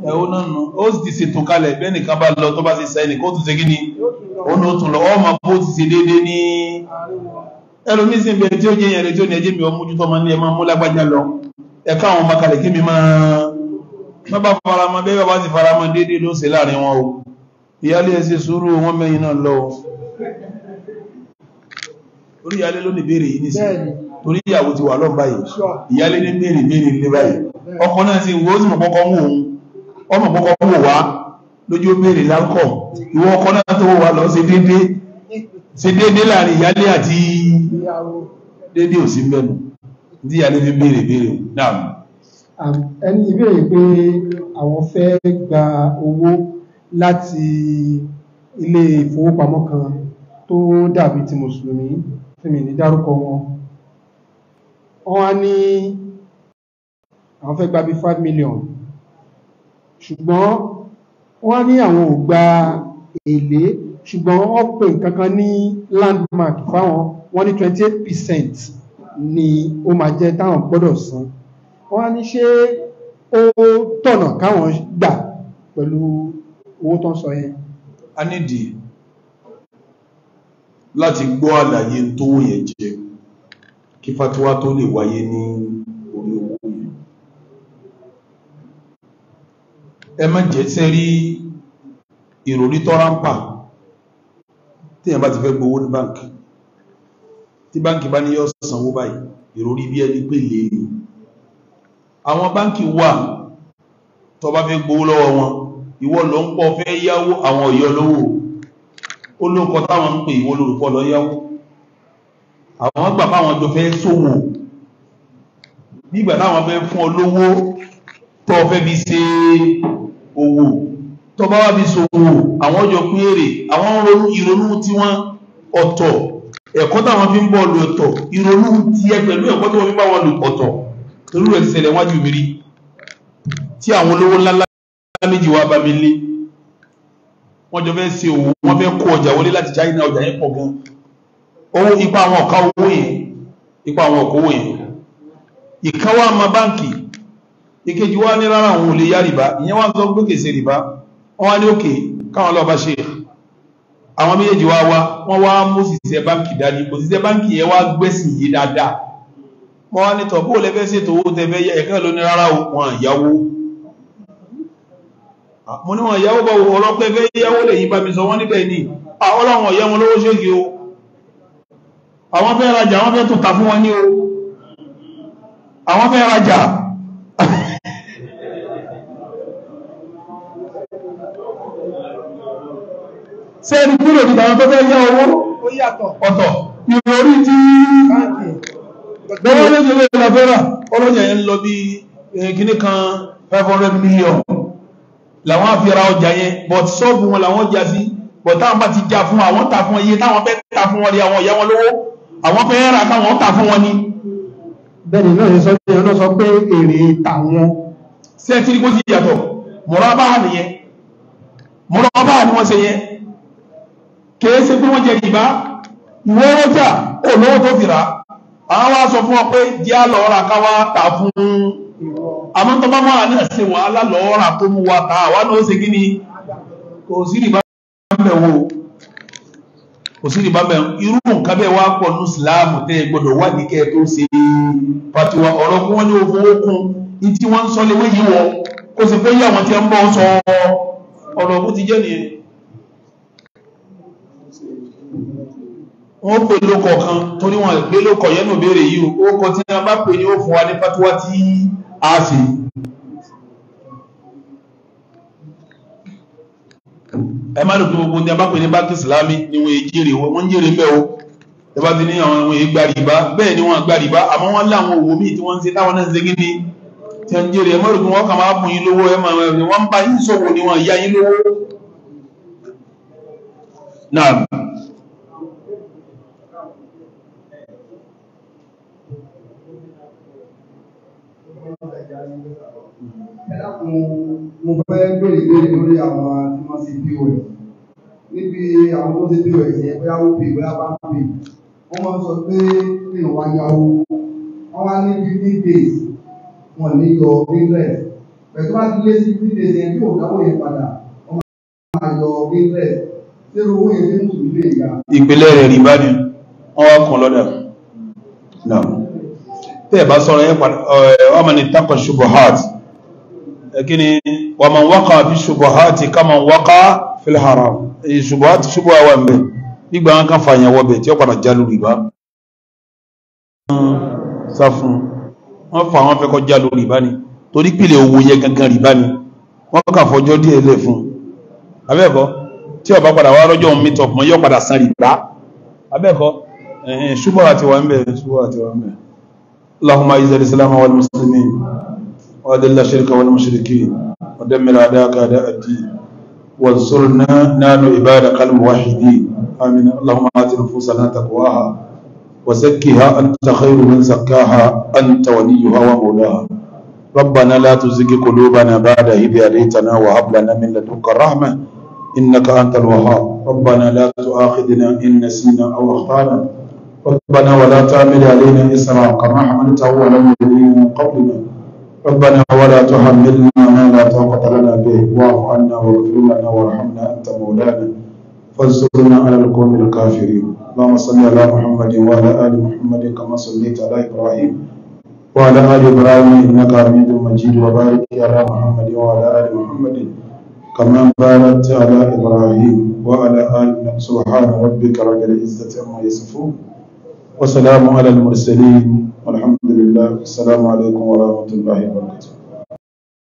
ẹ̀hún náà nù ó sì ti ṣètò kalẹ̀ bẹ́ẹ̀ nìkan bá lọ tó bá ti sẹ́yìn kó tún ṣe kí ni ó ní ó tún lọ ọ́ máa bó ti ṣe déédéé ní ẹlòmíì sì ń bẹ tí ó jẹ́ yẹn rẹ̀ tí ó ní ẹjẹ́ mi ọmú ojú tọ́mọ ní ẹ máa mú lágbájá lọ ẹ̀ka àwọn ọmọ kalẹ̀ kí mi máa má bá faramọ́ bẹ́ẹ̀ bá ti o ìyálé ẹ ṣe sùúrù wọn mẹ́yìn náà lọ orí ìyálé ló ní béèrè yìí nísìnyí torí ìyàwó ti wà lọ́ọ̀ báyìí ìyálé ní béèrè béèrè ní báyìí ọkọ̀ náà ti wo sí mọ̀pọ̀kọ́ ń wò ó ọmọ pọ̀kọ́ ń wò wá lójú béèrè láńkọ̀ ìwọ ọkọ̀ náà tó wò wá lọ ṣe déédé ṣe déédé láàrin ìyálé àti déédé ò sí mẹ́nu tí ìyálé fi béèrè béèrè náà. ẹni ìbéèrè pé àwọn fẹ́ gba owó láti ilé ìfowópamọ́ kan tó dàbí ti mùsùlùmí fún mi ní dárúkọ wọn wọn á ní àwọn fẹ́ gba bí 5 million ṣùgbọ́n wọ́n ní àwọn ò gba èlé ṣùgbọ́n wọ́n pè kankan ní landmark fáwọn wọ́n ní 28 percent ni ó máa jẹ́ táwọn gbọ́dọ̀ san wọ́n ní ṣé ó tọ̀nà káwọn gbà pẹ̀lú owó tó ń sọ yẹn. a nídìí láti gbọ́ àlàyé tó yẹ jẹ kí fatiwa tó lè wáyé ní. Ni ẹ má jẹ́ sẹ́rí ìròrí tọ́rámpà tí èyàn bá ti fẹ́ gbowó ní báǹkì tí báǹkì bá ní yọ́ sanwó báyìí ìròrí bí ẹni pè lè ní àwọn báǹkì wà tó bá fẹ́ gbowó lọ́wọ́ wọn ìwọ lọ ń pọ̀ fẹ́ yáwó àwọn ọ̀yọ́ lówó ó lóko táwọn ń pè ìwọ lórúkọ lọ yáwó àwọn gbà báwọn jọ fẹ́ ṣòwò nígbà táwọn fẹ́ fún ọ lówó tó fẹ́ fi ṣe owó tó bá wá bí sòwò àwọn ọjọ́ pín èrè àwọn ìrònú tí wọ́n ọ̀tọ̀ ẹ̀kọ́ táwọn fi ń bọ́ lu ọ̀tọ̀ ìrònú ti ẹ pẹ̀lú ẹ̀kọ́ tí wọ́n fi bá wọn lu ọ̀tọ̀ torí rẹ̀ ṣẹlẹ̀ wájú mi rí tí àwọn olówó ńláńlá méjì wá bá mi lé wọ́n jọ fẹ́ ṣe òwò wọ́n fẹ́ kó ọjà wọlé láti China ọjà yẹn pọ̀ gan owó ipa àwọn ọ̀ka owó yẹn ipa àwọn ọ̀kọ́ owó yẹn ìkáwá ma báǹkì ìkejì wá ní rárá òun lè yá rìbá ìyẹn wá ń sọ gbókè sí rìbá wọ́n wá ní òkè káwọn lọ́ọ́ bá ṣe àwọn méjèèjì wá wá wọ́n wá mú òṣìṣẹ́ báńkì dání òṣìṣẹ́ báńkì yẹn wá gbẹ́sìn yìí dáadáa wọ́n wá ní tọ̀ bó lẹ́fẹ́ ṣètò owó tẹ́fẹ́ yẹ ẹ̀kẹ́ ló ní rárá wọn ìyàwó mo ní wọn ìyàwó bá ọlọ́pẹ́ fẹ́ yẹ́wó lè yí bá sọ wọ́n níbẹ̀ ní ọlọ́wọ̀n ìyá wọn lówó ṣégi o àwọn fẹ́ rajà àwọn fẹ́ tòta fún wọn ní o àwọn fẹ́ rajà ṣé ẹni kúrò ní àwọn tó fẹ́ yá owó ọ̀tọ̀ ìròrí tí gbọ́wọ́ lójú lè lọ fẹ́rà ọlọ́yẹ̀ ń lọ bí gíní kan 500 million làwọn àfihàn ọjà yẹn but ṣọ́ọ̀bù wọn làwọn ọjà sí but táwọn bá ti já fún àwọn tà fún iye táwọn fẹ́ tà fún wọn rí àwọn ìyá wọn lówó àwọn fẹ́ rà táwọn tà fún wọn ni. bẹ́ẹ̀ni náà ṣe sọ pé ọlọ sọ pé èrè tàwọn. ṣé kó sì yàtọ̀ mọ̀rọ̀ bá wà nìyẹn mọ̀rọ̀ bá wà wọ́n ṣe yẹn kìí ṣe pé wọ́n jẹ rìbá ìwọ owó tà olówó tó fìrà àwọn wá sọ fún ọ pé jẹ́ àlọ́ọ̀rà káwá tà fún àmọ́ tó bá máa náà ṣe wàhálà lọ́ọ̀rà tó mú wa tà wá náà ó ṣe kí ni kò sí rìbá bẹ̀ wò kò sí rìbá bẹ̀ irú nǹkan bẹ́ẹ̀ wá pọ̀ ní ìsìláàmù tẹ́ ẹ gbọ́dọ̀ wádìí kẹ́ ẹ tó ṣe pàtiwà ọ̀rọ̀ kí wọ́n ní owó okun ní tí sọ wọ́n pè lókọ̀ kan tó ní wọ́n gbé lókọ̀ yẹn nù béèrè yìí ó kọ tí a bá pè ní ó fún wa ní fatuwa tí a sì ẹ má lò gbogbo ní a bá pè ní báńkì ìsìlámì ni wọ́n jèrè wọ́n jèrè mẹ́ o ẹ bá ti ní àwọn ohun ìgbàrìbá bẹ́ẹ̀ ni wọ́n gbàrìbá àmọ́ wọ́n láwọn òwò míì tí wọ́n ń ṣe táwọn náà ń ṣe kí ni tí wọ́n jèrè ẹ má lò pé wọ́n kà máa bùn yín lówó ẹ máa wọ́n Mo fẹ́ bèèrè ìbéèrè lórí àwọn tí wọ́n ṣe POS. Níbi àwọn tó ṣe POS yẹn, bóyá ó pè, bóyá bá ń pè. Wọ́n máa ń sọ pé kí èèyàn wá yá owó. Wọ́n wá ní fifteen days, wọ́n ní yọ interest. Pẹ̀lú bá ti lé sí fifteen days yẹn tí ò dáwọ́ yẹn padà, wọ́n máa yọ interest. Ṣé owó yẹn ti ń tù ilé ìyá? Ìpínlẹ̀ rẹ̀ rí bá ní, wọ́n wá kàn lọ́dà. Nàá tẹ́ bá sọ́rọ̀ yẹn wa man ittaqa shubuhat ẹkíni wa man waqa fi shubuhat kaman waqa fil haram shubuhat shubuha wà mẹ́ gbígbà wọn kan fàyàn wọbẹ̀ tí ó padà jálù rìbá sáfún wọ́n fà wọ́n fẹ́ kọ́ jálù rìbá ni torí pìlẹ̀ owó yẹ gangan rìbá ni wọ́n kà fọjọ́ díẹ̀ lẹ̀ fún abẹ́ẹ̀kọ́ tí ó padà wá rọ́jọ́ òun mítọ̀ mọ́ yọ padà san rìbá abẹ́ẹ̀kọ́ ṣùgbọ́n àti wà ń bẹ̀ àti wà ń اللهم اعز الاسلام والمسلمين واذل الشرك والمشركين ودمر اعداءك اعداء الدين وانصرنا نال عبادك الموحدين امين اللهم ات نفوسنا تقواها وزكها انت خير من زكاها انت وليها ومولاها ربنا لا تزغ قلوبنا بعد إذ هديتنا وهب لنا من لدنك الرحمه انك انت الوهاب ربنا لا تؤاخذنا ان نسينا او اخطانا ربنا ولا تعمل علينا إسرا كما حملته على الذين من قبلنا ربنا ولا تحملنا ما لا طاقة لنا به واعف عنا واغفر لنا وارحمنا أنت مولانا فانصرنا على القوم الكافرين اللهم صل على محمد وعلى آل محمد كما صليت على إبراهيم وعلى آل إبراهيم إنك حميد مجيد وبارك على محمد وعلى آل محمد كما باركت على إبراهيم وعلى آل سبحان ربك رب العزة عما يصفون وسلام على المرسلين والحمد لله السلام عليكم ورحمة الله وبركاته